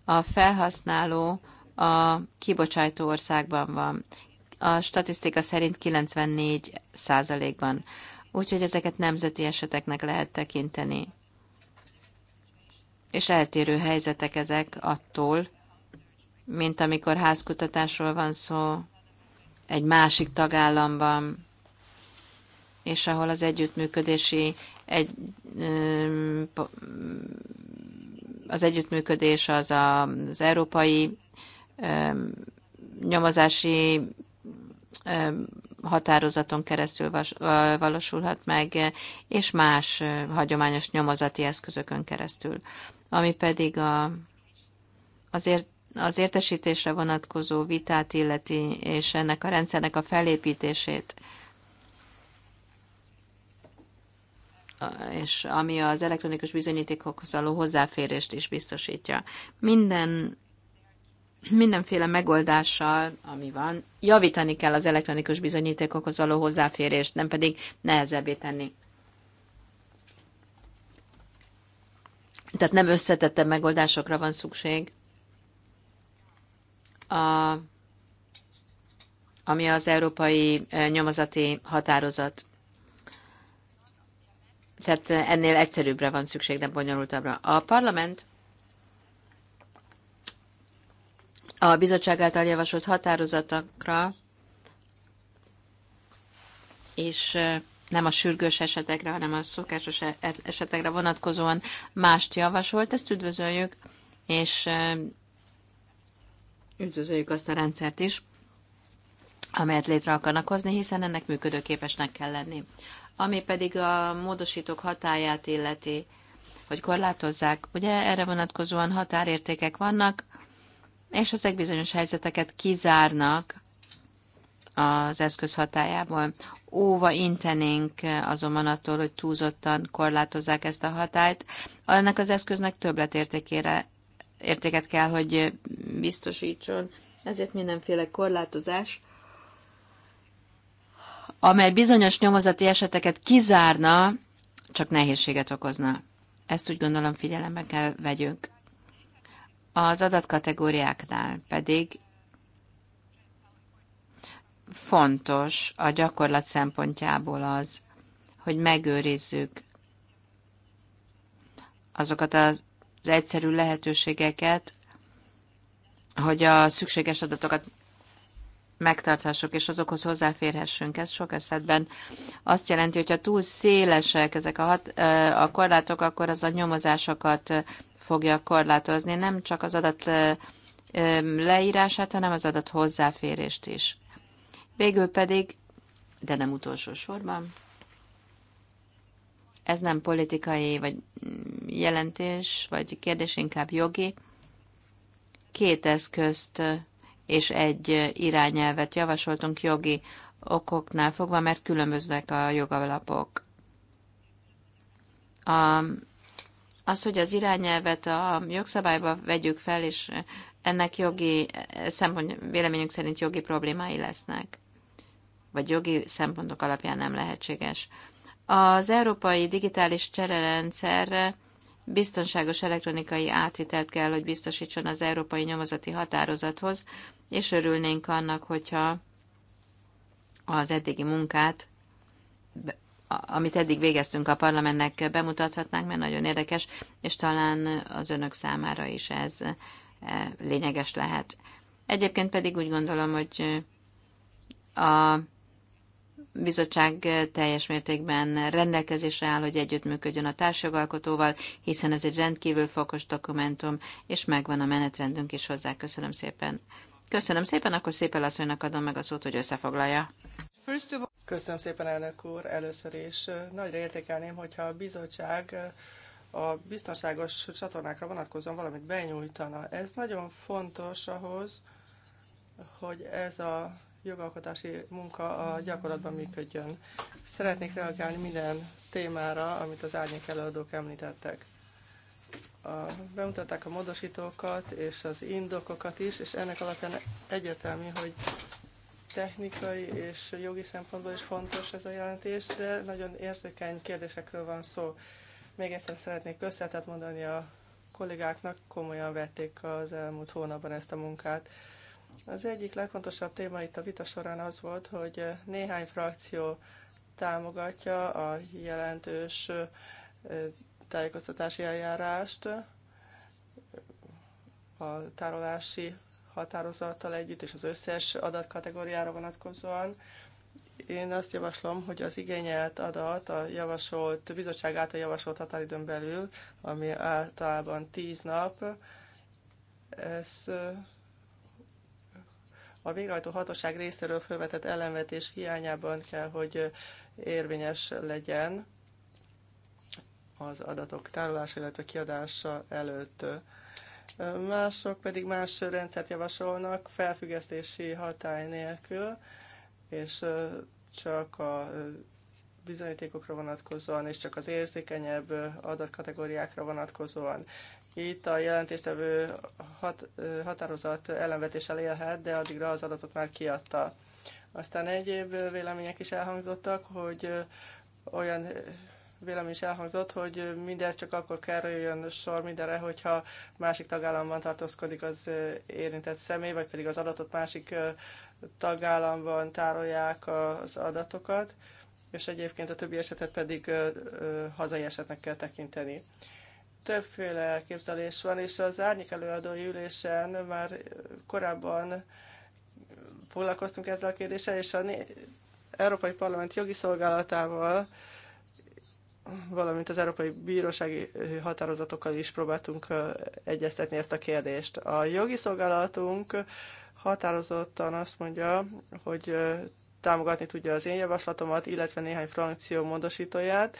a felhasználó a kibocsátó országban van. A statisztika szerint 94 százalékban úgyhogy ezeket nemzeti eseteknek lehet tekinteni. És eltérő helyzetek ezek attól, mint amikor házkutatásról van szó egy másik tagállamban, és ahol az együttműködési egy, az együttműködés az a az európai nyomozási határozaton keresztül valósulhat meg, és más hagyományos nyomozati eszközökön keresztül. Ami pedig a, ért, az értesítésre vonatkozó vitát illeti, és ennek a rendszernek a felépítését, és ami az elektronikus bizonyítékokhoz való hozzáférést is biztosítja. Minden mindenféle megoldással, ami van, javítani kell az elektronikus bizonyítékokhoz való hozzáférést, nem pedig nehezebbé tenni. Tehát nem összetettebb megoldásokra van szükség. A, ami az európai nyomozati határozat. Tehát ennél egyszerűbbre van szükség, nem bonyolultabbra. A parlament a bizottság által javasolt határozatokra, és nem a sürgős esetekre, hanem a szokásos e- e- esetekre vonatkozóan mást javasolt. Ezt üdvözöljük, és üdvözöljük azt a rendszert is, amelyet létre akarnak hozni, hiszen ennek működőképesnek kell lenni. Ami pedig a módosítók hatáját illeti, hogy korlátozzák, ugye erre vonatkozóan határértékek vannak, és ezek bizonyos helyzeteket kizárnak az eszköz hatájából. Óva intenénk azonban attól, hogy túlzottan korlátozzák ezt a hatályt. Ennek az eszköznek többletértékére értéket kell, hogy biztosítson, ezért mindenféle korlátozás, amely bizonyos nyomozati eseteket kizárna, csak nehézséget okozna. Ezt úgy gondolom figyelembe kell vegyünk. Az adatkategóriáknál pedig fontos a gyakorlat szempontjából az, hogy megőrizzük azokat az egyszerű lehetőségeket, hogy a szükséges adatokat megtarthassuk, és azokhoz hozzáférhessünk. Ez sok esetben azt jelenti, hogy ha túl szélesek ezek a, hat, a korlátok, akkor az a nyomozásokat fogja korlátozni nem csak az adat leírását, hanem az adat hozzáférést is. Végül pedig, de nem utolsó sorban, ez nem politikai vagy jelentés, vagy kérdés, inkább jogi. Két eszközt és egy irányelvet javasoltunk jogi okoknál fogva, mert különböznek a jogalapok. A az, hogy az irányelvet a jogszabályba vegyük fel, és ennek jogi szempont, véleményünk szerint jogi problémái lesznek, vagy jogi szempontok alapján nem lehetséges. Az európai digitális csererendszer biztonságos elektronikai átvitelt kell, hogy biztosítson az európai nyomozati határozathoz, és örülnénk annak, hogyha az eddigi munkát amit eddig végeztünk a parlamentnek, bemutathatnánk, mert nagyon érdekes, és talán az önök számára is ez e, lényeges lehet. Egyébként pedig úgy gondolom, hogy a bizottság teljes mértékben rendelkezésre áll, hogy együttműködjön a társjogalkotóval, hiszen ez egy rendkívül fokos dokumentum, és megvan a menetrendünk is hozzá. Köszönöm szépen. Köszönöm szépen, akkor szépen asszonynak adom meg a szót, hogy összefoglalja. Köszönöm szépen, elnök úr. Először is nagyra értékelném, hogyha a bizottság a biztonságos csatornákra vonatkozóan valamit benyújtana. Ez nagyon fontos ahhoz, hogy ez a jogalkotási munka a gyakorlatban működjön. Szeretnék reagálni minden témára, amit az árnyék előadók említettek. A, bemutatták a módosítókat és az indokokat is, és ennek alapján egyértelmű, hogy technikai és jogi szempontból is fontos ez a jelentés, de nagyon érzékeny kérdésekről van szó. Még egyszer szeretnék összetett mondani a kollégáknak, komolyan vették az elmúlt hónapban ezt a munkát. Az egyik legfontosabb téma itt a vita során az volt, hogy néhány frakció támogatja a jelentős tájékoztatási eljárást, a tárolási határozattal együtt, és az összes adatkategóriára vonatkozóan. Én azt javaslom, hogy az igényelt adat a javasolt, a bizottság által javasolt határidőn belül, ami általában 10 nap, ez a végrehajtó hatóság részéről felvetett ellenvetés hiányában kell, hogy érvényes legyen az adatok tárolása, illetve kiadása előtt mások pedig más rendszert javasolnak felfüggesztési hatály nélkül, és csak a bizonyítékokra vonatkozóan, és csak az érzékenyebb adatkategóriákra vonatkozóan. Itt a jelentéstevő hat, határozat ellenvetéssel élhet, de addigra az adatot már kiadta. Aztán egyéb vélemények is elhangzottak, hogy olyan vélemény is elhangzott, hogy mindez csak akkor kerüljön sor mindenre, hogyha másik tagállamban tartózkodik az érintett személy, vagy pedig az adatot másik tagállamban tárolják az adatokat, és egyébként a többi esetet pedig hazai esetnek kell tekinteni. Többféle elképzelés van, és az árnyék előadói ülésen már korábban foglalkoztunk ezzel a kérdéssel, és a Európai Parlament jogi szolgálatával valamint az Európai Bírósági határozatokkal is próbáltunk egyeztetni ezt a kérdést. A jogi szolgálatunk határozottan azt mondja, hogy támogatni tudja az én javaslatomat, illetve néhány frankció módosítóját,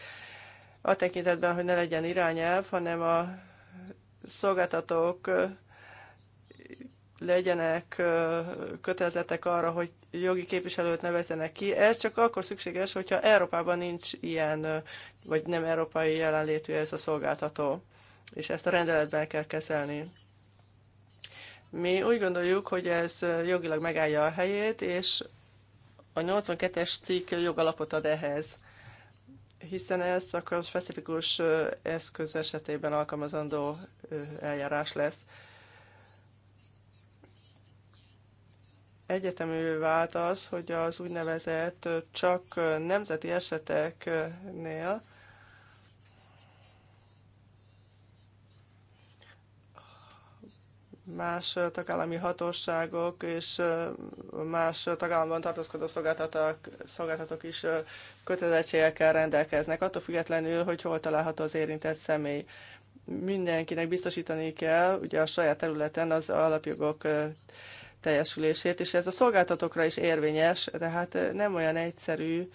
a tekintetben, hogy ne legyen irányelv, hanem a szolgáltatók legyenek kötelezettek arra, hogy jogi képviselőt nevezzenek ki. Ez csak akkor szükséges, hogyha Európában nincs ilyen, vagy nem európai jelenlétű ez a szolgáltató, és ezt a rendeletben kell kezelni. Mi úgy gondoljuk, hogy ez jogilag megállja a helyét, és a 82-es cikk jogalapot ad ehhez, hiszen ez csak a specifikus eszköz esetében alkalmazandó eljárás lesz. egyetemű vált az, hogy az úgynevezett csak nemzeti eseteknél más tagállami hatóságok és más tagállamban tartózkodó szolgáltatók, szolgáltatók is kötelezettségekkel rendelkeznek, attól függetlenül, hogy hol található az érintett személy. Mindenkinek biztosítani kell ugye a saját területen az alapjogok teljesülését, és ez a szolgáltatókra is érvényes, tehát nem olyan egyszerű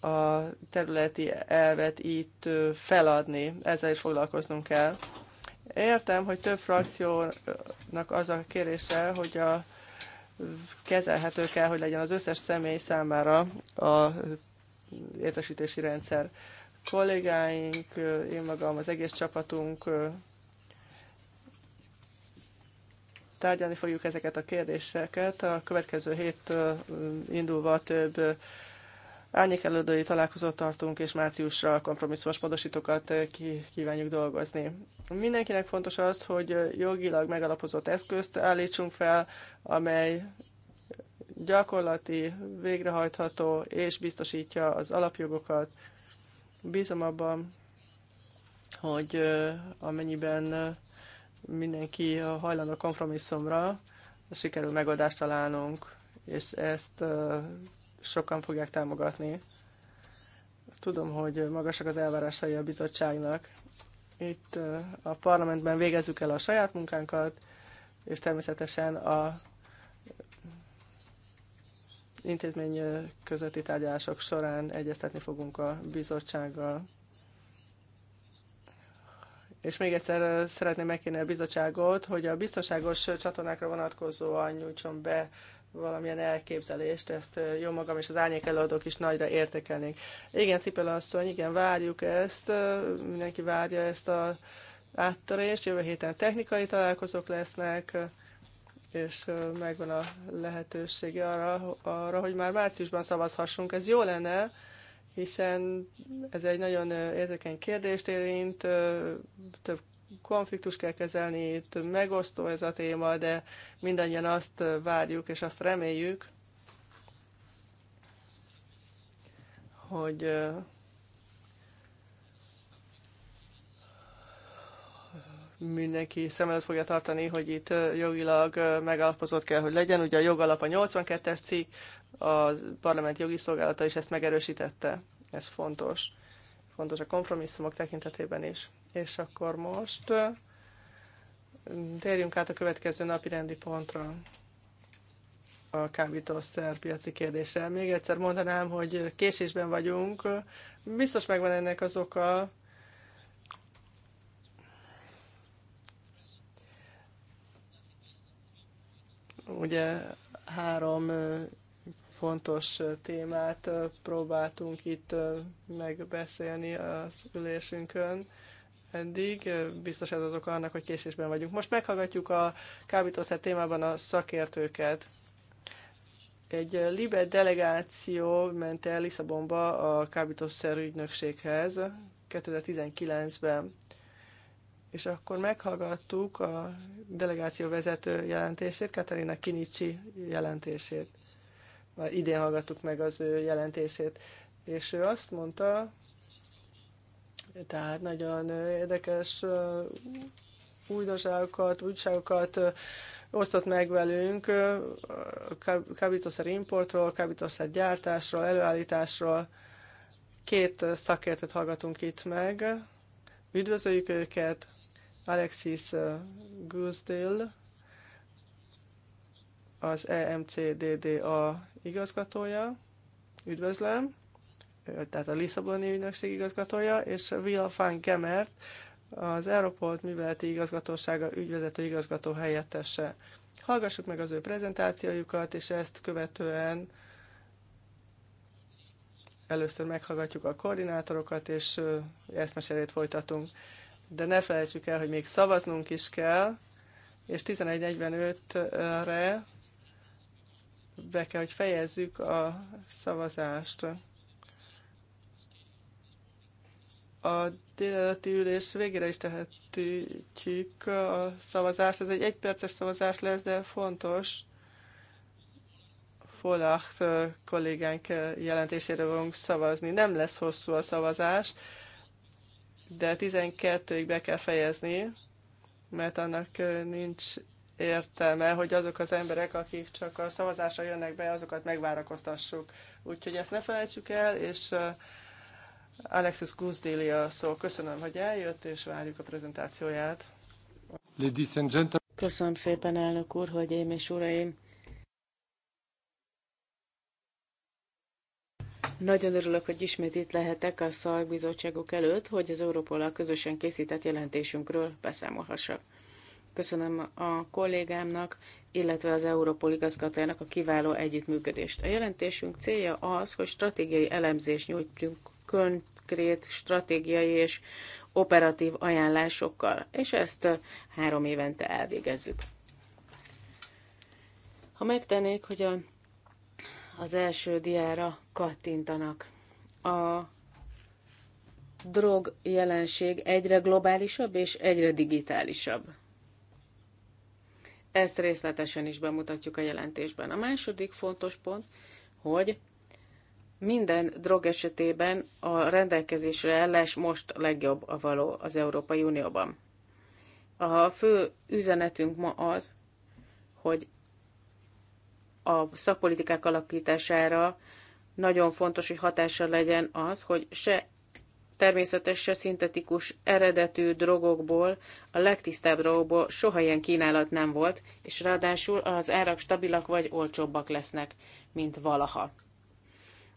a területi elvet itt feladni, ezzel is foglalkoznunk kell. Értem, hogy több frakciónak az a kérése, hogy a kezelhető kell, hogy legyen az összes személy számára a értesítési rendszer. Kollégáink, én magam, az egész csapatunk Tárgyalni fogjuk ezeket a kérdéseket. A következő héttől indulva több elődői találkozót tartunk, és márciusra kompromisszumos módosítókat kívánjuk dolgozni. Mindenkinek fontos az, hogy jogilag megalapozott eszközt állítsunk fel, amely gyakorlati, végrehajtható és biztosítja az alapjogokat. Bízom abban, hogy amennyiben mindenki hajlandó kompromisszumra, sikerül megoldást találnunk, és ezt sokan fogják támogatni. Tudom, hogy magasak az elvárásai a bizottságnak. Itt a parlamentben végezzük el a saját munkánkat, és természetesen a intézmény közötti tárgyalások során egyeztetni fogunk a bizottsággal. És még egyszer szeretném megkérni a bizottságot, hogy a biztonságos csatornákra vonatkozóan nyújtson be valamilyen elképzelést, ezt jó magam és az árnyék előadók is nagyra értékelnék. Igen, Cipel asszony, igen, várjuk ezt, mindenki várja ezt a áttörést, jövő héten technikai találkozók lesznek, és megvan a lehetősége arra, arra hogy már márciusban szavazhassunk. Ez jó lenne, hiszen ez egy nagyon érzékeny kérdést érint, több konfliktus kell kezelni, több megosztó ez a téma, de mindannyian azt várjuk és azt reméljük, hogy mindenki szem előtt fogja tartani, hogy itt jogilag megalapozott kell, hogy legyen. Ugye a jogalap a 82-es cikk, a parlament jogi szolgálata is ezt megerősítette. Ez fontos. Fontos a kompromisszumok tekintetében is. És akkor most térjünk át a következő napi rendi pontra a kábítószer piaci kérdéssel. Még egyszer mondanám, hogy késésben vagyunk. Biztos megvan ennek az oka. Ugye három fontos témát próbáltunk itt megbeszélni az ülésünkön eddig. Biztos ez az oka annak, hogy késésben vagyunk. Most meghallgatjuk a kábítószer témában a szakértőket. Egy libe delegáció ment el Lisszabonba a kábítószer ügynökséghez 2019-ben és akkor meghallgattuk a delegáció vezető jelentését, Katarina Kinicsi jelentését idén hallgattuk meg az ő jelentését, és ő azt mondta, tehát nagyon érdekes újdonságokat, újságokat osztott meg velünk kábítószer importról, kábítószer gyártásról, előállításról. Két szakértőt hallgatunk itt meg. Üdvözöljük őket, Alexis Guzdil, az EMCDDA igazgatója, üdvözlöm, tehát a Lisszaboni ügynökség igazgatója, és Will van Kemert, az Europolt műveleti igazgatósága ügyvezető igazgató helyettese. Hallgassuk meg az ő prezentációjukat, és ezt követően először meghallgatjuk a koordinátorokat, és eszmeserét folytatunk. De ne felejtsük el, hogy még szavaznunk is kell, és 11.45-re be kell, hogy fejezzük a szavazást. A délelőtti ülés végére is tehetjük a szavazást. Ez egy egyperces szavazás lesz, de fontos. Folacht kollégánk jelentésére fogunk szavazni. Nem lesz hosszú a szavazás, de 12-ig be kell fejezni, mert annak nincs értelme, hogy azok az emberek, akik csak a szavazásra jönnek be, azokat megvárakoztassuk. Úgyhogy ezt ne felejtsük el, és Alexis Guzdéli a szó. Köszönöm, hogy eljött, és várjuk a prezentációját. Köszönöm szépen, elnök úr, én és uraim! Nagyon örülök, hogy ismét itt lehetek a szakbizottságok előtt, hogy az Európollal közösen készített jelentésünkről beszámolhassak. Köszönöm a kollégámnak, illetve az Európol igazgatójának a kiváló együttműködést. A jelentésünk célja az, hogy stratégiai elemzést nyújtjunk konkrét stratégiai és operatív ajánlásokkal, és ezt három évente elvégezzük. Ha megtennék, hogy a, az első diára kattintanak, a drog jelenség egyre globálisabb és egyre digitálisabb ezt részletesen is bemutatjuk a jelentésben. A második fontos pont, hogy minden drog esetében a rendelkezésre állás most legjobb a való az Európai Unióban. A fő üzenetünk ma az, hogy a szakpolitikák alakítására nagyon fontos, hogy hatással legyen az, hogy se természetes, se szintetikus eredetű drogokból, a legtisztább drogokból soha ilyen kínálat nem volt, és ráadásul az árak stabilak vagy olcsóbbak lesznek, mint valaha.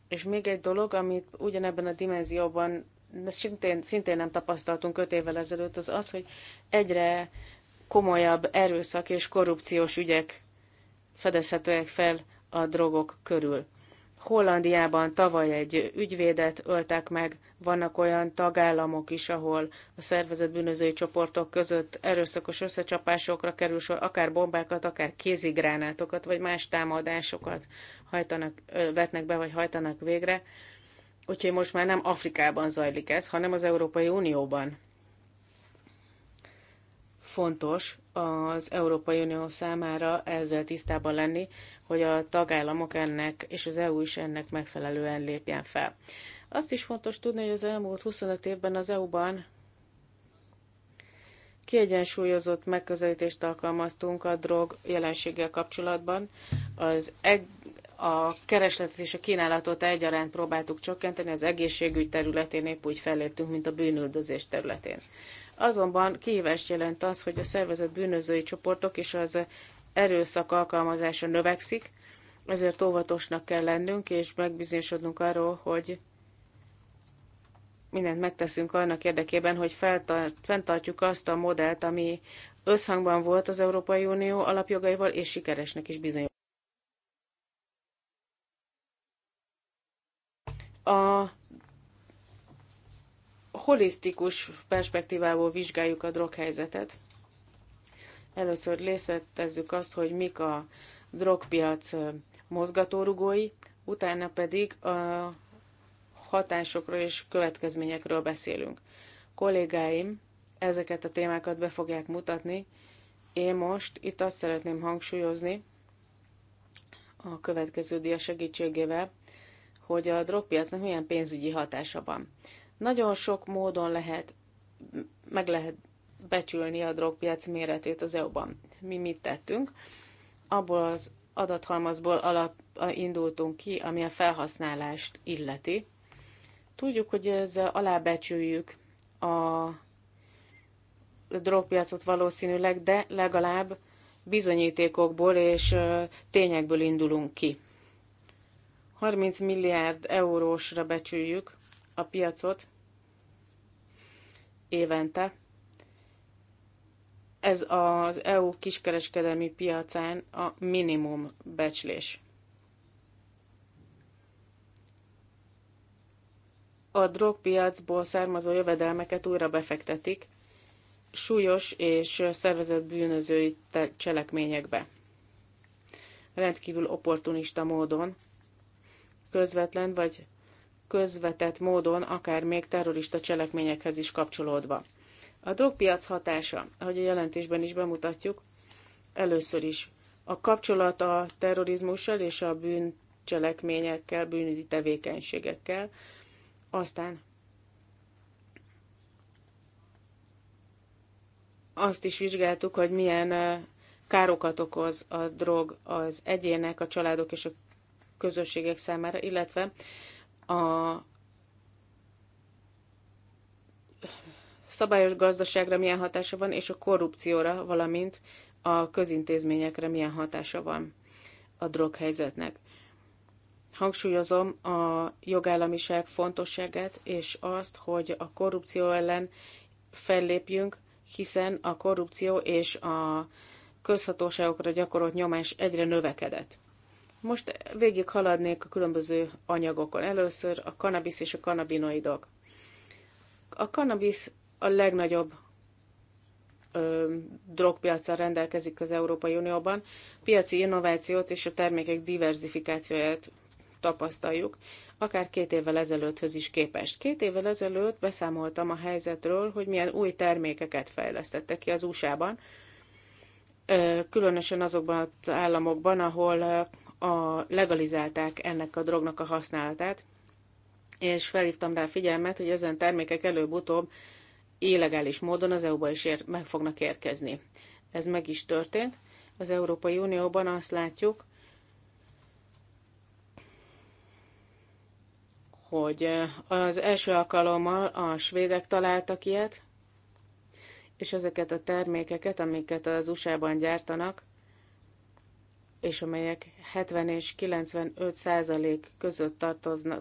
És még egy dolog, amit ugyanebben a dimenzióban szintén, szintén nem tapasztaltunk öt évvel ezelőtt, az az, hogy egyre komolyabb erőszak és korrupciós ügyek fedezhetőek fel a drogok körül. Hollandiában tavaly egy ügyvédet öltek meg, vannak olyan tagállamok is, ahol a szervezet bűnözői csoportok között erőszakos összecsapásokra kerül sor, akár bombákat, akár kézigránátokat, vagy más támadásokat hajtanak, vetnek be, vagy hajtanak végre. Úgyhogy most már nem Afrikában zajlik ez, hanem az Európai Unióban. Fontos az Európai Unió számára ezzel tisztában lenni, hogy a tagállamok ennek és az EU is ennek megfelelően lépjen fel. Azt is fontos tudni, hogy az elmúlt 25 évben az EU-ban kiegyensúlyozott megközelítést alkalmaztunk a drog jelenséggel kapcsolatban. Az eg- a keresletet és a kínálatot egyaránt próbáltuk csökkenteni, az egészségügy területén épp úgy felléptünk, mint a bűnüldözés területén. Azonban kihívást jelent az, hogy a szervezet bűnözői csoportok és az erőszak alkalmazása növekszik, ezért óvatosnak kell lennünk, és megbizonyosodnunk arról, hogy mindent megteszünk annak érdekében, hogy feltart, fenntartjuk azt a modellt, ami összhangban volt az Európai Unió alapjogaival, és sikeresnek is bizonyos. A holisztikus perspektívából vizsgáljuk a droghelyzetet. Először részletezzük azt, hogy mik a drogpiac mozgatórugói, utána pedig a hatásokról és következményekről beszélünk. Kollégáim ezeket a témákat be fogják mutatni. Én most itt azt szeretném hangsúlyozni a következő dia segítségével, hogy a drogpiacnak milyen pénzügyi hatása van. Nagyon sok módon lehet, meg lehet becsülni a drogpiac méretét az EU-ban. Mi mit tettünk? Abból az adathalmazból alap, indultunk ki, ami a felhasználást illeti, Tudjuk, hogy ezzel alábecsüljük a drogpiacot valószínűleg, de legalább bizonyítékokból és tényekből indulunk ki. 30 milliárd eurósra becsüljük a piacot évente. Ez az EU kiskereskedelmi piacán a minimum becslés. a drogpiacból származó jövedelmeket újra befektetik súlyos és szervezett bűnözői cselekményekbe. Rendkívül opportunista módon, közvetlen vagy közvetett módon, akár még terrorista cselekményekhez is kapcsolódva. A drogpiac hatása, ahogy a jelentésben is bemutatjuk, először is a kapcsolat a terrorizmussal és a bűncselekményekkel, bűnügyi tevékenységekkel, aztán azt is vizsgáltuk, hogy milyen károkat okoz a drog az egyének, a családok és a közösségek számára, illetve a szabályos gazdaságra milyen hatása van, és a korrupcióra, valamint a közintézményekre milyen hatása van a droghelyzetnek. Hangsúlyozom a jogállamiság fontosságát, és azt, hogy a korrupció ellen fellépjünk, hiszen a korrupció és a közhatóságokra gyakorolt nyomás egyre növekedett. Most végig haladnék a különböző anyagokon. Először a kanabisz és a kanabinoidok. A kanabisz a legnagyobb ö, drogpiacsal rendelkezik az Európai Unióban. Piaci innovációt és a termékek diversifikációját tapasztaljuk, akár két évvel ezelőtthöz is képest. Két évvel ezelőtt beszámoltam a helyzetről, hogy milyen új termékeket fejlesztettek ki az USA-ban, különösen azokban az államokban, ahol a legalizálták ennek a drognak a használatát, és felhívtam rá figyelmet, hogy ezen termékek előbb-utóbb illegális módon az EU-ba is ér- meg fognak érkezni. Ez meg is történt. Az Európai Unióban azt látjuk, hogy eh, az első alkalommal a svédek találtak ilyet, és ezeket a termékeket, amiket az USA-ban gyártanak, és amelyek 70 és 95 százalék között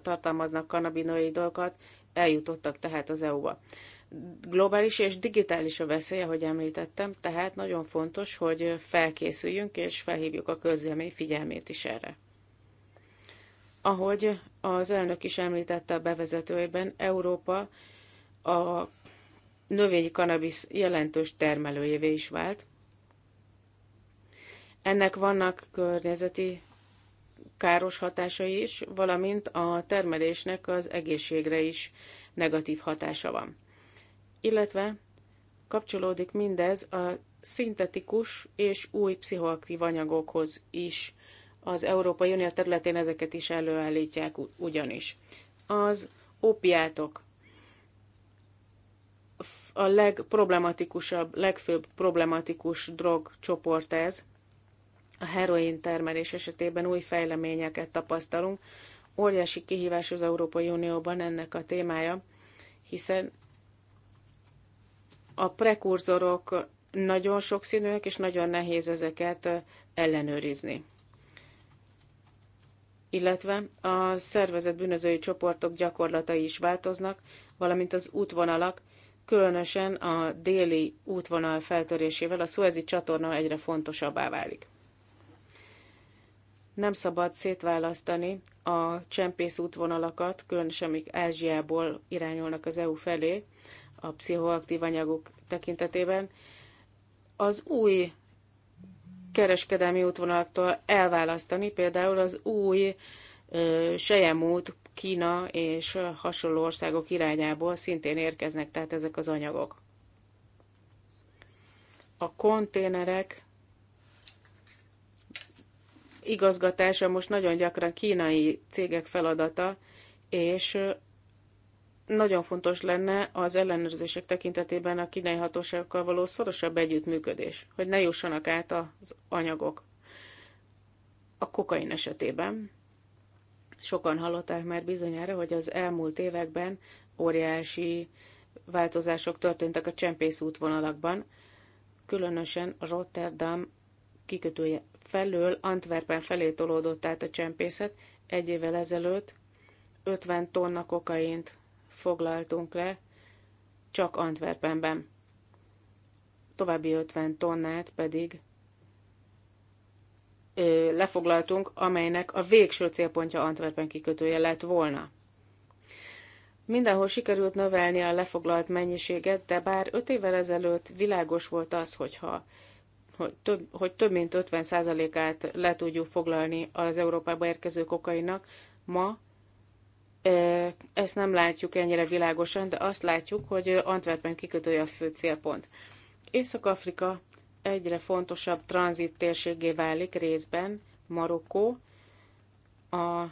tartalmaznak kanabinoidokat, eljutottak tehát az EU-ba. Globális és digitális a veszély, ahogy említettem, tehát nagyon fontos, hogy felkészüljünk és felhívjuk a közlemény figyelmét is erre. Ahogy az elnök is említette a bevezetőjében, Európa a növényi kanabisz jelentős termelőjévé is vált. Ennek vannak környezeti káros hatásai is, valamint a termelésnek az egészségre is negatív hatása van. Illetve kapcsolódik mindez a szintetikus és új pszichoaktív anyagokhoz is, az Európai Unió területén ezeket is előállítják ugyanis. Az opiátok a legproblematikusabb, legfőbb problematikus drogcsoport ez. A heroin termelés esetében új fejleményeket tapasztalunk. Óriási kihívás az Európai Unióban ennek a témája, hiszen a prekurzorok nagyon sokszínűek, és nagyon nehéz ezeket ellenőrizni illetve a szervezett bűnözői csoportok gyakorlatai is változnak, valamint az útvonalak, különösen a déli útvonal feltörésével a szuezi csatorna egyre fontosabbá válik. Nem szabad szétválasztani a csempész útvonalakat, különösen amik Ázsiából irányulnak az EU felé, a pszichoaktív anyagok tekintetében, az új kereskedelmi útvonalaktól elválasztani, például az új sejemút Kína és hasonló országok irányából szintén érkeznek tehát ezek az anyagok. A konténerek igazgatása most nagyon gyakran kínai cégek feladata, és nagyon fontos lenne az ellenőrzések tekintetében a kínai hatóságokkal való szorosabb együttműködés, hogy ne jussanak át az anyagok. A kokain esetében sokan hallották már bizonyára, hogy az elmúlt években óriási változások történtek a csempész útvonalakban, különösen Rotterdam kikötője felől Antwerpen felé tolódott át a csempészet. Egy évvel ezelőtt 50 tonna kokaint foglaltunk le, csak Antwerpenben. További 50 tonnát pedig ö, lefoglaltunk, amelynek a végső célpontja Antwerpen kikötője lett volna. Mindenhol sikerült növelni a lefoglalt mennyiséget, de bár 5 évvel ezelőtt világos volt az, hogyha hogy több, hogy több mint 50%-át le tudjuk foglalni az Európába érkező kokainak, ma ezt nem látjuk ennyire világosan, de azt látjuk, hogy Antwerpen kikötője a fő célpont. Észak-Afrika egyre fontosabb tranzit térségé válik részben Marokkó, a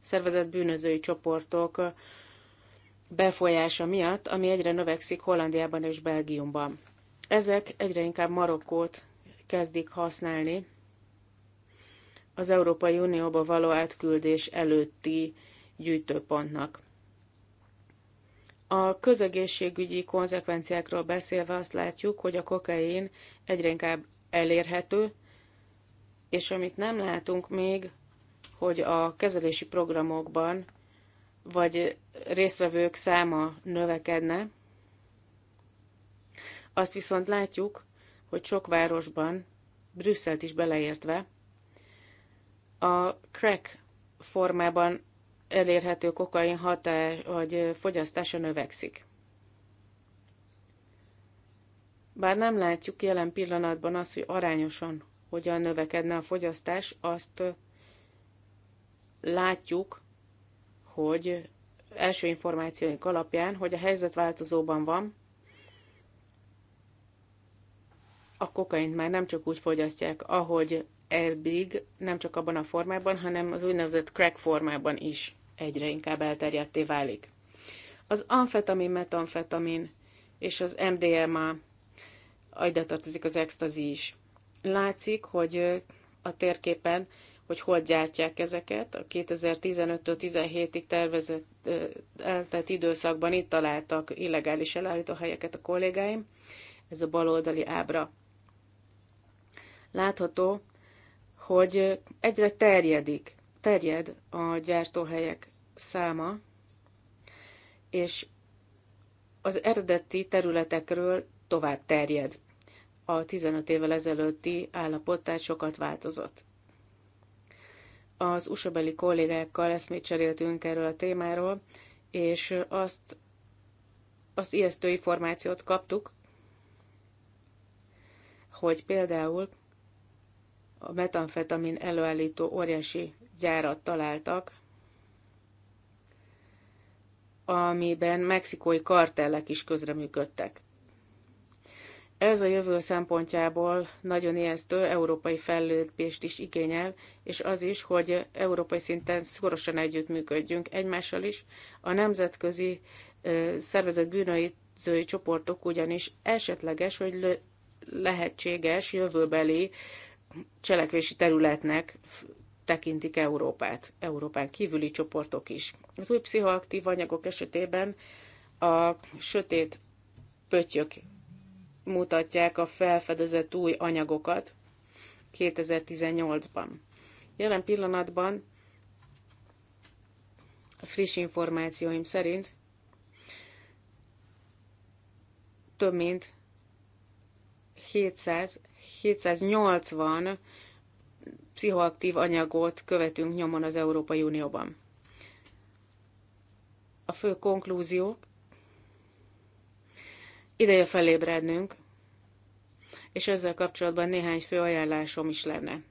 szervezett bűnözői csoportok befolyása miatt, ami egyre növekszik Hollandiában és Belgiumban. Ezek egyre inkább Marokkót kezdik használni az Európai Unióba való átküldés előtti gyűjtőpontnak. A közegészségügyi konzekvenciákról beszélve azt látjuk, hogy a kokain egyre inkább elérhető, és amit nem látunk még, hogy a kezelési programokban vagy résztvevők száma növekedne. Azt viszont látjuk, hogy sok városban, Brüsszelt is beleértve, a crack formában elérhető kokain hatás vagy fogyasztása növekszik. Bár nem látjuk jelen pillanatban azt, hogy arányosan hogyan növekedne a fogyasztás, azt látjuk, hogy első információink alapján, hogy a helyzet változóban van, a kokaint már nem csak úgy fogyasztják, ahogy eddig nem csak abban a formában, hanem az úgynevezett crack formában is egyre inkább elterjedté válik. Az amfetamin, metamfetamin és az MDMA, ide tartozik az extazi is. Látszik, hogy a térképen, hogy hol gyártják ezeket. A 2015-17-ig tervezett eltelt időszakban itt találtak illegális helyeket a kollégáim. Ez a baloldali ábra. Látható, hogy egyre terjedik, terjed a gyártóhelyek száma, és az eredeti területekről tovább terjed. A 15 évvel ezelőtti állapot tehát sokat változott. Az usa kollégákkal eszmét cseréltünk erről a témáról, és azt az ijesztő információt kaptuk, hogy például a metamfetamin előállító óriási gyárat találtak, amiben mexikói kartellek is közreműködtek. Ez a jövő szempontjából nagyon ijesztő európai fellépést is igényel, és az is, hogy európai szinten szorosan együttműködjünk egymással is. A nemzetközi szervezet bűnözői csoportok ugyanis esetleges, hogy lehetséges jövőbeli cselekvési területnek tekintik Európát, Európán kívüli csoportok is. Az új pszichoaktív anyagok esetében a sötét pöttyök mutatják a felfedezett új anyagokat 2018-ban. Jelen pillanatban a friss információim szerint több mint 700 780 pszichoaktív anyagot követünk nyomon az Európai Unióban. A fő konklúzió, ideje felébrednünk, és ezzel kapcsolatban néhány fő ajánlásom is lenne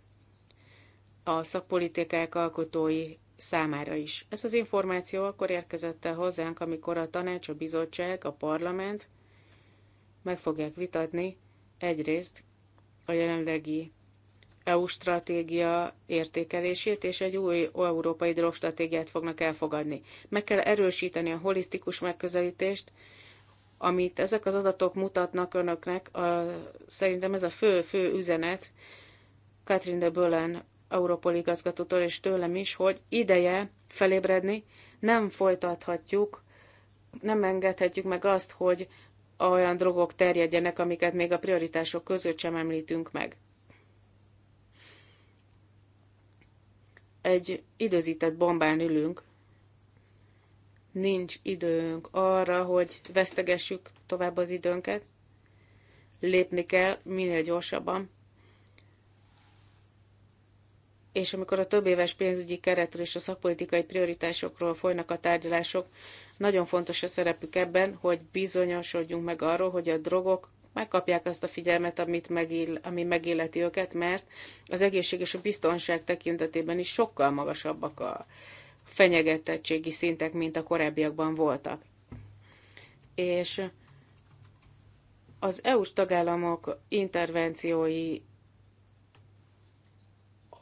a szakpolitikák alkotói számára is. Ez az információ akkor érkezett el hozzánk, amikor a tanács, a bizottság, a parlament meg fogják vitatni egyrészt a jelenlegi EU stratégia értékelését és egy új európai drogstratégiát fognak elfogadni. Meg kell erősíteni a holisztikus megközelítést, amit ezek az adatok mutatnak önöknek, a, szerintem ez a fő-fő üzenet Katrin de Bölen Európol igazgatótól és tőlem is, hogy ideje felébredni, nem folytathatjuk, nem engedhetjük meg azt, hogy olyan drogok terjedjenek, amiket még a prioritások között sem említünk meg. Egy időzített bombán ülünk, nincs időnk arra, hogy vesztegessük tovább az időnket, lépni kell minél gyorsabban. És amikor a több éves pénzügyi keretről és a szakpolitikai prioritásokról folynak a tárgyalások, nagyon fontos a szerepük ebben, hogy bizonyosodjunk meg arról, hogy a drogok megkapják azt a figyelmet, amit megél, ami megéleti őket, mert az egészség és a biztonság tekintetében is sokkal magasabbak a fenyegetettségi szintek, mint a korábbiakban voltak. És az EU-s tagállamok intervenciói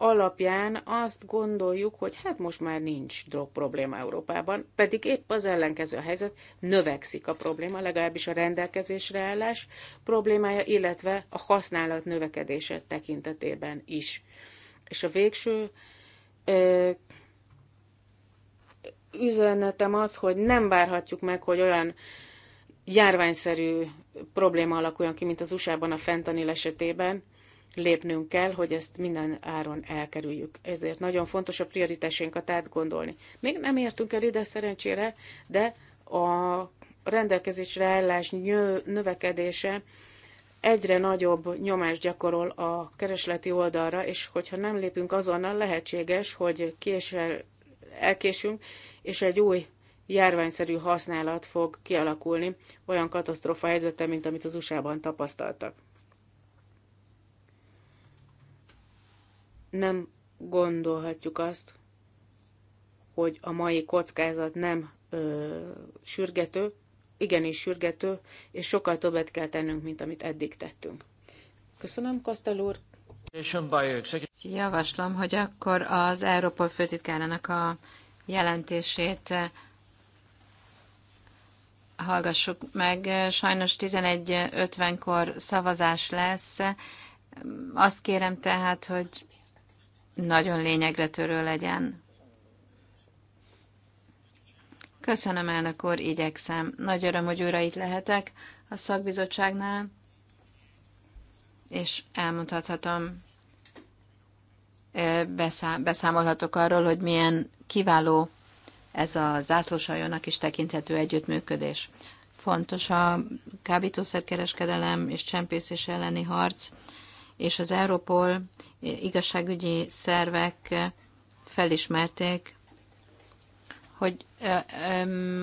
alapján azt gondoljuk, hogy hát most már nincs drog probléma Európában, pedig épp az ellenkező a helyzet, növekszik a probléma, legalábbis a rendelkezésre állás problémája, illetve a használat növekedése tekintetében is. És a végső ö, üzenetem az, hogy nem várhatjuk meg, hogy olyan járványszerű probléma alakuljon ki, mint az USA-ban a fentanil esetében, lépnünk kell, hogy ezt minden áron elkerüljük. Ezért nagyon fontos a prioritásainkat átgondolni. Még nem értünk el ide szerencsére, de a rendelkezésre állás növekedése egyre nagyobb nyomást gyakorol a keresleti oldalra, és hogyha nem lépünk azonnal, lehetséges, hogy késsel, elkésünk, és egy új járványszerű használat fog kialakulni olyan katasztrófa helyzete, mint amit az USA-ban tapasztaltak. nem gondolhatjuk azt, hogy a mai kockázat nem ö, sürgető, igenis sürgető, és sokkal többet kell tennünk, mint amit eddig tettünk. Köszönöm, Kasztel úr! Javaslom, hogy akkor az Európol főtitkárának a jelentését hallgassuk meg. Sajnos 11.50-kor szavazás lesz. Azt kérem tehát, hogy nagyon lényegre törő legyen. Köszönöm, elnök úr, igyekszem. Nagy öröm, hogy újra itt lehetek a szakbizottságnál, és elmondhatom, beszámolhatok arról, hogy milyen kiváló ez a zászlósajónak is tekinthető együttműködés. Fontos a kábítószerkereskedelem és csempészés elleni harc, és az Európol igazságügyi szervek felismerték, hogy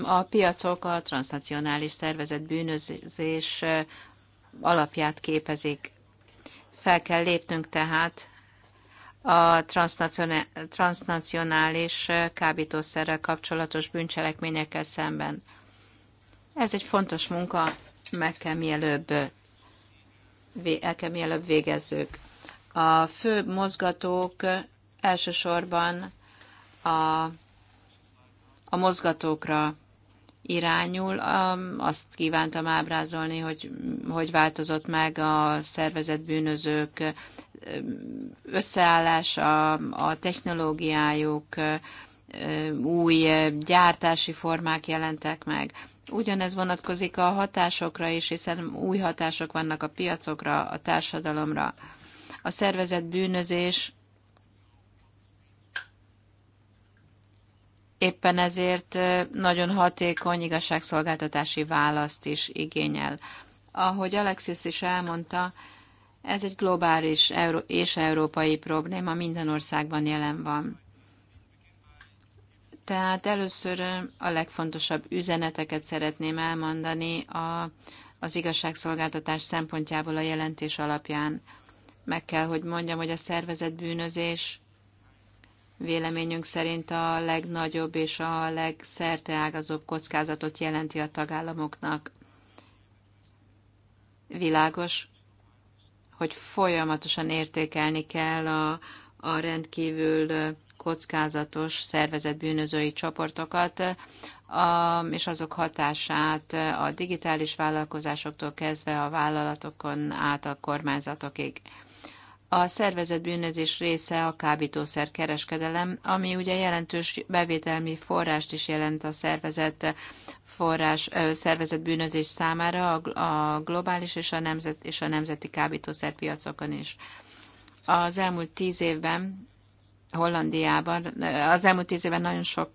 a piacok a transnacionális szervezet bűnözés alapját képezik. Fel kell lépnünk tehát a transnacionális kábítószerrel kapcsolatos bűncselekményekkel szemben. Ez egy fontos munka, meg kell mielőbb el kell mielőbb végezzük. A fő mozgatók elsősorban a, a mozgatókra irányul. Azt kívántam ábrázolni, hogy hogy változott meg a szervezet bűnözők összeállása, a technológiájuk, új gyártási formák jelentek meg. Ugyanez vonatkozik a hatásokra is, hiszen új hatások vannak a piacokra, a társadalomra. A szervezet bűnözés éppen ezért nagyon hatékony igazságszolgáltatási választ is igényel. Ahogy Alexis is elmondta, ez egy globális és európai probléma, minden országban jelen van. Tehát először a legfontosabb üzeneteket szeretném elmondani a, az igazságszolgáltatás szempontjából a jelentés alapján. Meg kell, hogy mondjam, hogy a szervezet bűnözés véleményünk szerint a legnagyobb és a legszerteágazóbb kockázatot jelenti a tagállamoknak. Világos, hogy folyamatosan értékelni kell a, a rendkívül kockázatos szervezetbűnözői csoportokat, a, és azok hatását a digitális vállalkozásoktól kezdve a vállalatokon át a kormányzatokig. A szervezett bűnözés része a kábítószer kereskedelem, ami ugye jelentős bevételmi forrást is jelent a szervezet forrás, szervezett bűnözés számára a, globális és a, nemzet, és a nemzeti kábítószerpiacokon is. Az elmúlt tíz évben Hollandiában. Az elmúlt tíz évben nagyon sok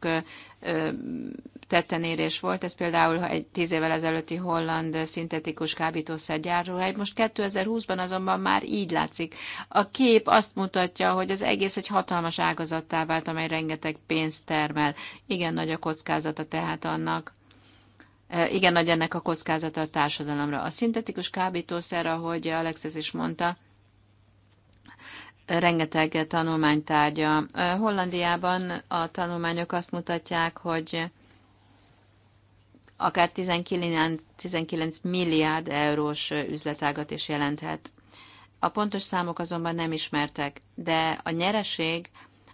tettenérés volt, ez például egy tíz évvel ezelőtti holland szintetikus kábítószergyárról. Most 2020-ban azonban már így látszik. A kép azt mutatja, hogy az egész egy hatalmas ágazattá vált, amely rengeteg pénzt termel. Igen nagy a kockázata tehát annak. Igen nagy ennek a kockázata a társadalomra. A szintetikus kábítószer, ahogy Alexis is mondta, rengeteg tanulmánytárgya. Hollandiában a tanulmányok azt mutatják, hogy akár 19, 19 milliárd eurós üzletágat is jelenthet. A pontos számok azonban nem ismertek, de a nyereség,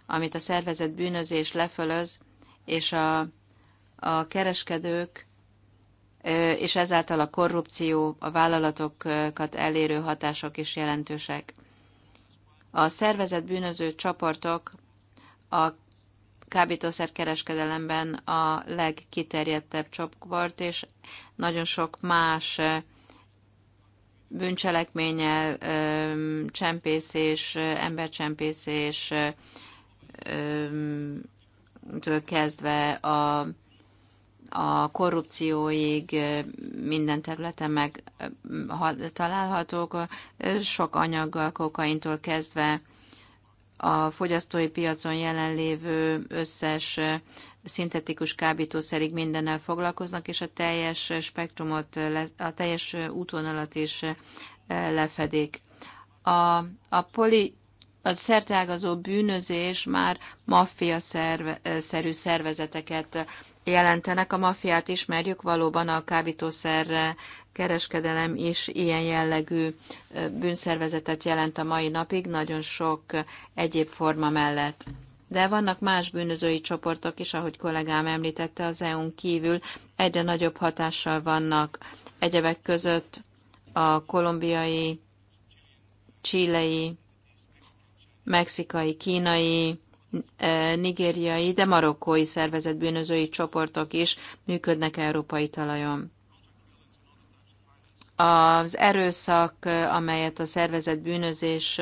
amit a szervezet bűnözés lefölöz, és a, a kereskedők, és ezáltal a korrupció, a vállalatokat elérő hatások is jelentősek. A szervezett bűnöző csoportok a kábítószerkereskedelemben a legkiterjedtebb csoport, és nagyon sok más bűncselekménnyel, csempészés, embercsempészés, től kezdve a a korrupcióig minden területen meg találhatók, sok anyag kokaintól kezdve a fogyasztói piacon jelenlévő összes szintetikus kábítószerig mindennel foglalkoznak, és a teljes spektrumot, a teljes útvonalat is lefedik. A, a poli, a szerteágazó bűnözés már maffia szerve, szerű szervezeteket jelentenek. A maffiát ismerjük, valóban a kábítószer kereskedelem is ilyen jellegű bűnszervezetet jelent a mai napig, nagyon sok egyéb forma mellett. De vannak más bűnözői csoportok is, ahogy kollégám említette, az EU-n kívül egyre nagyobb hatással vannak egyebek között a kolumbiai, csilei, mexikai, kínai, nigériai, de marokkói szervezett bűnözői csoportok is működnek európai talajon. Az erőszak, amelyet a szervezett bűnözés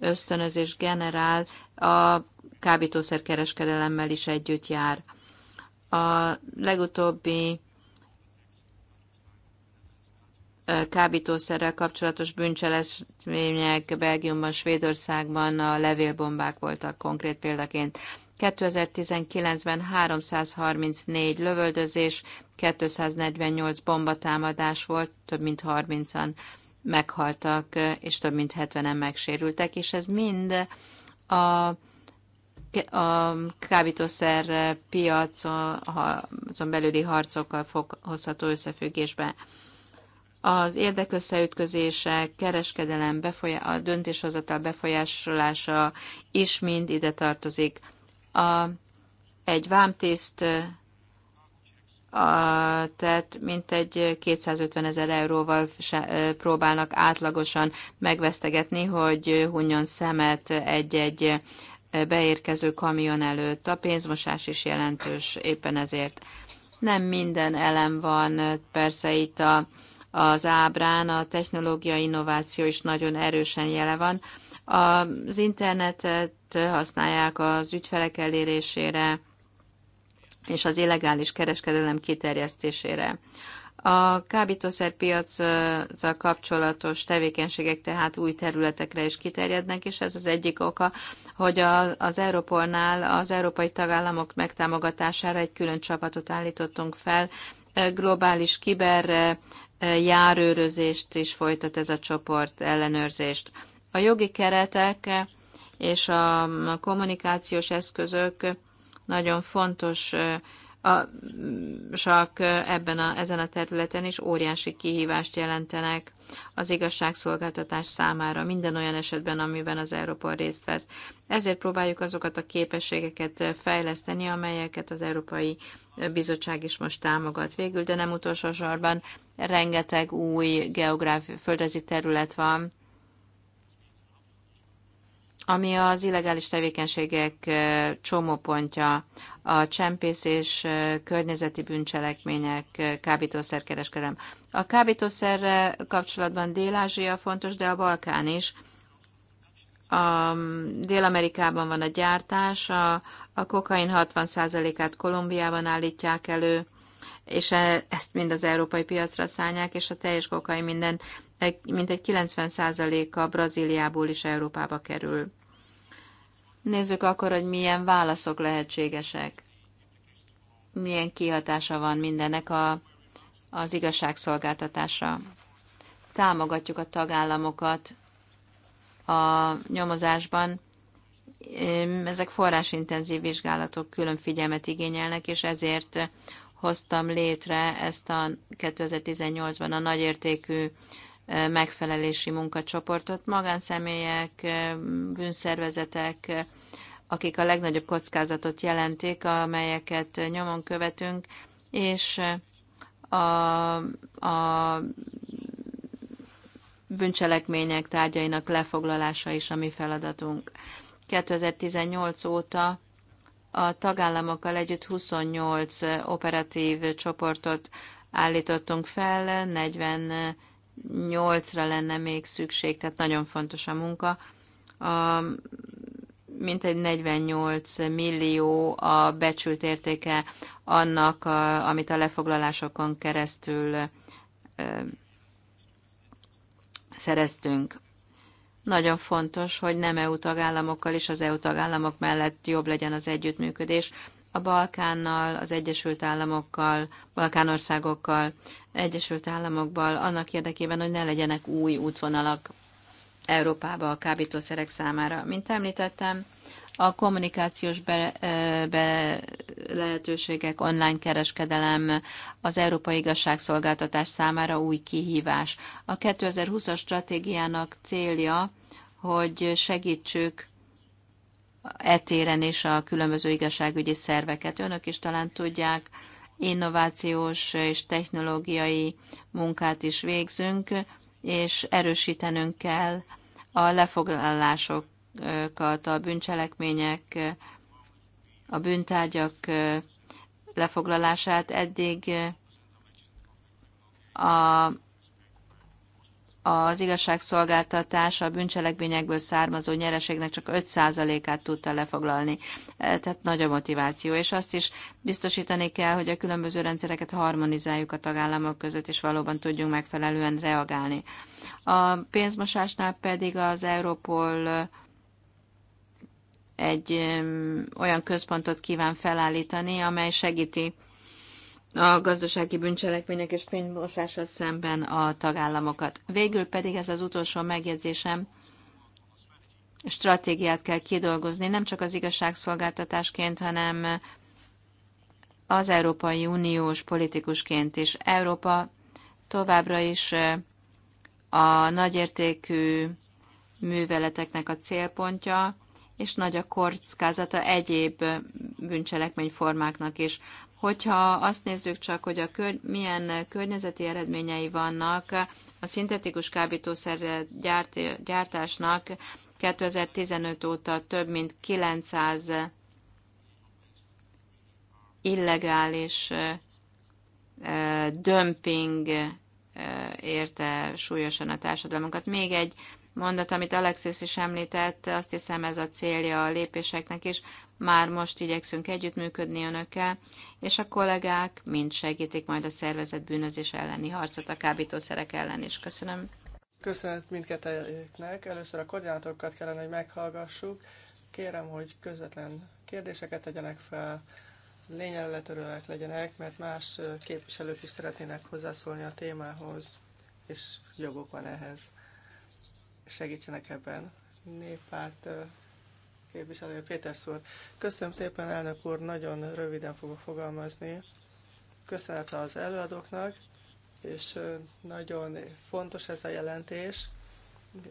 ösztönözés generál, a kábítószerkereskedelemmel is együtt jár. A legutóbbi kábítószerrel kapcsolatos bűncselekmények Belgiumban, Svédországban a levélbombák voltak konkrét példaként. 2019-ben 334 lövöldözés, 248 bombatámadás volt, több mint 30-an meghaltak, és több mint 70-en megsérültek, és ez mind a a kábítószer azon belüli harcokkal fog, hozható összefüggésbe az érdekösszeütközések, kereskedelem, a döntéshozatal befolyásolása is mind ide tartozik. A, egy vámtiszt a, tehát mintegy 250 ezer euróval se, próbálnak átlagosan megvesztegetni, hogy hunjon szemet egy-egy beérkező kamion előtt. A pénzmosás is jelentős éppen ezért. Nem minden elem van, persze itt a, az ábrán, a technológiai innováció is nagyon erősen jele van. Az internetet használják az ügyfelek elérésére és az illegális kereskedelem kiterjesztésére. A a kapcsolatos tevékenységek tehát új területekre is kiterjednek, és ez az egyik oka, hogy a, az Európolnál az európai tagállamok megtámogatására egy külön csapatot állítottunk fel, globális kiber járőrözést is folytat ez a csoport, ellenőrzést. A jogi keretek és a kommunikációs eszközök nagyon fontos a, csak mm, ebben a, ezen a területen is óriási kihívást jelentenek az igazságszolgáltatás számára minden olyan esetben, amiben az Európa részt vesz. Ezért próbáljuk azokat a képességeket fejleszteni, amelyeket az Európai Bizottság is most támogat végül, de nem utolsó sorban rengeteg új geográfi földrajzi terület van, ami az illegális tevékenységek csomópontja, a csempész és környezeti bűncselekmények, kábítószerkereskedelem. A kábítószerre kapcsolatban Dél-Ázsia fontos, de a Balkán is. A Dél-Amerikában van a gyártás, a, a kokain 60%-át Kolumbiában állítják elő, és e, ezt mind az európai piacra szállják, és a teljes kokain minden, mintegy 90%-a Brazíliából is Európába kerül. Nézzük akkor, hogy milyen válaszok lehetségesek. Milyen kihatása van mindennek a, az igazságszolgáltatásra. Támogatjuk a tagállamokat a nyomozásban. Ezek forrásintenzív vizsgálatok külön figyelmet igényelnek, és ezért hoztam létre ezt a 2018-ban a nagyértékű megfelelési munkacsoportot. Magánszemélyek, bűnszervezetek, akik a legnagyobb kockázatot jelentik, amelyeket nyomon követünk, és a, a bűncselekmények tárgyainak lefoglalása is a mi feladatunk. 2018 óta a tagállamokkal együtt 28 operatív csoportot állítottunk fel, 40 nyolcra lenne még szükség, tehát nagyon fontos a munka. A, egy 48 millió a becsült értéke annak, a, amit a lefoglalásokon keresztül ö, szereztünk. Nagyon fontos, hogy nem EU tagállamokkal is az EU tagállamok mellett jobb legyen az együttműködés a Balkánnal, az Egyesült Államokkal, Balkánországokkal, Egyesült Államokban, annak érdekében, hogy ne legyenek új útvonalak Európába a kábítószerek számára. Mint említettem, a kommunikációs be, e, be lehetőségek, online kereskedelem az Európai Igazságszolgáltatás számára új kihívás. A 2020-as stratégiának célja, hogy segítsük etéren és a különböző igazságügyi szerveket. Önök is talán tudják, innovációs és technológiai munkát is végzünk, és erősítenünk kell a lefoglalásokat, a bűncselekmények, a bűntárgyak lefoglalását. Eddig a az igazságszolgáltatás a bűncselekményekből származó nyereségnek csak 5%-át tudta lefoglalni. E, tehát nagy a motiváció, és azt is biztosítani kell, hogy a különböző rendszereket harmonizáljuk a tagállamok között, és valóban tudjunk megfelelően reagálni. A pénzmosásnál pedig az Európol e, egy olyan központot kíván felállítani, amely segíti a gazdasági bűncselekmények és pénzmosással szemben a tagállamokat. Végül pedig ez az utolsó megjegyzésem, stratégiát kell kidolgozni, nem csak az igazságszolgáltatásként, hanem az Európai Uniós politikusként is. Európa továbbra is a nagyértékű műveleteknek a célpontja, és nagy a kockázata egyéb bűncselekményformáknak is. Hogyha azt nézzük csak, hogy a kör, milyen környezeti eredményei vannak a szintetikus kábítószer gyárt, gyártásnak 2015 óta több mint 900 illegális dömping érte súlyosan a társadalmunkat. Még egy mondat, amit Alexis is említett, azt hiszem ez a célja a lépéseknek is. Már most igyekszünk együttműködni önökkel, és a kollégák mind segítik majd a szervezet bűnözés elleni harcot, a kábítószerek ellen is. Köszönöm. Köszönet mindkettőjüknek. Először a koordinátorokat kellene, hogy meghallgassuk. Kérem, hogy közvetlen kérdéseket tegyenek fel, lényeletörőek legyenek, mert más képviselők is szeretnének hozzászólni a témához, és jogok van ehhez segítsenek ebben. Néppárt képviselő Péter úr. Köszönöm szépen, elnök úr, nagyon röviden fogok fogalmazni. Köszönet az előadóknak, és nagyon fontos ez a jelentés.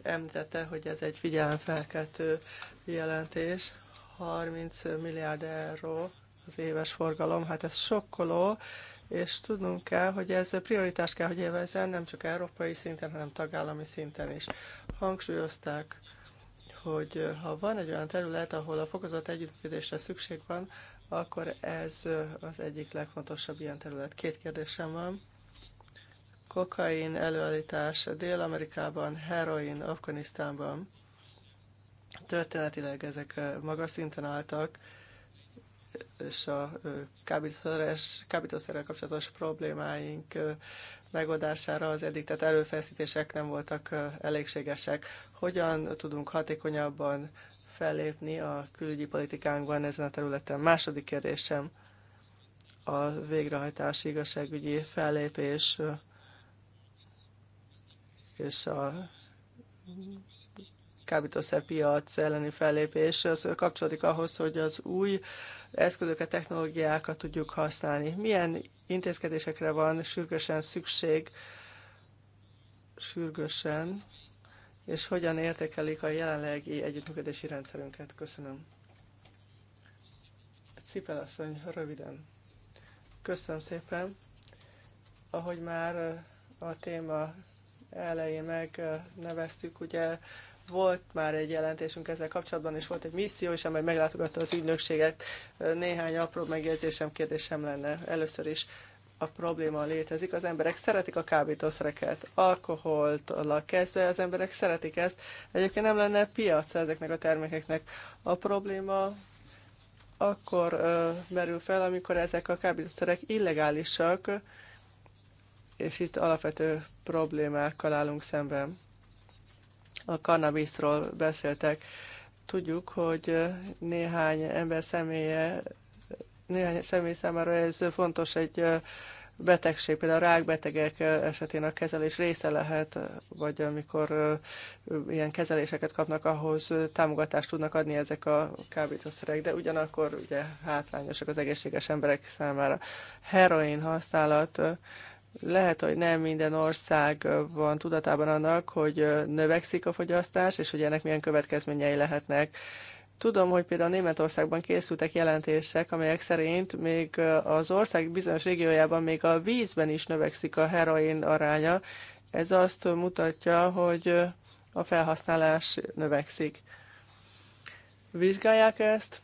Említette, hogy ez egy figyelemfelkeltő jelentés, 30 milliárd euró az éves forgalom, hát ez sokkoló, és tudnunk kell, hogy ez prioritást kell, hogy élvezzen, nem csak európai szinten, hanem tagállami szinten is. Hangsúlyozták, hogy ha van egy olyan terület, ahol a fokozott együttműködésre szükség van, akkor ez az egyik legfontosabb ilyen terület. Két kérdésem van. Kokain előállítás Dél-Amerikában, heroin Afganisztánban. Történetileg ezek magas szinten álltak, és a kábítószerrel kapcsolatos problémáink megoldására az eddig tett erőfeszítések nem voltak elégségesek. Hogyan tudunk hatékonyabban fellépni a külügyi politikánkban ezen a területen? Második kérdésem a végrehajtási igazságügyi fellépés és a kábítószerpiac elleni fellépés, az kapcsolódik ahhoz, hogy az új eszközöket, technológiákat tudjuk használni. Milyen intézkedésekre van sürgősen szükség, sürgősen, és hogyan értékelik a jelenlegi együttműködési rendszerünket? Köszönöm. Cipel asszony, röviden. Köszönöm szépen. Ahogy már a téma elején megneveztük, ugye volt már egy jelentésünk ezzel kapcsolatban, és volt egy misszió is, amely meglátogatta az ügynökséget. Néhány apró megjegyzésem, kérdésem lenne. Először is a probléma létezik. Az emberek szeretik a kábítószereket, alkoholtól kezdve az emberek szeretik ezt. Egyébként nem lenne piac ezeknek a termékeknek. A probléma akkor ö, merül fel, amikor ezek a kábítószerek illegálisak, és itt alapvető problémákkal állunk szemben a kannabiszról beszéltek. Tudjuk, hogy néhány ember személye, néhány személy számára ez fontos egy betegség, például a rákbetegek esetén a kezelés része lehet, vagy amikor ilyen kezeléseket kapnak, ahhoz támogatást tudnak adni ezek a kábítószerek, de ugyanakkor ugye hátrányosak az egészséges emberek számára. Heroin használat lehet, hogy nem minden ország van tudatában annak, hogy növekszik a fogyasztás, és hogy ennek milyen következményei lehetnek. Tudom, hogy például Németországban készültek jelentések, amelyek szerint még az ország bizonyos régiójában még a vízben is növekszik a heroin aránya. Ez azt mutatja, hogy a felhasználás növekszik. Vizsgálják ezt?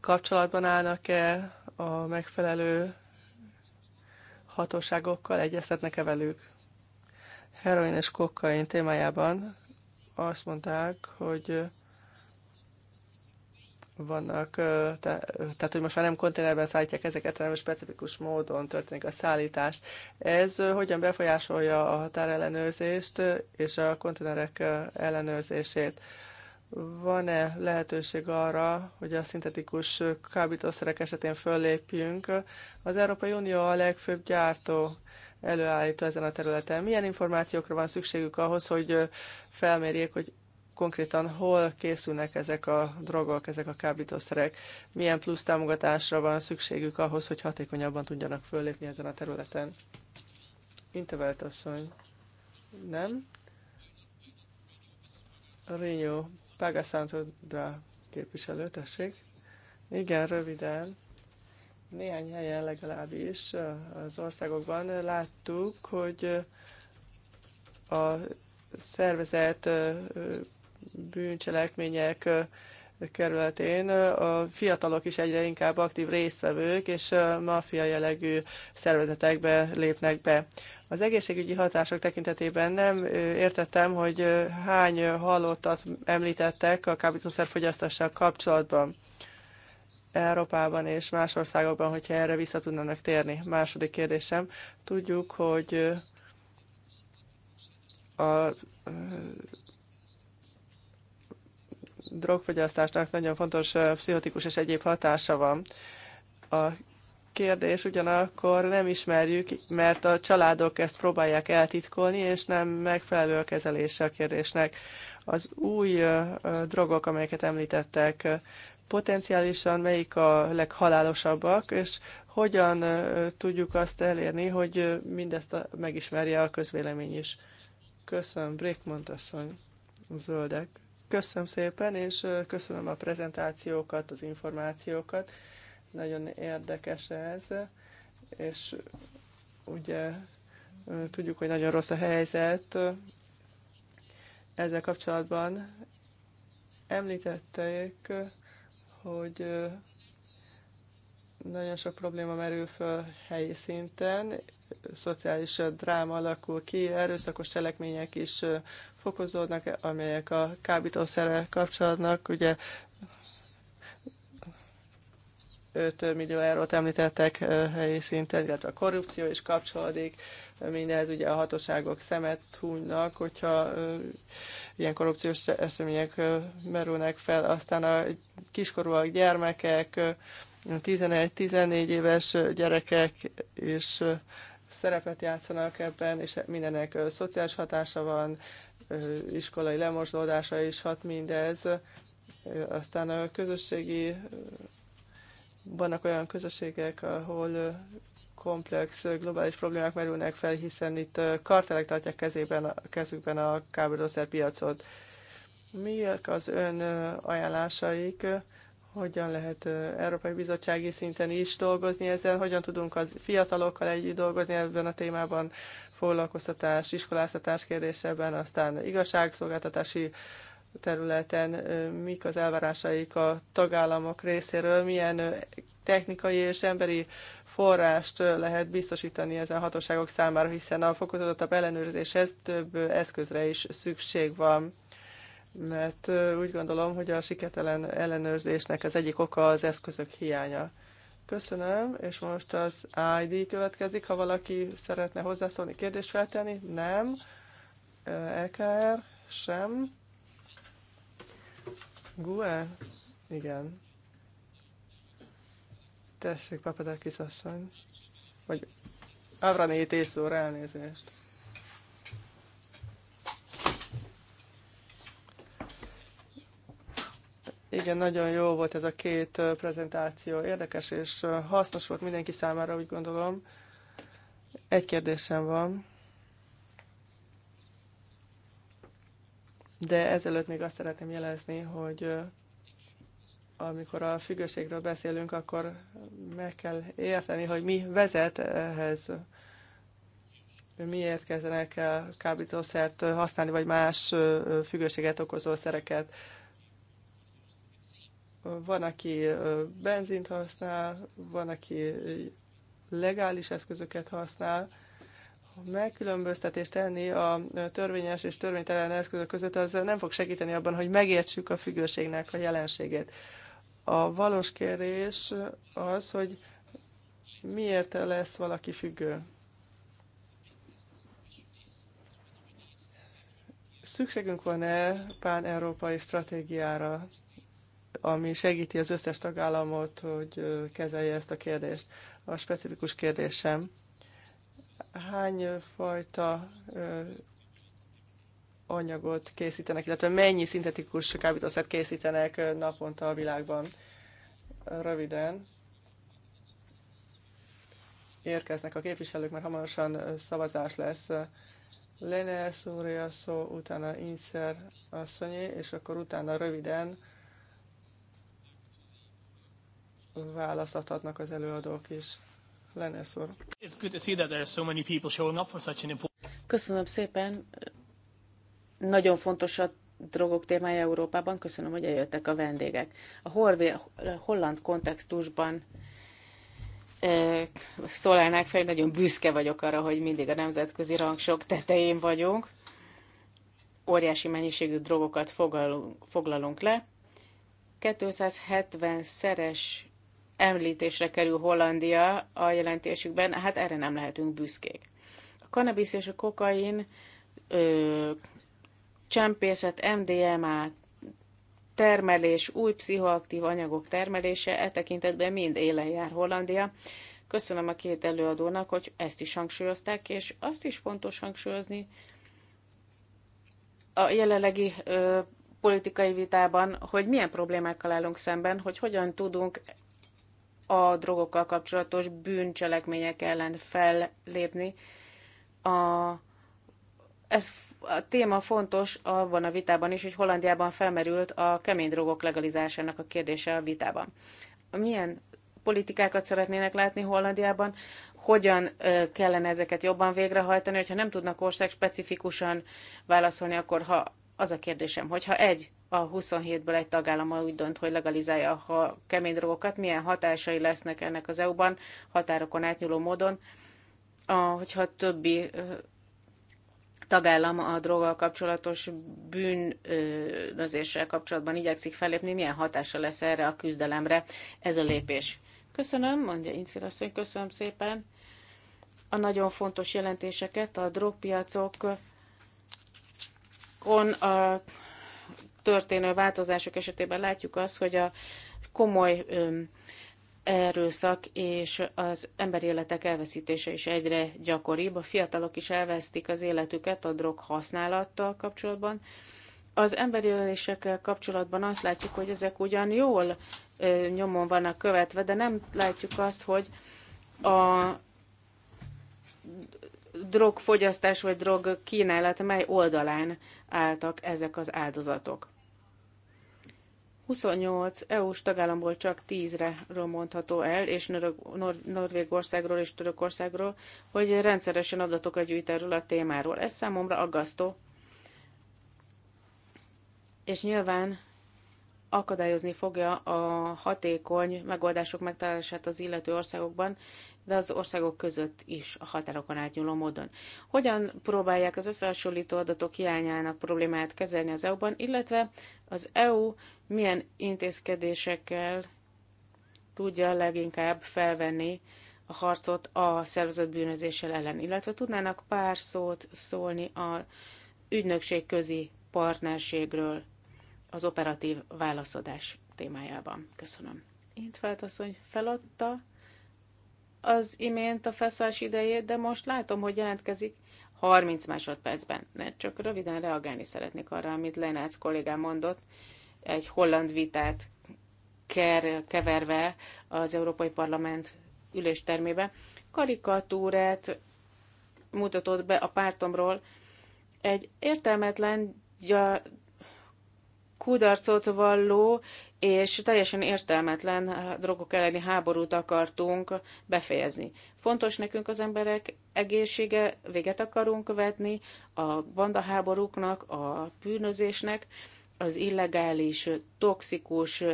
Kapcsolatban állnak-e a megfelelő hatóságokkal egyeztetnek-e velük. Heroin és kokain témájában azt mondták, hogy vannak, tehát hogy most már nem konténerben szállítják ezeket, hanem specifikus módon történik a szállítás. Ez hogyan befolyásolja a határellenőrzést és a konténerek ellenőrzését? van-e lehetőség arra, hogy a szintetikus kábítószerek esetén föllépjünk? Az Európai Unió a legfőbb gyártó előállító ezen a területen. Milyen információkra van szükségük ahhoz, hogy felmérjék, hogy konkrétan hol készülnek ezek a drogok, ezek a kábítószerek, milyen plusz támogatásra van szükségük ahhoz, hogy hatékonyabban tudjanak föllépni ezen a területen. Intevelt asszony. Nem? Rényó Pagaszántodra képviselő, tessék. Igen, röviden. Néhány helyen legalábbis az országokban láttuk, hogy a szervezett bűncselekmények kerületén a fiatalok is egyre inkább aktív résztvevők, és maffia jellegű szervezetekbe lépnek be. Az egészségügyi hatások tekintetében nem értettem, hogy hány halottat említettek a kábítószerfogyasztással kapcsolatban. Európában és más országokban, hogyha erre vissza tudnának térni. Második kérdésem. Tudjuk, hogy a drogfogyasztásnak nagyon fontos pszichotikus és egyéb hatása van. A kérdés ugyanakkor nem ismerjük, mert a családok ezt próbálják eltitkolni, és nem megfelelő a kezelése a kérdésnek. Az új drogok, amelyeket említettek, potenciálisan melyik a leghalálosabbak, és hogyan tudjuk azt elérni, hogy mindezt megismerje a közvélemény is. Köszönöm, Brickmont asszony, zöldek. Köszönöm szépen, és köszönöm a prezentációkat, az információkat. Nagyon érdekes ez, és ugye tudjuk, hogy nagyon rossz a helyzet. Ezzel kapcsolatban említették, hogy nagyon sok probléma merül föl helyi szinten, szociális dráma alakul ki, erőszakos cselekmények is fokozódnak, amelyek a kábítószerrel kapcsolatnak. Ugye 5 millió eurót említettek helyi szinten, illetve a korrupció is kapcsolódik. Mindez ugye a hatóságok szemet húnynak, hogyha ilyen korrupciós események merülnek fel. Aztán a kiskorúak, gyermekek, 11-14 éves gyerekek és szerepet játszanak ebben, és mindenek szociális hatása van, iskolai lemosdódása is hat mindez. Aztán a közösségi, vannak olyan közösségek, ahol komplex globális problémák merülnek fel, hiszen itt kartelek tartják kezében, kezükben a kábítószer piacot. Miek az ön ajánlásaik, hogyan lehet Európai Bizottsági szinten is dolgozni ezen, hogyan tudunk az fiatalokkal együtt dolgozni ebben a témában, foglalkoztatás, iskoláztatás kérdésében, aztán igazságszolgáltatási területen mik az elvárásaik a tagállamok részéről, milyen technikai és emberi forrást lehet biztosítani ezen hatóságok számára, hiszen a fokozottabb ellenőrzéshez több eszközre is szükség van. Mert úgy gondolom, hogy a sikertelen ellenőrzésnek az egyik oka az eszközök hiánya. Köszönöm, és most az ID következik, ha valaki szeretne hozzászólni, kérdést feltenni. Nem. EKR sem. GUE? Igen. Tessék, Papadakis asszony. Vagy Avranétész úr, elnézést. Igen, nagyon jó volt ez a két prezentáció. Érdekes és hasznos volt mindenki számára, úgy gondolom. Egy kérdésem van. De ezelőtt még azt szeretném jelezni, hogy amikor a függőségről beszélünk, akkor meg kell érteni, hogy mi vezet ehhez. Miért kezdenek el kábítószert használni, vagy más függőséget okozó szereket. Van, aki benzint használ, van, aki legális eszközöket használ. A megkülönböztetést tenni a törvényes és törvénytelen eszközök között, az nem fog segíteni abban, hogy megértsük a függőségnek a jelenségét. A valós kérdés az, hogy miért lesz valaki függő. Szükségünk van-e pán-európai stratégiára? ami segíti az összes tagállamot, hogy kezelje ezt a kérdést. A specifikus kérdésem, hány fajta anyagot készítenek, illetve mennyi szintetikus kábítószert készítenek naponta a világban? Röviden. Érkeznek a képviselők, mert hamarosan szavazás lesz. Lene Szúria szó, utána Inszer asszonyé, és akkor utána röviden választ adhatnak az előadók is. Lenes úr. Köszönöm szépen. Nagyon fontos a drogok témája Európában. Köszönöm, hogy eljöttek a vendégek. A, holland kontextusban e, szólalnák fel, nagyon büszke vagyok arra, hogy mindig a nemzetközi rangsok tetején vagyunk. Óriási mennyiségű drogokat foglalunk, foglalunk le. 270 szeres említésre kerül Hollandia a jelentésükben, hát erre nem lehetünk büszkék. A kanabisz és a kokain, ö, csempészet, MDMA, termelés, új pszichoaktív anyagok termelése, e tekintetben mind élen jár Hollandia. Köszönöm a két előadónak, hogy ezt is hangsúlyozták, és azt is fontos hangsúlyozni, a jelenlegi ö, politikai vitában, hogy milyen problémákkal állunk szemben, hogy hogyan tudunk a drogokkal kapcsolatos bűncselekmények ellen fellépni. A, ez a téma fontos abban a vitában is, hogy Hollandiában felmerült a kemény drogok legalizásának a kérdése a vitában. Milyen politikákat szeretnének látni Hollandiában, hogyan kellene ezeket jobban végrehajtani, hogyha nem tudnak ország specifikusan válaszolni, akkor ha az a kérdésem, hogyha egy a 27-ből egy tagállama úgy dönt, hogy legalizálja a kemény drogokat, milyen hatásai lesznek ennek az EU-ban határokon átnyúló módon, a, hogyha többi tagállam a droggal kapcsolatos bűnözéssel kapcsolatban igyekszik fellépni, milyen hatása lesz erre a küzdelemre ez a lépés. Köszönöm, mondja Incir asszony, köszönöm szépen a nagyon fontos jelentéseket a drogpiacokon a történő változások esetében látjuk azt, hogy a komoly erőszak és az emberi életek elveszítése is egyre gyakoribb. A fiatalok is elvesztik az életüket a drog használattal kapcsolatban. Az emberi élésekkel kapcsolatban azt látjuk, hogy ezek ugyan jól ö, nyomon vannak követve, de nem látjuk azt, hogy a drogfogyasztás vagy drog kínálat mely oldalán álltak ezek az áldozatok. 28 EU-s tagállamból csak 10-re mondható el, és Nor- Nor- Norvégországról és Törökországról, hogy rendszeresen adatokat gyűjt erről a témáról. Ez számomra aggasztó. És nyilván akadályozni fogja a hatékony megoldások megtalálását az illető országokban, de az országok között is a határokon átnyúló módon. Hogyan próbálják az összehasonlító adatok hiányának problémáját kezelni az EU-ban, illetve az EU milyen intézkedésekkel tudja leginkább felvenni a harcot a bűnözéssel ellen, illetve tudnának pár szót szólni a ügynökség közi partnerségről az operatív válaszadás témájában. Köszönöm. Intfeld asszony feladta az imént a feszvás idejét, de most látom, hogy jelentkezik 30 másodpercben. Ne, csak röviden reagálni szeretnék arra, amit Lenác kollégám mondott, egy holland vitát keverve az Európai Parlament üléstermébe, karikatúrát mutatott be a pártomról, egy értelmetlen gya, kudarcot valló és teljesen értelmetlen drogok elleni háborút akartunk befejezni. Fontos nekünk az emberek egészsége, véget akarunk vetni a bandaháborúknak, a bűnözésnek, az illegális, toxikus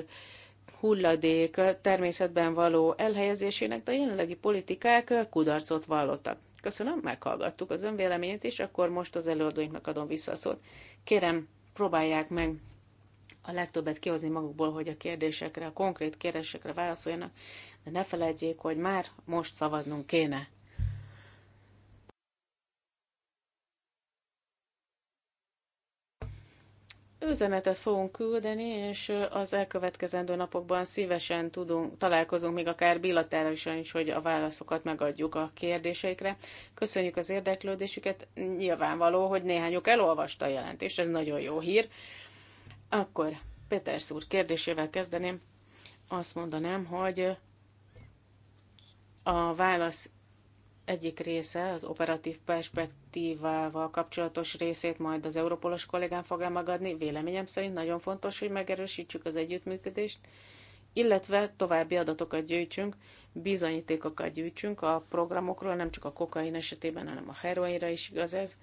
hulladék természetben való elhelyezésének, de a jelenlegi politikák kudarcot vallottak. Köszönöm, meghallgattuk az önvéleményét, és akkor most az előadóinknak adom vissza a szót. Kérem, próbálják meg a legtöbbet kihozni magukból, hogy a kérdésekre, a konkrét kérdésekre válaszoljanak, de ne felejtjék, hogy már most szavaznunk kéne. üzenetet fogunk küldeni, és az elkövetkezendő napokban szívesen tudunk, találkozunk még akár bilaterálisan is, hogy a válaszokat megadjuk a kérdéseikre. Köszönjük az érdeklődésüket. Nyilvánvaló, hogy néhányuk elolvasta a jelentést, ez nagyon jó hír. Akkor Péter úr kérdésével kezdeném. Azt mondanám, hogy a válasz egyik része, az operatív perspektívával kapcsolatos részét majd az európolos kollégám fogja megadni. Véleményem szerint nagyon fontos, hogy megerősítsük az együttműködést, illetve további adatokat gyűjtsünk, bizonyítékokat gyűjtsünk a programokról, nem csak a kokain esetében, hanem a heroinra is igaz ez.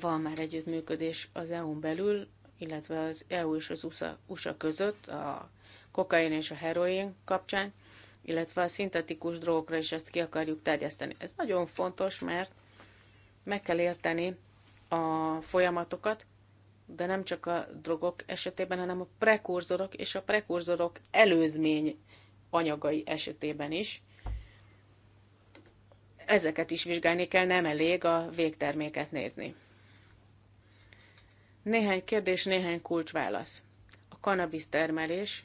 Van már együttműködés az EU-n belül, illetve az EU és az USA, USA között a kokain és a heroin kapcsán illetve a szintetikus drogokra is ezt ki akarjuk terjeszteni. Ez nagyon fontos, mert meg kell érteni a folyamatokat, de nem csak a drogok esetében, hanem a prekurzorok és a prekurzorok előzmény anyagai esetében is. Ezeket is vizsgálni kell, nem elég a végterméket nézni. Néhány kérdés, néhány kulcsválasz. A kanabisz termelés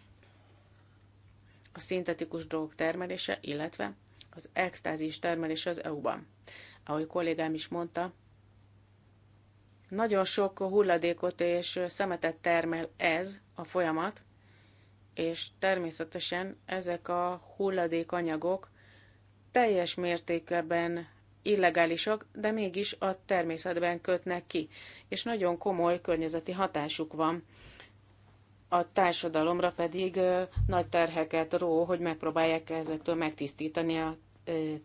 a szintetikus drogok termelése, illetve az extázis termelése az EU-ban. Ahogy kollégám is mondta, nagyon sok hulladékot és szemetet termel ez a folyamat, és természetesen ezek a hulladékanyagok teljes mértékben illegálisak, de mégis a természetben kötnek ki, és nagyon komoly környezeti hatásuk van a társadalomra pedig nagy terheket ró, hogy megpróbálják ezektől megtisztítani a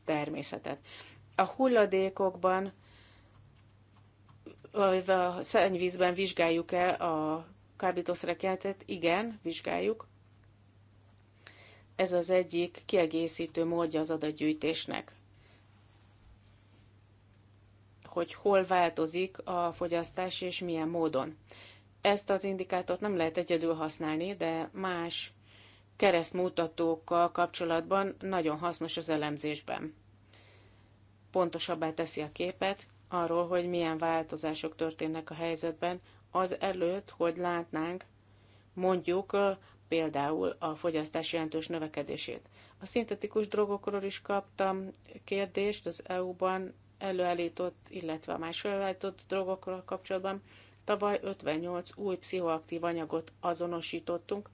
természetet. A hulladékokban, vagy a szennyvízben vizsgáljuk-e a kábítószerekjeltet? Igen, vizsgáljuk. Ez az egyik kiegészítő módja az adatgyűjtésnek hogy hol változik a fogyasztás és milyen módon. Ezt az indikátort nem lehet egyedül használni, de más keresztmutatókkal kapcsolatban nagyon hasznos az elemzésben. Pontosabbá teszi a képet arról, hogy milyen változások történnek a helyzetben, az előtt, hogy látnánk mondjuk például a fogyasztás jelentős növekedését. A szintetikus drogokról is kaptam kérdést az EU-ban előállított, illetve a más előállított drogokról kapcsolatban. Tavaly 58 új pszichoaktív anyagot azonosítottunk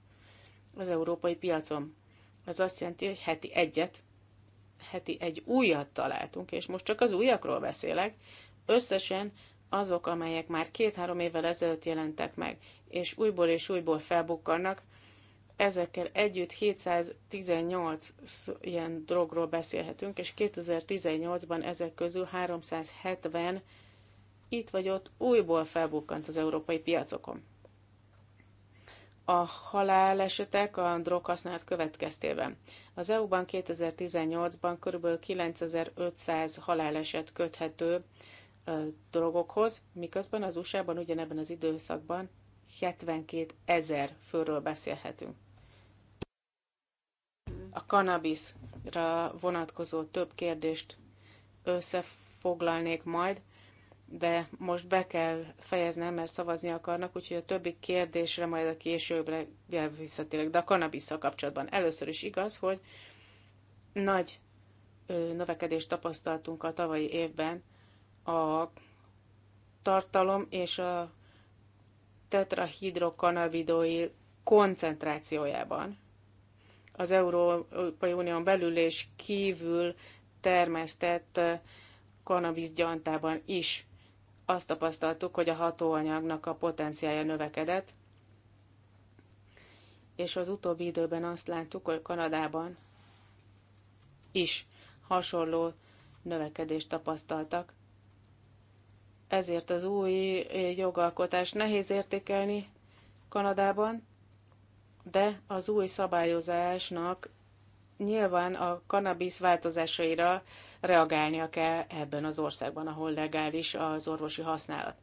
az európai piacon. Ez azt jelenti, hogy heti egyet, heti egy újat találtunk, és most csak az újakról beszélek. Összesen azok, amelyek már két-három évvel ezelőtt jelentek meg, és újból és újból felbukkannak, ezekkel együtt 718 ilyen drogról beszélhetünk, és 2018-ban ezek közül 370 itt vagy ott újból felbukkant az európai piacokon. A halálesetek a droghasználat következtében. Az EU-ban 2018-ban kb. 9500 haláleset köthető drogokhoz, miközben az USA-ban ugyanebben az időszakban 72 ezer főről beszélhetünk. A kanabiszra vonatkozó több kérdést összefoglalnék majd, de most be kell fejeznem, mert szavazni akarnak, úgyhogy a többi kérdésre majd a későbbre visszatérek. De a kanabisszal kapcsolatban először is igaz, hogy nagy növekedést tapasztaltunk a tavalyi évben a tartalom és a tetrahidrokannabidoil koncentrációjában. Az Európai Unión belül és kívül termesztett gyantában is azt tapasztaltuk, hogy a hatóanyagnak a potenciája növekedett, és az utóbbi időben azt láttuk, hogy Kanadában is hasonló növekedést tapasztaltak. Ezért az új jogalkotást nehéz értékelni Kanadában, de az új szabályozásnak nyilván a kannabis változásaira reagálnia kell ebben az országban, ahol legális az orvosi használat.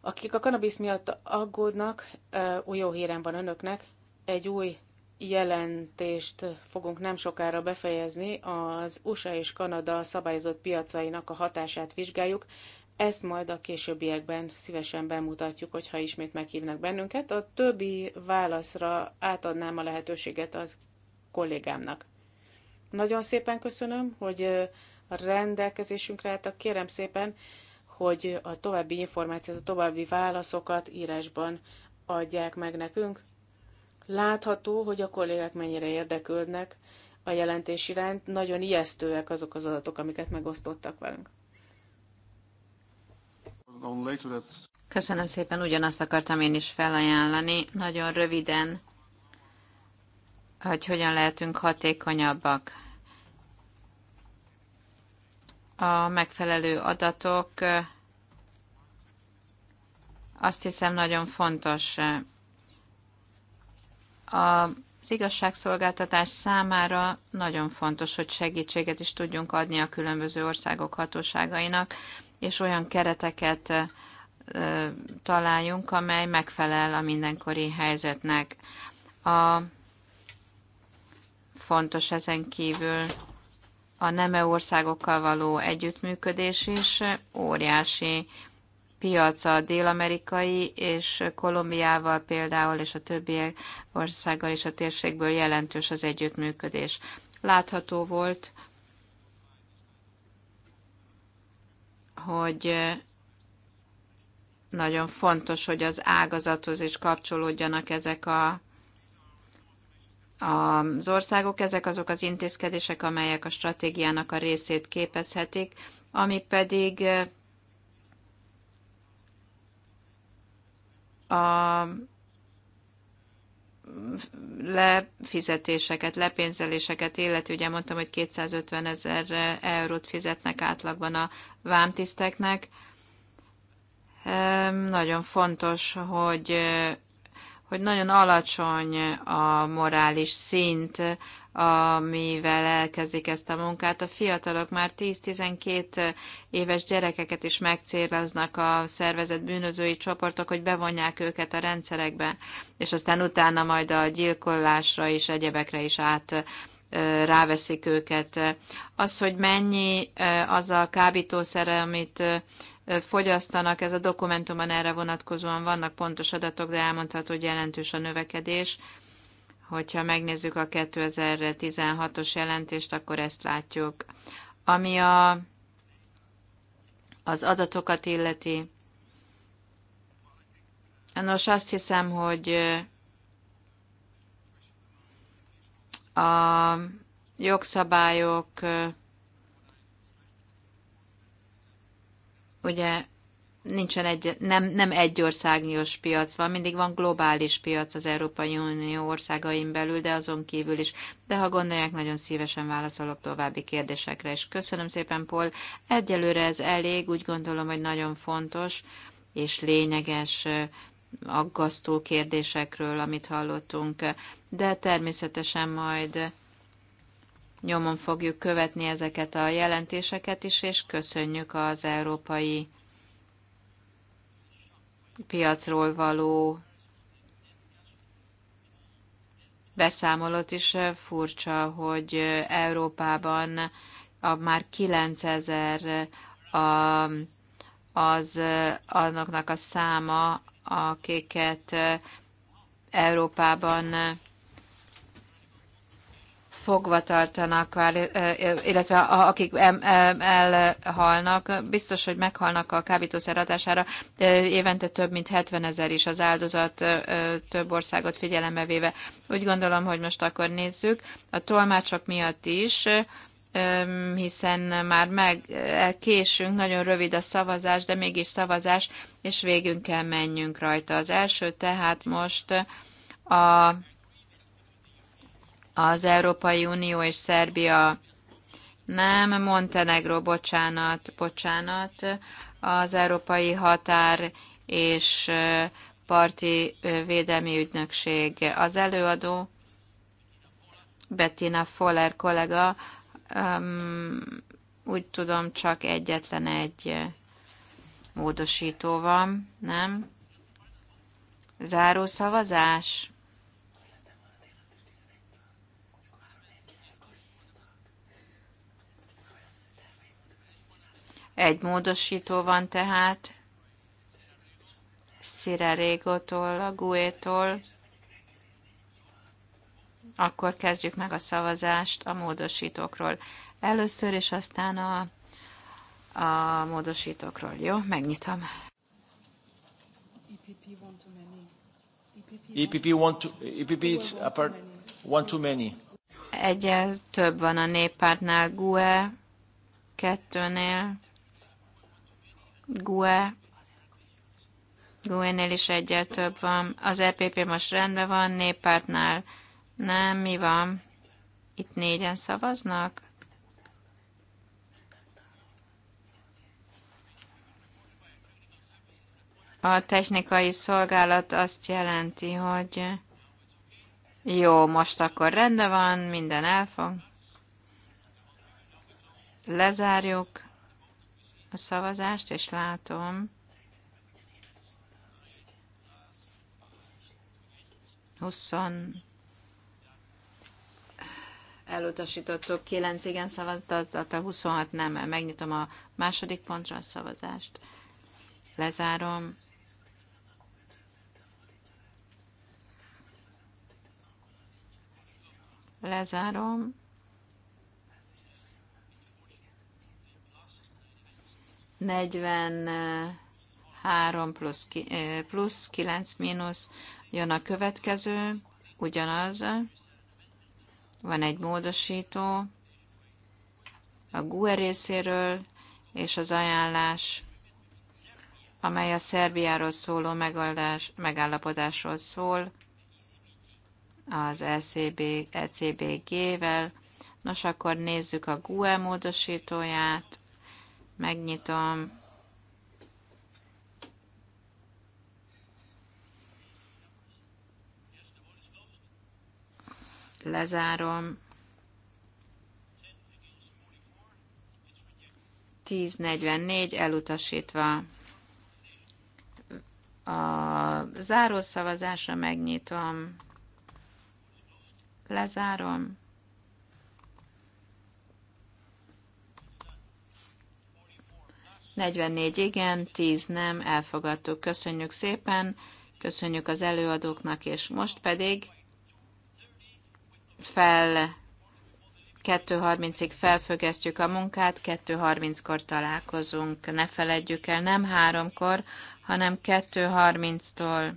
Akik a kannabisz miatt aggódnak, új jó hírem van önöknek, egy új jelentést fogunk nem sokára befejezni, az USA és Kanada szabályozott piacainak a hatását vizsgáljuk. Ezt majd a későbbiekben szívesen bemutatjuk, hogyha ismét meghívnak bennünket. A többi válaszra átadnám a lehetőséget az kollégámnak. Nagyon szépen köszönöm, hogy a rendelkezésünkre álltak. Kérem szépen, hogy a további információt, a további válaszokat írásban adják meg nekünk. Látható, hogy a kollégák mennyire érdeklődnek a jelentés iránt. Nagyon ijesztőek azok az adatok, amiket megosztottak velünk. Köszönöm szépen, ugyanazt akartam én is felajánlani. Nagyon röviden, hogy hogyan lehetünk hatékonyabbak. A megfelelő adatok azt hiszem nagyon fontos. A az igazságszolgáltatás számára nagyon fontos, hogy segítséget is tudjunk adni a különböző országok hatóságainak és olyan kereteket találjunk, amely megfelel a mindenkori helyzetnek. A fontos ezen kívül a neme országokkal való együttműködés is óriási piac a dél-amerikai és Kolumbiával például, és a többi országgal és a térségből jelentős az együttműködés. Látható volt, hogy nagyon fontos, hogy az ágazathoz is kapcsolódjanak ezek a, az országok. Ezek azok az intézkedések, amelyek a stratégiának a részét képezhetik, ami pedig a lefizetéseket, lepénzeléseket illetve ugye mondtam, hogy 250 ezer eurót fizetnek átlagban a vámtiszteknek. Ehm, nagyon fontos, hogy hogy nagyon alacsony a morális szint, amivel elkezdik ezt a munkát. A fiatalok már 10-12 éves gyerekeket is megcéloznak a szervezet bűnözői csoportok, hogy bevonják őket a rendszerekbe, és aztán utána majd a gyilkolásra és egyebekre is át ráveszik őket. Az, hogy mennyi az a kábítószer, amit fogyasztanak, ez a dokumentumban erre vonatkozóan vannak pontos adatok, de elmondható, hogy jelentős a növekedés. Hogyha megnézzük a 2016-os jelentést, akkor ezt látjuk. Ami a, az adatokat illeti, Nos, azt hiszem, hogy a jogszabályok ugye nincsen egy, nem, nem egy országnyos piac van, mindig van globális piac az Európai Unió országain belül, de azon kívül is. De ha gondolják, nagyon szívesen válaszolok további kérdésekre is. Köszönöm szépen, Paul. Egyelőre ez elég, úgy gondolom, hogy nagyon fontos és lényeges aggasztó kérdésekről, amit hallottunk, de természetesen majd Nyomon fogjuk követni ezeket a jelentéseket is, és köszönjük az európai piacról való beszámolót is. Furcsa, hogy Európában a már 9000 a, az annaknak a száma, akiket Európában fogva tartanak, illetve akik elhalnak, biztos, hogy meghalnak a kábítószer hatására. Évente több mint 70 ezer is az áldozat több országot figyelembe véve. Úgy gondolom, hogy most akkor nézzük. A tolmácsok miatt is hiszen már meg késünk, nagyon rövid a szavazás, de mégis szavazás, és végünk kell menjünk rajta. Az első tehát most a az Európai Unió és Szerbia nem, Montenegro, bocsánat, bocsánat, az Európai Határ és Parti Védelmi Ügynökség. Az előadó Bettina Foller kollega, um, úgy tudom, csak egyetlen egy módosító van, nem? Záró szavazás. Egy módosító van tehát, Régótól, a Guétól. Akkor kezdjük meg a szavazást a módosítókról. Először és aztán a, a módosítókról. Jó, megnyitom. EPP, one too, EPP it's apart, one too many. Egyel több van a néppártnál, GUE kettőnél. GUE, GUE-nél is egyet több van. Az EPP most rendben van, néppártnál nem, mi van? Itt négyen szavaznak? A technikai szolgálat azt jelenti, hogy jó, most akkor rendben van, minden elfog. Lezárjuk a szavazást, és látom, 20 elutasítottuk, 9 igen szavazat, a 26 nem. Megnyitom a második pontra a szavazást. Lezárom. Lezárom. 43 plusz, plusz 9 mínusz, jön a következő, ugyanaz, van egy módosító, a GUE részéről, és az ajánlás, amely a Szerbiáról szóló megoldás, megállapodásról szól, az LCB, e ECBG-vel. Nos, akkor nézzük a GUE módosítóját. Megnyitom. Lezárom. 10.44 elutasítva a zárószavazásra megnyitom, lezárom. 44 igen, 10 nem, elfogadtuk. Köszönjük szépen, köszönjük az előadóknak, és most pedig fel 2.30-ig felfüggesztjük a munkát, 2.30-kor találkozunk. Ne feledjük el, nem háromkor, hanem 2.30-tól